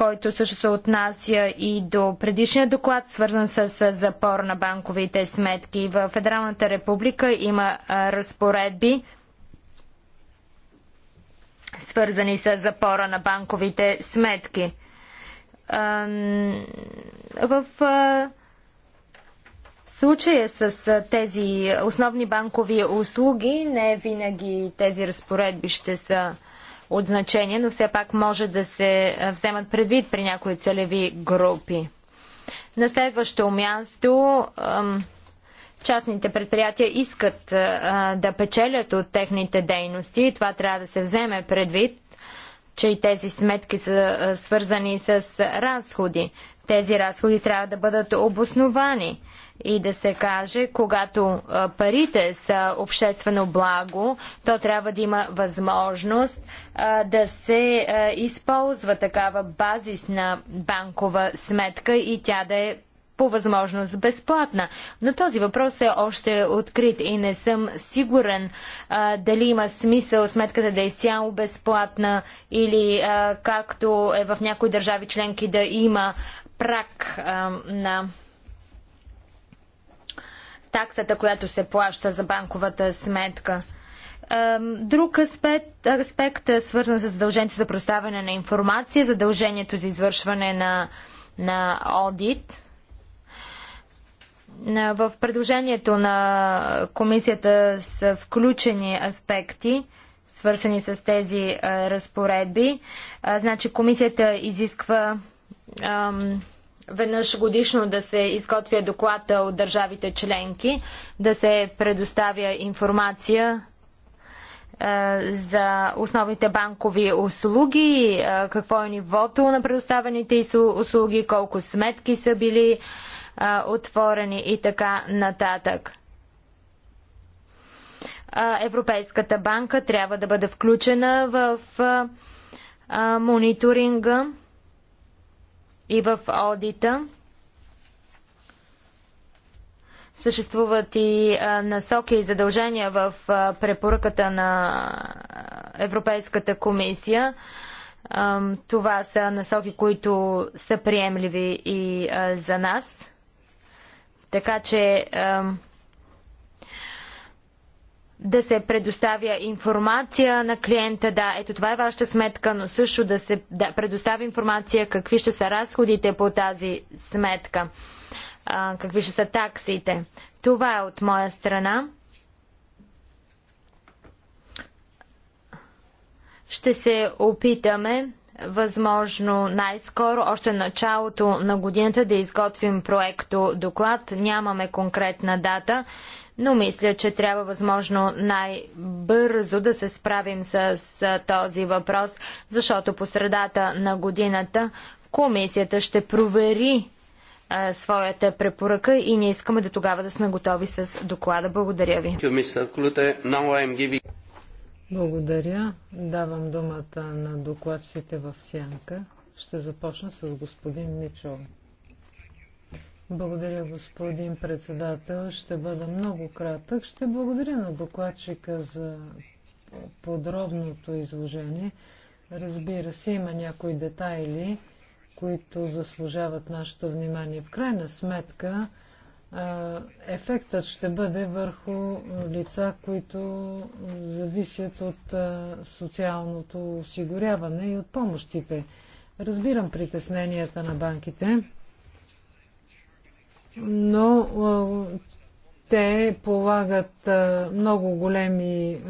който също се отнася и до предишния доклад, свързан с запор на банковите сметки. В Федералната република има разпоредби, свързани с запора на банковите сметки. В случая с тези основни банкови услуги не винаги тези разпоредби ще са от значение, но все пак може да се вземат предвид при някои целеви групи. На следващо място частните предприятия искат да печелят от техните дейности. Това трябва да се вземе предвид че и тези сметки са свързани с разходи. Тези разходи трябва да бъдат обосновани и да се каже, когато парите са обществено благо, то трябва да има възможност да се използва такава базисна банкова сметка и тя да е по възможност безплатна. Но този въпрос е още открит и не съм сигурен а, дали има смисъл сметката да е изцяло безплатна или а, както е в някои държави членки да има прак а, на таксата, която се плаща за банковата сметка. Друг аспект, аспект е свързан с задължението за проставяне на информация, задължението за извършване на, на одит. В предложението на комисията са включени аспекти, свършени с тези разпоредби. значи комисията изисква ам, веднъж годишно да се изготвя доклада от държавите членки, да се предоставя информация за основните банкови услуги, какво е нивото на предоставените услуги, колко сметки са били а, отворени и така нататък. А, Европейската банка трябва да бъде включена в а, мониторинга и в одита. Съществуват и насоки и задължения в препоръката на Европейската комисия. Това са насоки, които са приемливи и за нас. Така че да се предоставя информация на клиента, да, ето това е вашата сметка, но също да се да предоставя информация какви ще са разходите по тази сметка, а, какви ще са таксите. Това е от моя страна. Ще се опитаме възможно най-скоро, още началото на годината, да изготвим проекто доклад. Нямаме конкретна дата, но мисля, че трябва възможно най-бързо да се справим с, с този въпрос, защото по средата на годината комисията ще провери своята препоръка и ние искаме до тогава да сме готови с доклада. Благодаря ви. Благодаря. Давам думата на докладчите в Сянка. Ще започна с господин Мичо. Благодаря, господин председател. Ще бъда много кратък. Ще благодаря на докладчика за подробното изложение. Разбира се, има някои детайли, които заслужават нашето внимание. В крайна сметка, ефектът ще бъде върху лица, които зависят от социалното осигуряване и от помощите. Разбирам притесненията на банките, но те полагат много големи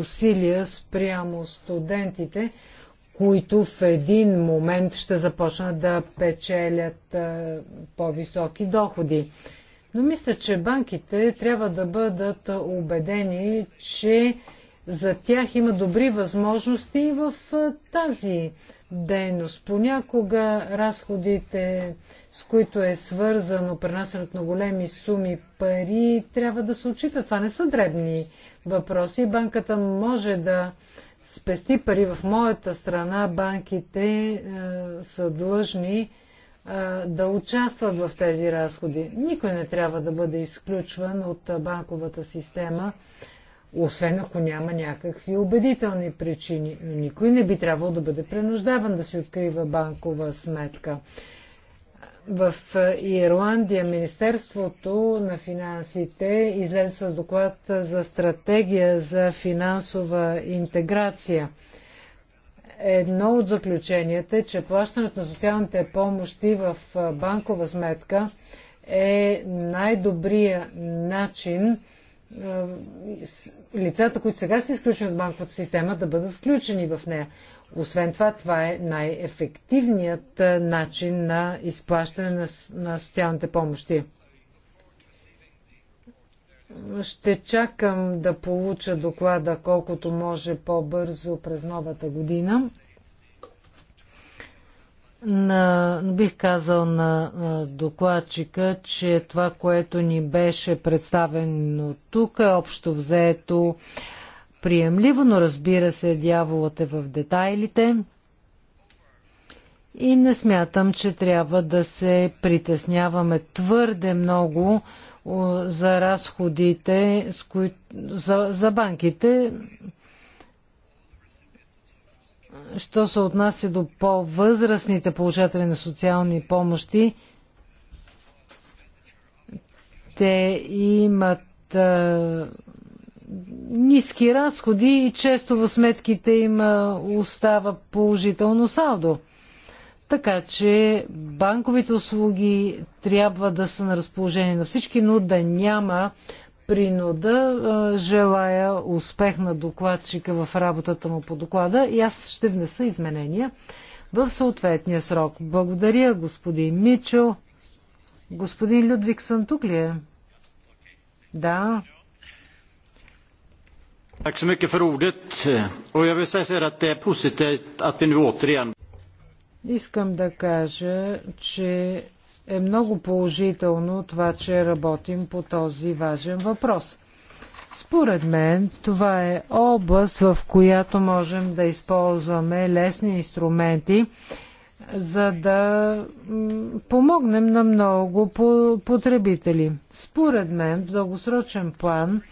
усилия спрямо студентите, които в един момент ще започнат да печелят по-високи доходи. Но мисля, че банките трябва да бъдат убедени, че за тях има добри възможности и в тази дейност. Понякога разходите, с които е свързано пренасянето на големи суми пари, трябва да се отчита. Това не са дребни въпроси. Банката може да спести пари. В моята страна банките е, са длъжни да участват в тези разходи. Никой не трябва да бъде изключван от банковата система, освен ако няма някакви убедителни причини. Но никой не би трябвало да бъде принуждаван да си открива банкова сметка. В Ирландия Министерството на финансите излезе с доклад за стратегия за финансова интеграция – Едно от заключенията е, че плащането на социалните помощи в банкова сметка е най-добрия начин лицата, които сега се изключват от банковата система, да бъдат включени в нея. Освен това, това е най-ефективният начин на изплащане на социалните помощи. Ще чакам да получа доклада колкото може по-бързо през новата година. На, бих казал на, на докладчика, че това, което ни беше представено тук, е общо взето приемливо, но разбира се, дяволът е в детайлите. И не смятам, че трябва да се притесняваме твърде много за разходите с кои... за, за банките. Що се отнася до по-възрастните получатели на социални помощи, те имат а, ниски разходи и често в сметките им остава положително салдо. Така че банковите услуги трябва да са на разположение на всички, но да няма принуда. Е, желая успех на докладчика в работата му по доклада и аз ще внеса изменения в съответния срок. Благодаря, господин Мичо. Господин Людвиг тук ли е? Да. Tack så mycket för ordet. Och jag vill säga att det är positivt att vi nu återigen Искам да кажа, че е много положително това, че работим по този важен въпрос. Според мен това е област, в която можем да използваме лесни инструменти, за да помогнем на много потребители. Според мен в дългосрочен план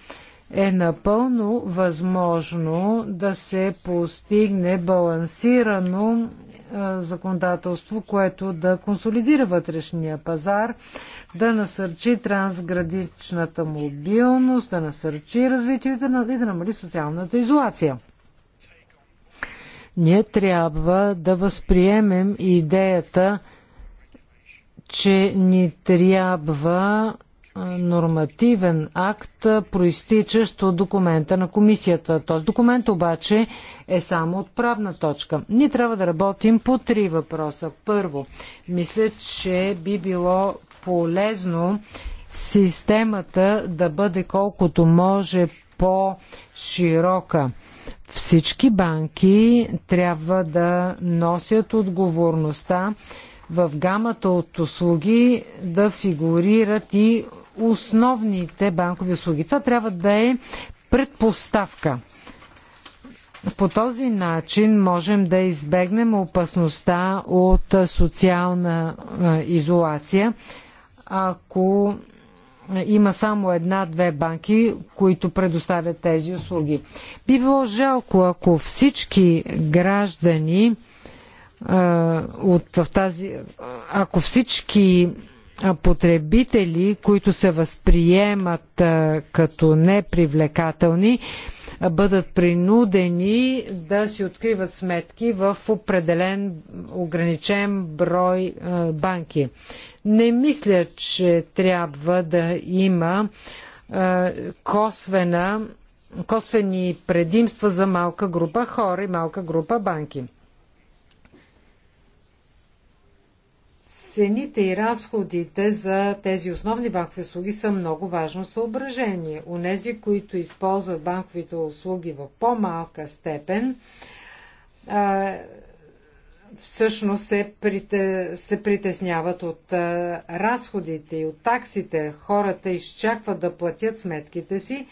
е напълно възможно да се постигне балансирано е, законодателство, което да консолидира вътрешния пазар, да насърчи трансградичната мобилност, да насърчи развитието и да намали социалната изолация. Ние трябва да възприемем идеята, че ни трябва нормативен акт, проистичащ от документа на комисията. Този документ обаче е само отправна точка. Ние трябва да работим по три въпроса. Първо, мисля, че би било полезно системата да бъде колкото може по-широка. Всички банки трябва да носят отговорността в гамата от услуги да фигурират и основните банкови услуги. Това трябва да е предпоставка. По този начин можем да избегнем опасността от социална изолация, ако има само една-две банки, които предоставят тези услуги. Би било жалко, ако всички граждани от, в тази, ако всички потребители, които се възприемат като непривлекателни, бъдат принудени да си откриват сметки в определен ограничен брой е, банки. Не мисля, че трябва да има е, косвена, косвени предимства за малка група хора и малка група банки. цените и разходите за тези основни банкови услуги са много важно съображение. нези, които използват банковите услуги в по-малка степен, всъщност се, притесняват от разходите и от таксите. Хората изчакват да платят сметките си,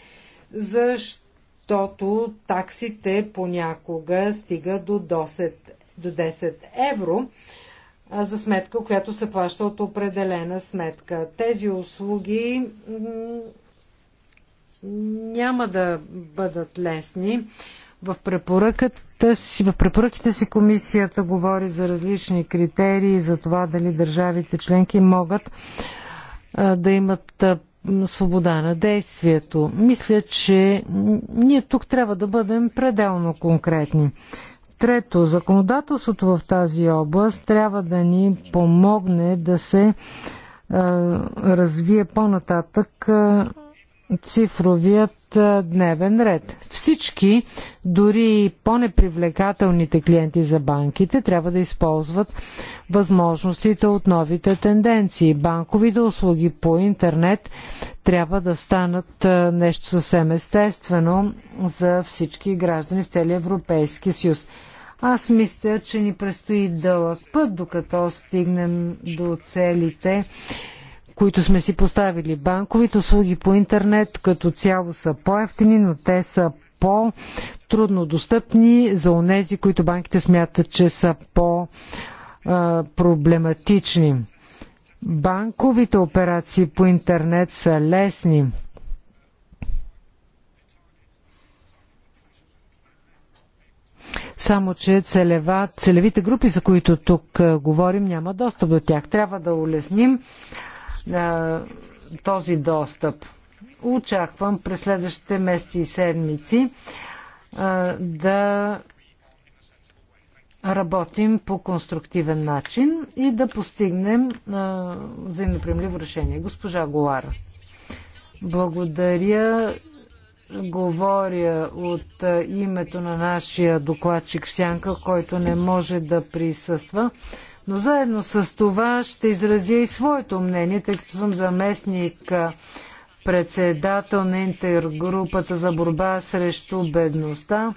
защото таксите понякога стига до 10, до 10 евро за сметка, която се плаща от определена сметка. Тези услуги няма да бъдат лесни. В, препоръката си, в препоръките си комисията говори за различни критерии, за това дали държавите членки могат да имат свобода на действието. Мисля, че ние тук трябва да бъдем пределно конкретни. Трето, законодателството в тази област трябва да ни помогне да се е, развие по-нататък е, цифровият е, дневен ред. Всички, дори по-непривлекателните клиенти за банките, трябва да използват възможностите от новите тенденции. Банковите услуги по интернет трябва да станат е, нещо съвсем естествено за всички граждани в целия Европейски съюз. Аз мисля, че ни предстои дълъг път, докато стигнем до целите, които сме си поставили. Банковите услуги по интернет като цяло са по-ефтини, но те са по-трудно достъпни за онези, които банките смятат, че са по-проблематични. Банковите операции по интернет са лесни Само, че целева, целевите групи, за които тук говорим, няма достъп до тях. Трябва да улесним а, този достъп. Очаквам през следващите месеци и седмици а, да работим по конструктивен начин и да постигнем взаимоприемливо решение. Госпожа Голара. Благодаря говоря от името на нашия докладчик Сянка, който не може да присъства. Но заедно с това ще изразя и своето мнение, тъй като съм заместник председател на интергрупата за борба срещу бедността.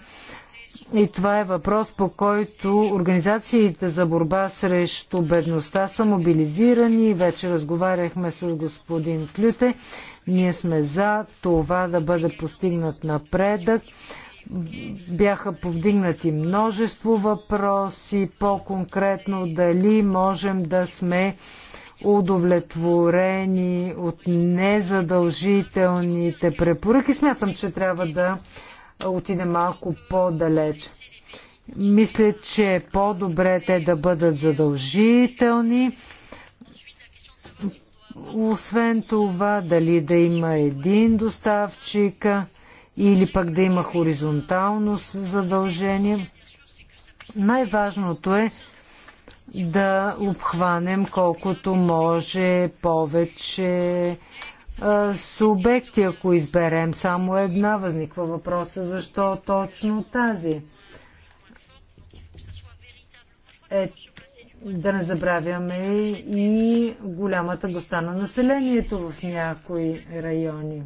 И това е въпрос, по който организациите за борба срещу бедността са мобилизирани. Вече разговаряхме с господин Клюте. Ние сме за това да бъде постигнат напредък. Бяха повдигнати множество въпроси, по-конкретно дали можем да сме удовлетворени от незадължителните препоръки. Смятам, че трябва да отиде малко по-далеч. Мисля, че е по-добре те да бъдат задължителни. Освен това, дали да има един доставчик или пък да има хоризонтално задължение. Най-важното е да обхванем колкото може повече субекти, ако изберем само една, възниква въпроса защо точно тази. Е, да не забравяме и голямата гостта на населението в някои райони.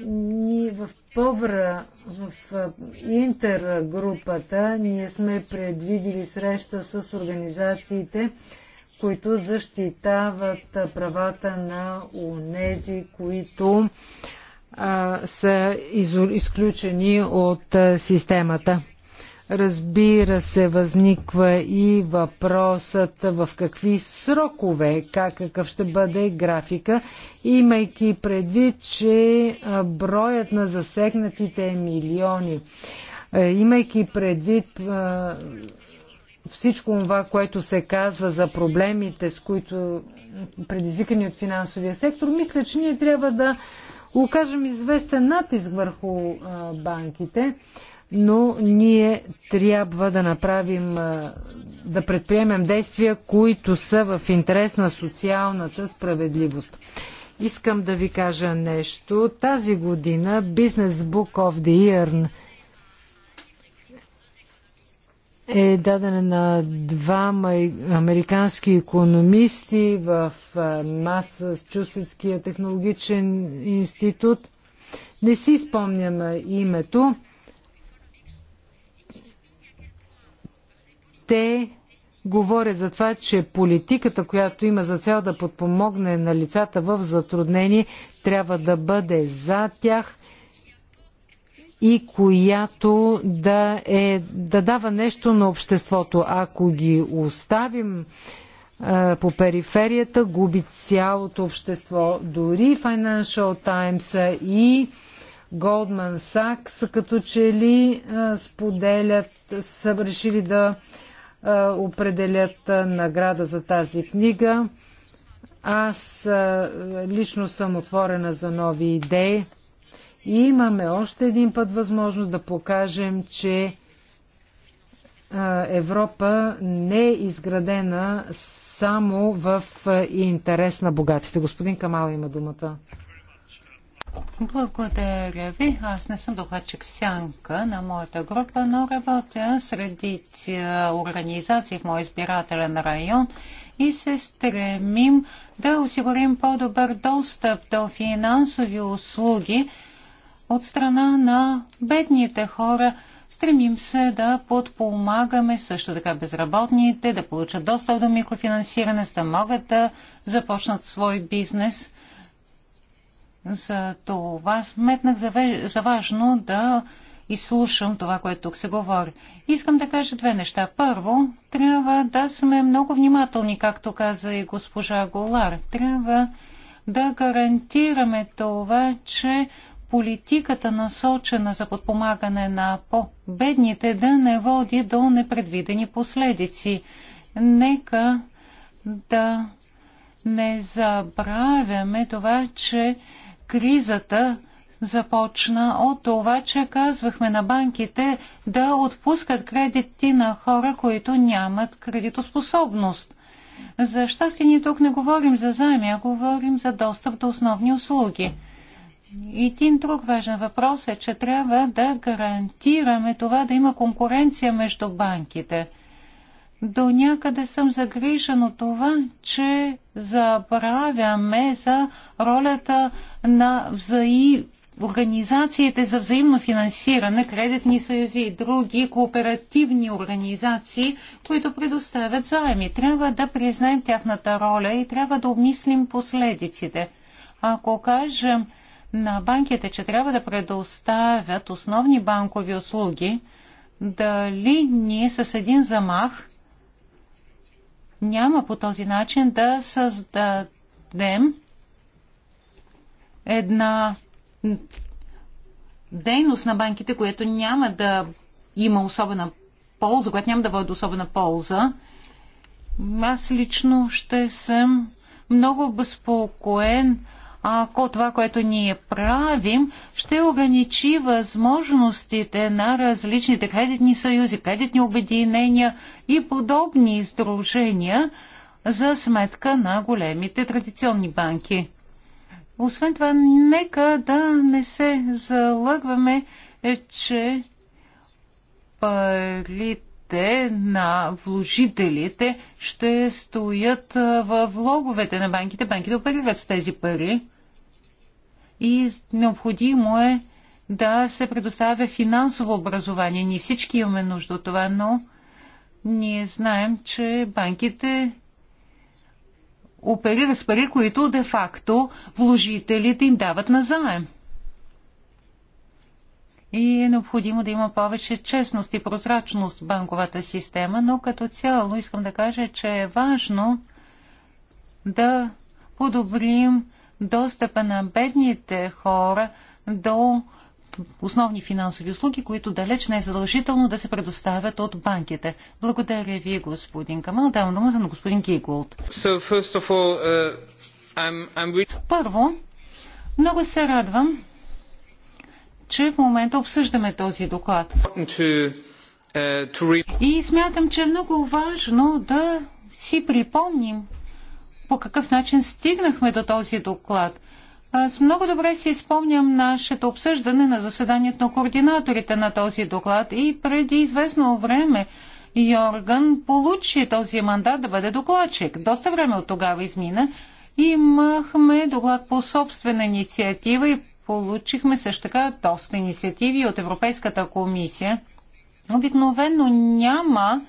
Ние в Повра, в интергрупата, ние сме предвидили среща с организациите, които защитават правата на унези, които а, са изключени от а, системата. Разбира се, възниква и въпросът в какви срокове, как, какъв ще бъде графика, имайки предвид, че броят на засегнатите е милиони. Е, имайки предвид всичко това, което се казва за проблемите, с които предизвикани от финансовия сектор, мисля, че ние трябва да окажем известен натиск върху банките, но ние трябва да направим, да предприемем действия, които са в интерес на социалната справедливост. Искам да ви кажа нещо. Тази година Business Book of the Year – е дадена на двама американски економисти в Масачусетския технологичен институт. Не си спомням името. Те говорят за това, че политиката, която има за цел да подпомогне на лицата в затруднение, трябва да бъде за тях – и която да, е, да дава нещо на обществото. Ако ги оставим е, по периферията, губи цялото общество. Дори Financial Times и Goldman Sachs като че ли е, споделят, са решили да е, определят е, награда за тази книга. Аз е, лично съм отворена за нови идеи. И имаме още един път възможност да покажем, че Европа не е изградена само в интерес на богатите. Господин Камал има думата. Благодаря ви. Аз не съм докладчик в сянка на моята група, но работя среди организации в мой избирателен район и се стремим да осигурим по-добър достъп до финансови услуги от страна на бедните хора стремим се да подпомагаме също така безработните, да получат достъп до микрофинансиране, за да могат да започнат свой бизнес. За това сметнах за важно да изслушам това, което тук се говори. Искам да кажа две неща. Първо, трябва да сме много внимателни, както каза и госпожа Голар. Трябва да гарантираме това, че политиката насочена за подпомагане на по-бедните да не води до непредвидени последици. Нека да не забравяме това, че кризата започна от това, че казвахме на банките да отпускат кредити на хора, които нямат кредитоспособност. За щастие ние тук не говорим за заеми, а говорим за достъп до основни услуги. Един друг важен въпрос е, че трябва да гарантираме това да има конкуренция между банките. До някъде съм загрижен от това, че забравяме за ролята на взаи... организациите за взаимно финансиране, кредитни съюзи и други кооперативни организации, които предоставят заеми. Трябва да признаем тяхната роля и трябва да обмислим последиците. Ако кажем, на банките, че трябва да предоставят основни банкови услуги, дали ние с един замах няма по този начин да създадем една дейност на банките, която няма да има особена полза, която няма да води особена полза. Аз лично ще съм много безпокоен ако това, което ние правим, ще ограничи възможностите на различните кредитни съюзи, кредитни обединения и подобни издружения за сметка на големите традиционни банки. Освен това, нека да не се залъгваме, е, че парите на вложителите ще стоят в влоговете на банките. Банките оперират с тези пари и необходимо е да се предоставя финансово образование. Ние всички имаме нужда от това, но ние знаем, че банките оперират с пари, които де-факто вложителите им дават на заем. И е необходимо да има повече честност и прозрачност в банковата система, но като цяло искам да кажа, че е важно да подобрим достъпа на бедните хора до основни финансови услуги, които далеч не е задължително да се предоставят от банките. Благодаря ви, господин Камал. Давам думата на господин Гигулт. So, all, uh, I'm, I'm... Първо, много се радвам, че в момента обсъждаме този доклад. To, uh, to... И смятам, че е много важно да си припомним по какъв начин стигнахме до този доклад. Аз много добре си спомням нашето обсъждане на заседанието на координаторите на този доклад и преди известно време Йорган получи този мандат да бъде докладчик. Доста време от тогава измина. Имахме доклад по собствена инициатива и получихме също така доста инициативи от Европейската комисия. Обикновено няма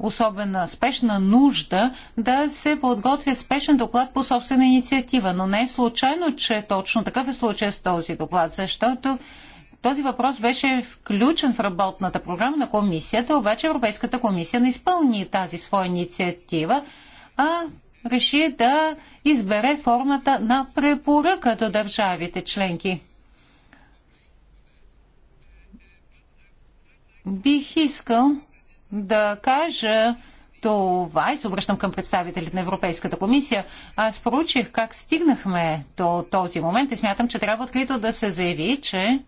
особена спешна нужда да се подготвя спешен доклад по собствена инициатива. Но не е случайно, че точно такъв е случай с този доклад, защото този въпрос беше включен в работната програма на комисията, обаче Европейската комисия не изпълни тази своя инициатива, а реши да избере формата на препоръка до държавите членки. Бих искал да кажа това и се обръщам към представителите на Европейската комисия. Аз проучих как стигнахме до този момент и смятам, че трябва открито да се заяви, че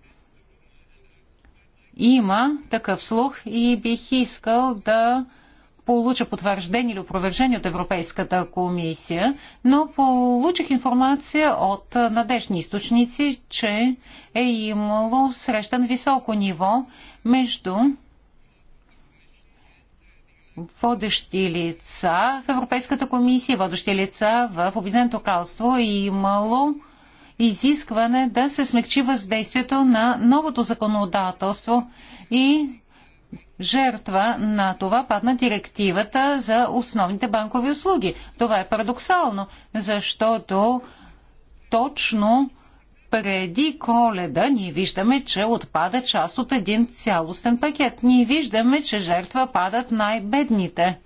има такъв слух и бих искал да получа потвърждение или опровержение от Европейската комисия, но получих информация от надежни източници, че е имало срещан високо ниво между водещи лица в Европейската комисия, водещи лица в Обединеното кралство е имало изискване да се смекчи въздействието на новото законодателство и жертва на това падна директивата за основните банкови услуги. Това е парадоксално, защото точно преди коледа ние виждаме, че отпада част от един цялостен пакет. Ние виждаме, че жертва падат най-бедните.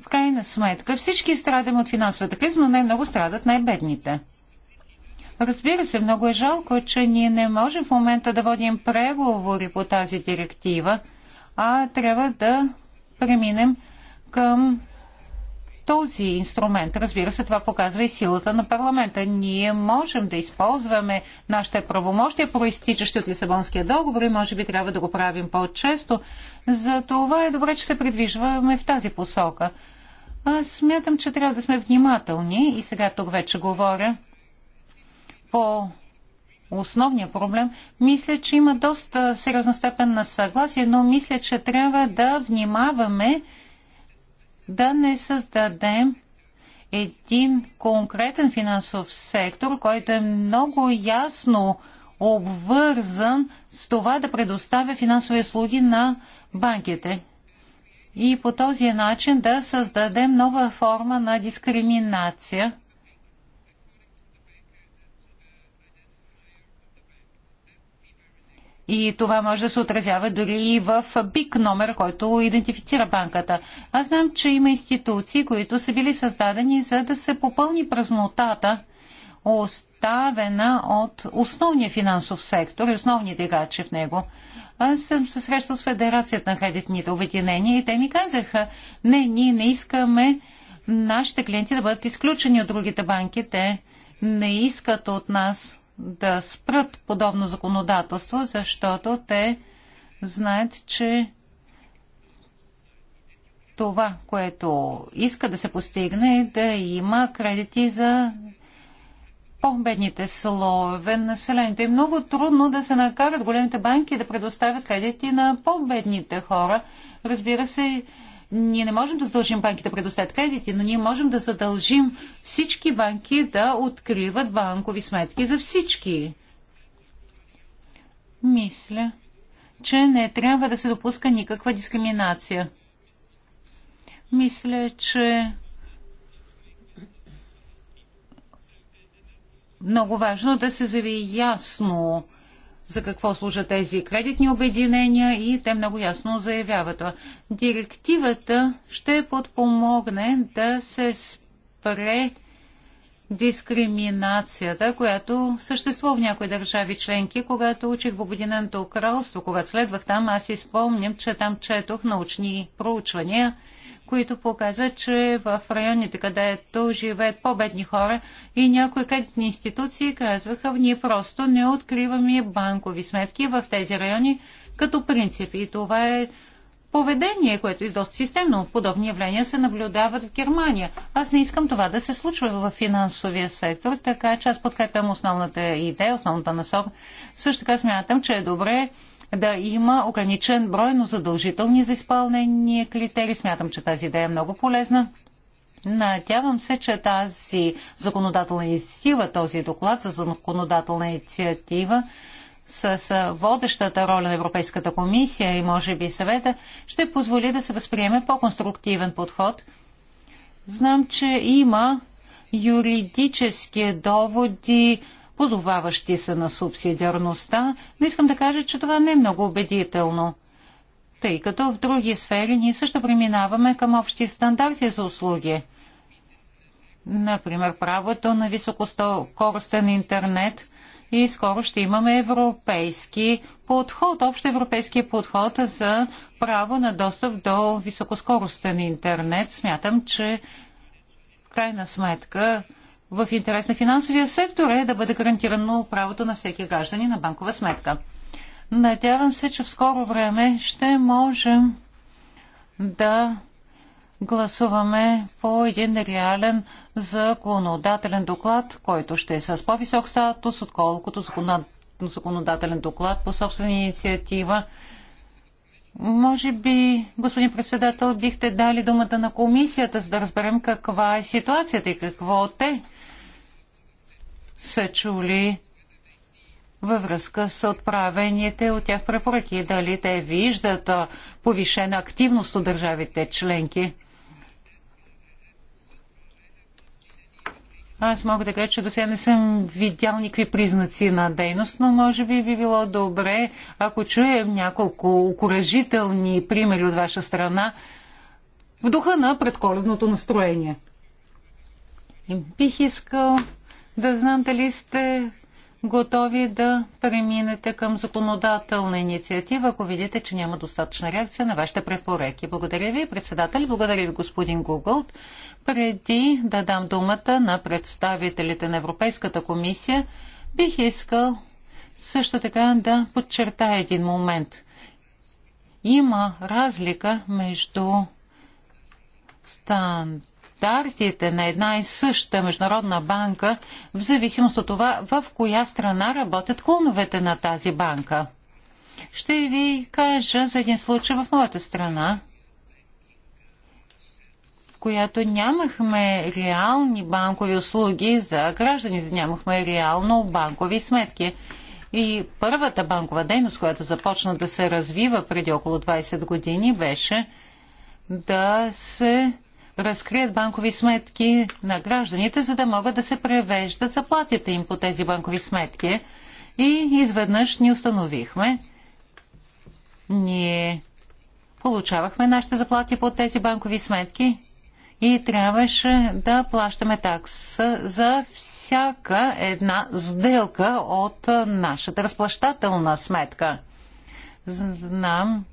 В крайна сметка всички страдаме от финансовата криза, но най-много страдат най-бедните. Разбира се, много е жалко, че ние не можем в момента да водим преговори по тази директива, а трябва да преминем към този инструмент. Разбира се, това показва и силата на парламента. Ние можем да използваме нашите правомощия, проистичащи от Лисабонския договор и може би трябва да го правим по-често. За това е добре, че се придвижваме в тази посока. Аз смятам, че трябва да сме внимателни и сега тук вече говоря по основния проблем. Мисля, че има доста сериозна степен на съгласие, но мисля, че трябва да внимаваме да не създадем един конкретен финансов сектор, който е много ясно обвързан с това да предоставя финансови услуги на банките. И по този начин да създадем нова форма на дискриминация И това може да се отразява дори и в БИК номер, който идентифицира банката. Аз знам, че има институции, които са били създадени за да се попълни празнотата, оставена от основния финансов сектор и основните играчи в него. Аз съм се срещал с Федерацията на кредитните обединения и те ми казаха, не, ние не искаме нашите клиенти да бъдат изключени от другите банки. Те не искат от нас да спрат подобно законодателство, защото те знаят, че това, което иска да се постигне е да има кредити за по-бедните слоеве населението. И много трудно да се накарат големите банки да предоставят кредити на по-бедните хора. Разбира се, ние не можем да задължим банките да предоставят кредити, но ние можем да задължим всички банки да откриват банкови сметки за всички. Мисля, че не трябва да се допуска никаква дискриминация. Мисля, че много важно да се заяви ясно за какво служат тези кредитни обединения и те много ясно заявяват. Директивата ще подпомогне да се спре дискриминацията, която съществува в някои държави членки. Когато учих в Обединеното кралство, когато следвах там, аз изпомням, че там четох научни проучвания – които показват, че в районите, където живеят по-бедни хора и някои кредитни институции казваха, ние просто не откриваме банкови сметки в тези райони като принцип. И това е поведение, което е доста системно. Подобни явления се наблюдават в Германия. Аз не искам това да се случва в финансовия сектор, така че аз подкрепям основната идея, основната насока. Също така смятам, че е добре да има ограничен брой, но задължителни за изпълнение критерии. Смятам, че тази идея е много полезна. Надявам се, че тази законодателна инициатива, този доклад за законодателна инициатива с водещата роля на Европейската комисия и може би съвета ще позволи да се възприеме по-конструктивен подход. Знам, че има юридически доводи позоваващи се на субсидиарността, но искам да кажа, че това не е много убедително, тъй като в други сфери ние също преминаваме към общи стандарти за услуги. Например, правото на високоскоростен интернет и скоро ще имаме европейски подход, общо европейски подход за право на достъп до високоскоростен интернет. Смятам, че в крайна сметка в интерес на финансовия сектор е да бъде гарантирано правото на всеки граждани на банкова сметка. Надявам се, че в скоро време ще можем да гласуваме по един реален законодателен доклад, който ще е с по-висок статус, отколкото законодателен доклад по собствена инициатива. Може би, господин председател, бихте дали думата на комисията, за да разберем каква е ситуацията и какво те са чули във връзка с отправените от тях препоръки. Дали те виждат повишена активност от държавите членки? Аз мога да кажа, че до сега не съм видял никакви признаци на дейност, но може би би било добре, ако чуем няколко окоръжителни примери от ваша страна в духа на предколедното настроение. И бих искал да знам дали сте готови да преминете към законодателна инициатива, ако видите, че няма достатъчна реакция на вашите препоръки. Благодаря ви, председател. Благодаря ви, господин Гугълт. Преди да дам думата на представителите на Европейската комисия, бих искал също така да подчертая един момент. Има разлика между стандарт стандартите на една и съща международна банка, в зависимост от това в коя страна работят клоновете на тази банка. Ще ви кажа за един случай в моята страна, в която нямахме реални банкови услуги за гражданите, нямахме реално банкови сметки. И първата банкова дейност, която започна да се развива преди около 20 години, беше да се разкрият банкови сметки на гражданите, за да могат да се превеждат заплатите им по тези банкови сметки. И изведнъж ни установихме. Ние получавахме нашите заплати по тези банкови сметки и трябваше да плащаме такса за всяка една сделка от нашата разплащателна сметка. Знам,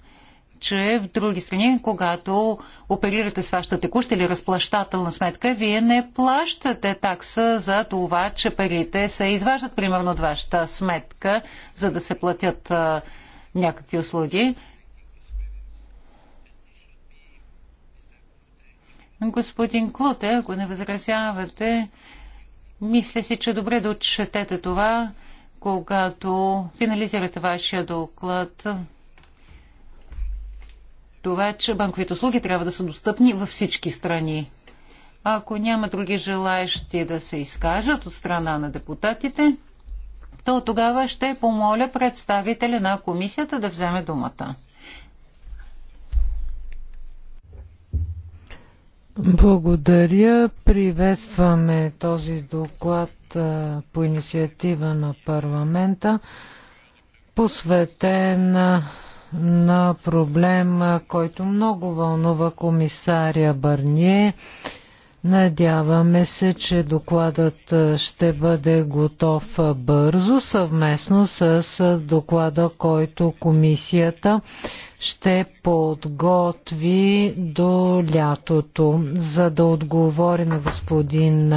че в други страни, когато оперирате с вашата текуща или разплащателна сметка, вие не плащате такса за това, че парите се изваждат примерно от вашата сметка, за да се платят а, някакви услуги. Господин Клуте, ако не възразявате, мисля си, че е добре да отчетете това, когато финализирате вашия доклад това, че банковите услуги трябва да са достъпни във всички страни. Ако няма други желаящи да се изкажат от страна на депутатите, то тогава ще помоля представителя на комисията да вземе думата. Благодаря. Приветстваме този доклад по инициатива на парламента, посветен на на проблем, който много вълнува комисаря Барние. Надяваме се, че докладът ще бъде готов бързо, съвместно с доклада, който комисията ще подготви до лятото, за да отговори на господин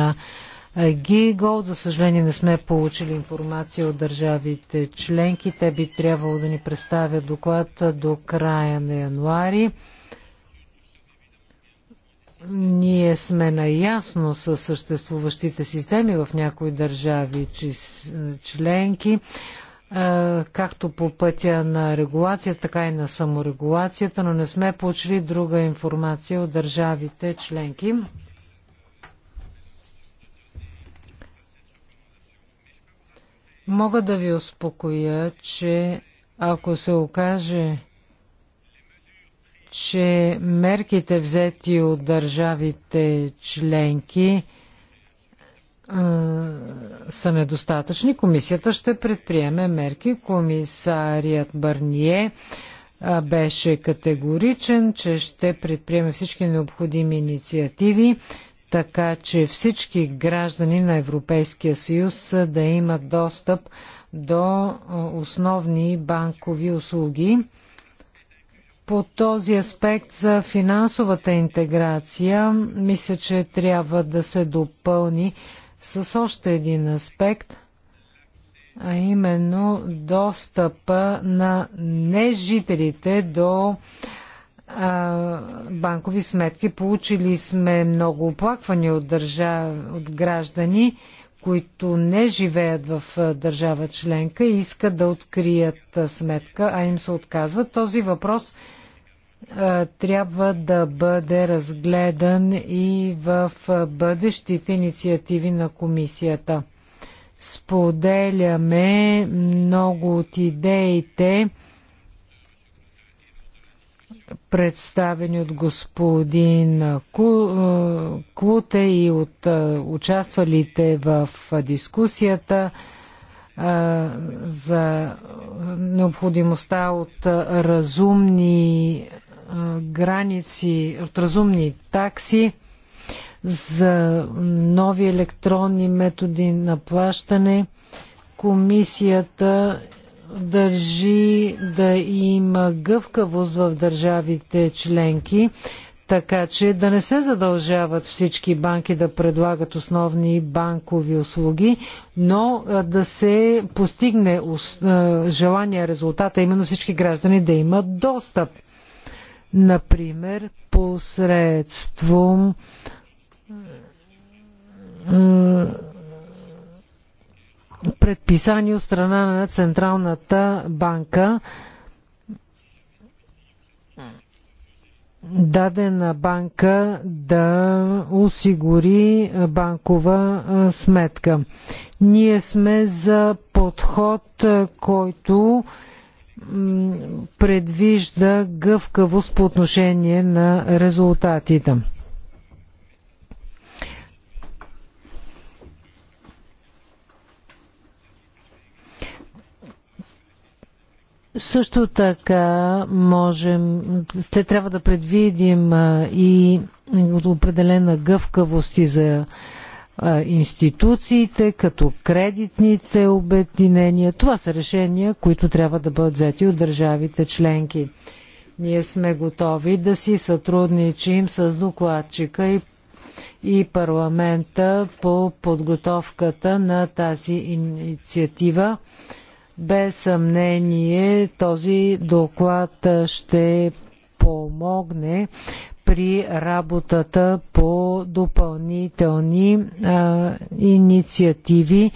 Гигол. За съжаление не сме получили информация от държавите членки. Те би трябвало да ни представят доклад до края на януари. Ние сме наясно с съществуващите системи в някои държави членки, както по пътя на регулация, така и на саморегулацията, но не сме получили друга информация от държавите членки. Мога да ви успокоя, че ако се окаже, че мерките взети от държавите членки са недостатъчни, комисията ще предприеме мерки. Комисарият Барние беше категоричен, че ще предприеме всички необходими инициативи така че всички граждани на Европейския съюз да имат достъп до основни банкови услуги. По този аспект за финансовата интеграция, мисля, че трябва да се допълни с още един аспект, а именно достъпа на нежителите до банкови сметки. Получили сме много оплаквания от, държав... от граждани, които не живеят в държава членка и искат да открият сметка, а им се отказват. Този въпрос а, трябва да бъде разгледан и в бъдещите инициативи на комисията. Споделяме много от идеите, представени от господин Клуте и от участвалите в дискусията за необходимостта от разумни граници, от разумни такси за нови електронни методи на плащане. Комисията държи да има гъвкавост в държавите членки, така че да не се задължават всички банки да предлагат основни банкови услуги, но да се постигне желания резултат, а именно всички граждани да имат достъп. Например, посредством предписани от страна на Централната банка. дадена банка да осигури банкова сметка. Ние сме за подход, който предвижда гъвкавост по отношение на резултатите. Също така можем, те трябва да предвидим и определена гъвкавост и за институциите, като кредитните обединения. Това са решения, които трябва да бъдат взети от държавите членки. Ние сме готови да си сътрудничим с докладчика и, и парламента по подготовката на тази инициатива без съмнение този доклад ще помогне при работата по допълнителни а, инициативи.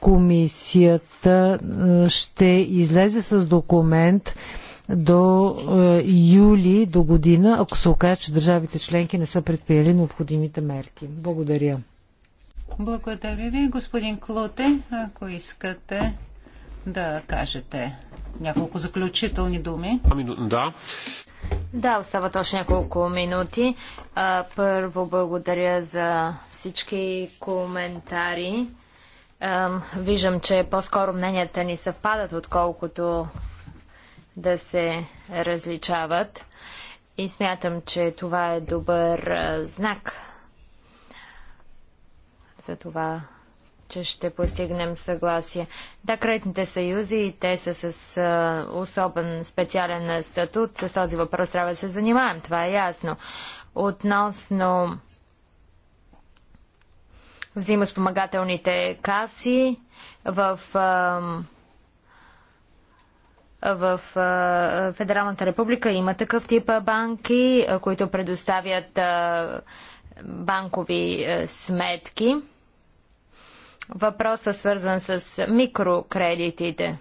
Комисията ще излезе с документ до а, юли до година, ако се окаже, че държавите членки не са предприели необходимите мерки. Благодаря. Благодаря ви, господин Клоте. Ако искате да кажете няколко заключителни думи. Да. Да, остават още няколко минути. първо благодаря за всички коментари. виждам, че по-скоро мненията ни съвпадат, отколкото да се различават. И смятам, че това е добър знак за това че ще постигнем съгласие. Да, кредитните съюзи те са с а, особен специален статут. С този въпрос трябва да се занимаем. Това е ясно. Относно взаимоспомагателните каси в. А, в Федералната република има такъв тип банки, които предоставят банкови сметки въпроса свързан с микрокредитите.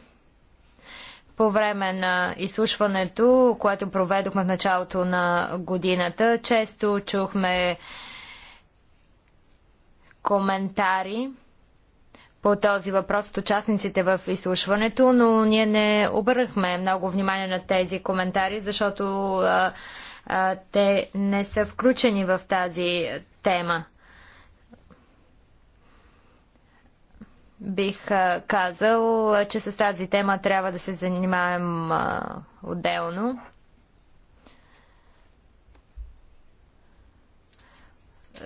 По време на изслушването, което проведохме в началото на годината, често чухме коментари по този въпрос от участниците в изслушването, но ние не обърнахме много внимание на тези коментари, защото а, а, те не са включени в тази тема. Бих казал, че с тази тема трябва да се занимаем отделно.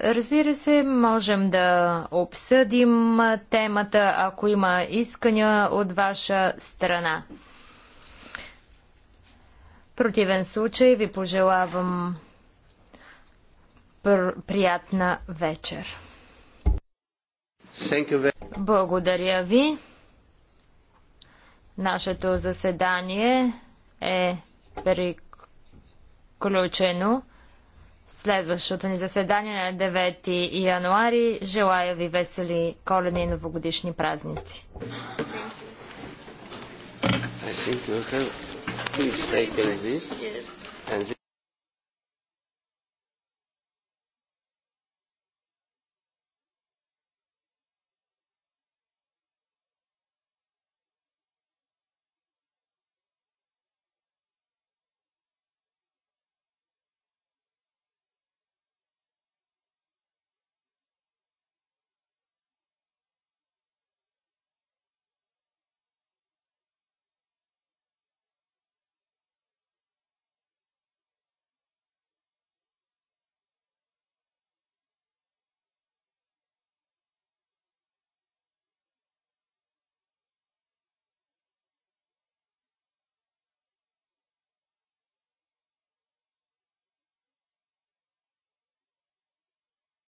Разбира се, можем да обсъдим темата, ако има искания от ваша страна. противен случай ви пожелавам приятна вечер. Благодаря ви. Нашето заседание е приключено. Следващото ни заседание на 9 януари. Желая ви весели коледни и новогодишни празници. I think you have each taken this. Yes.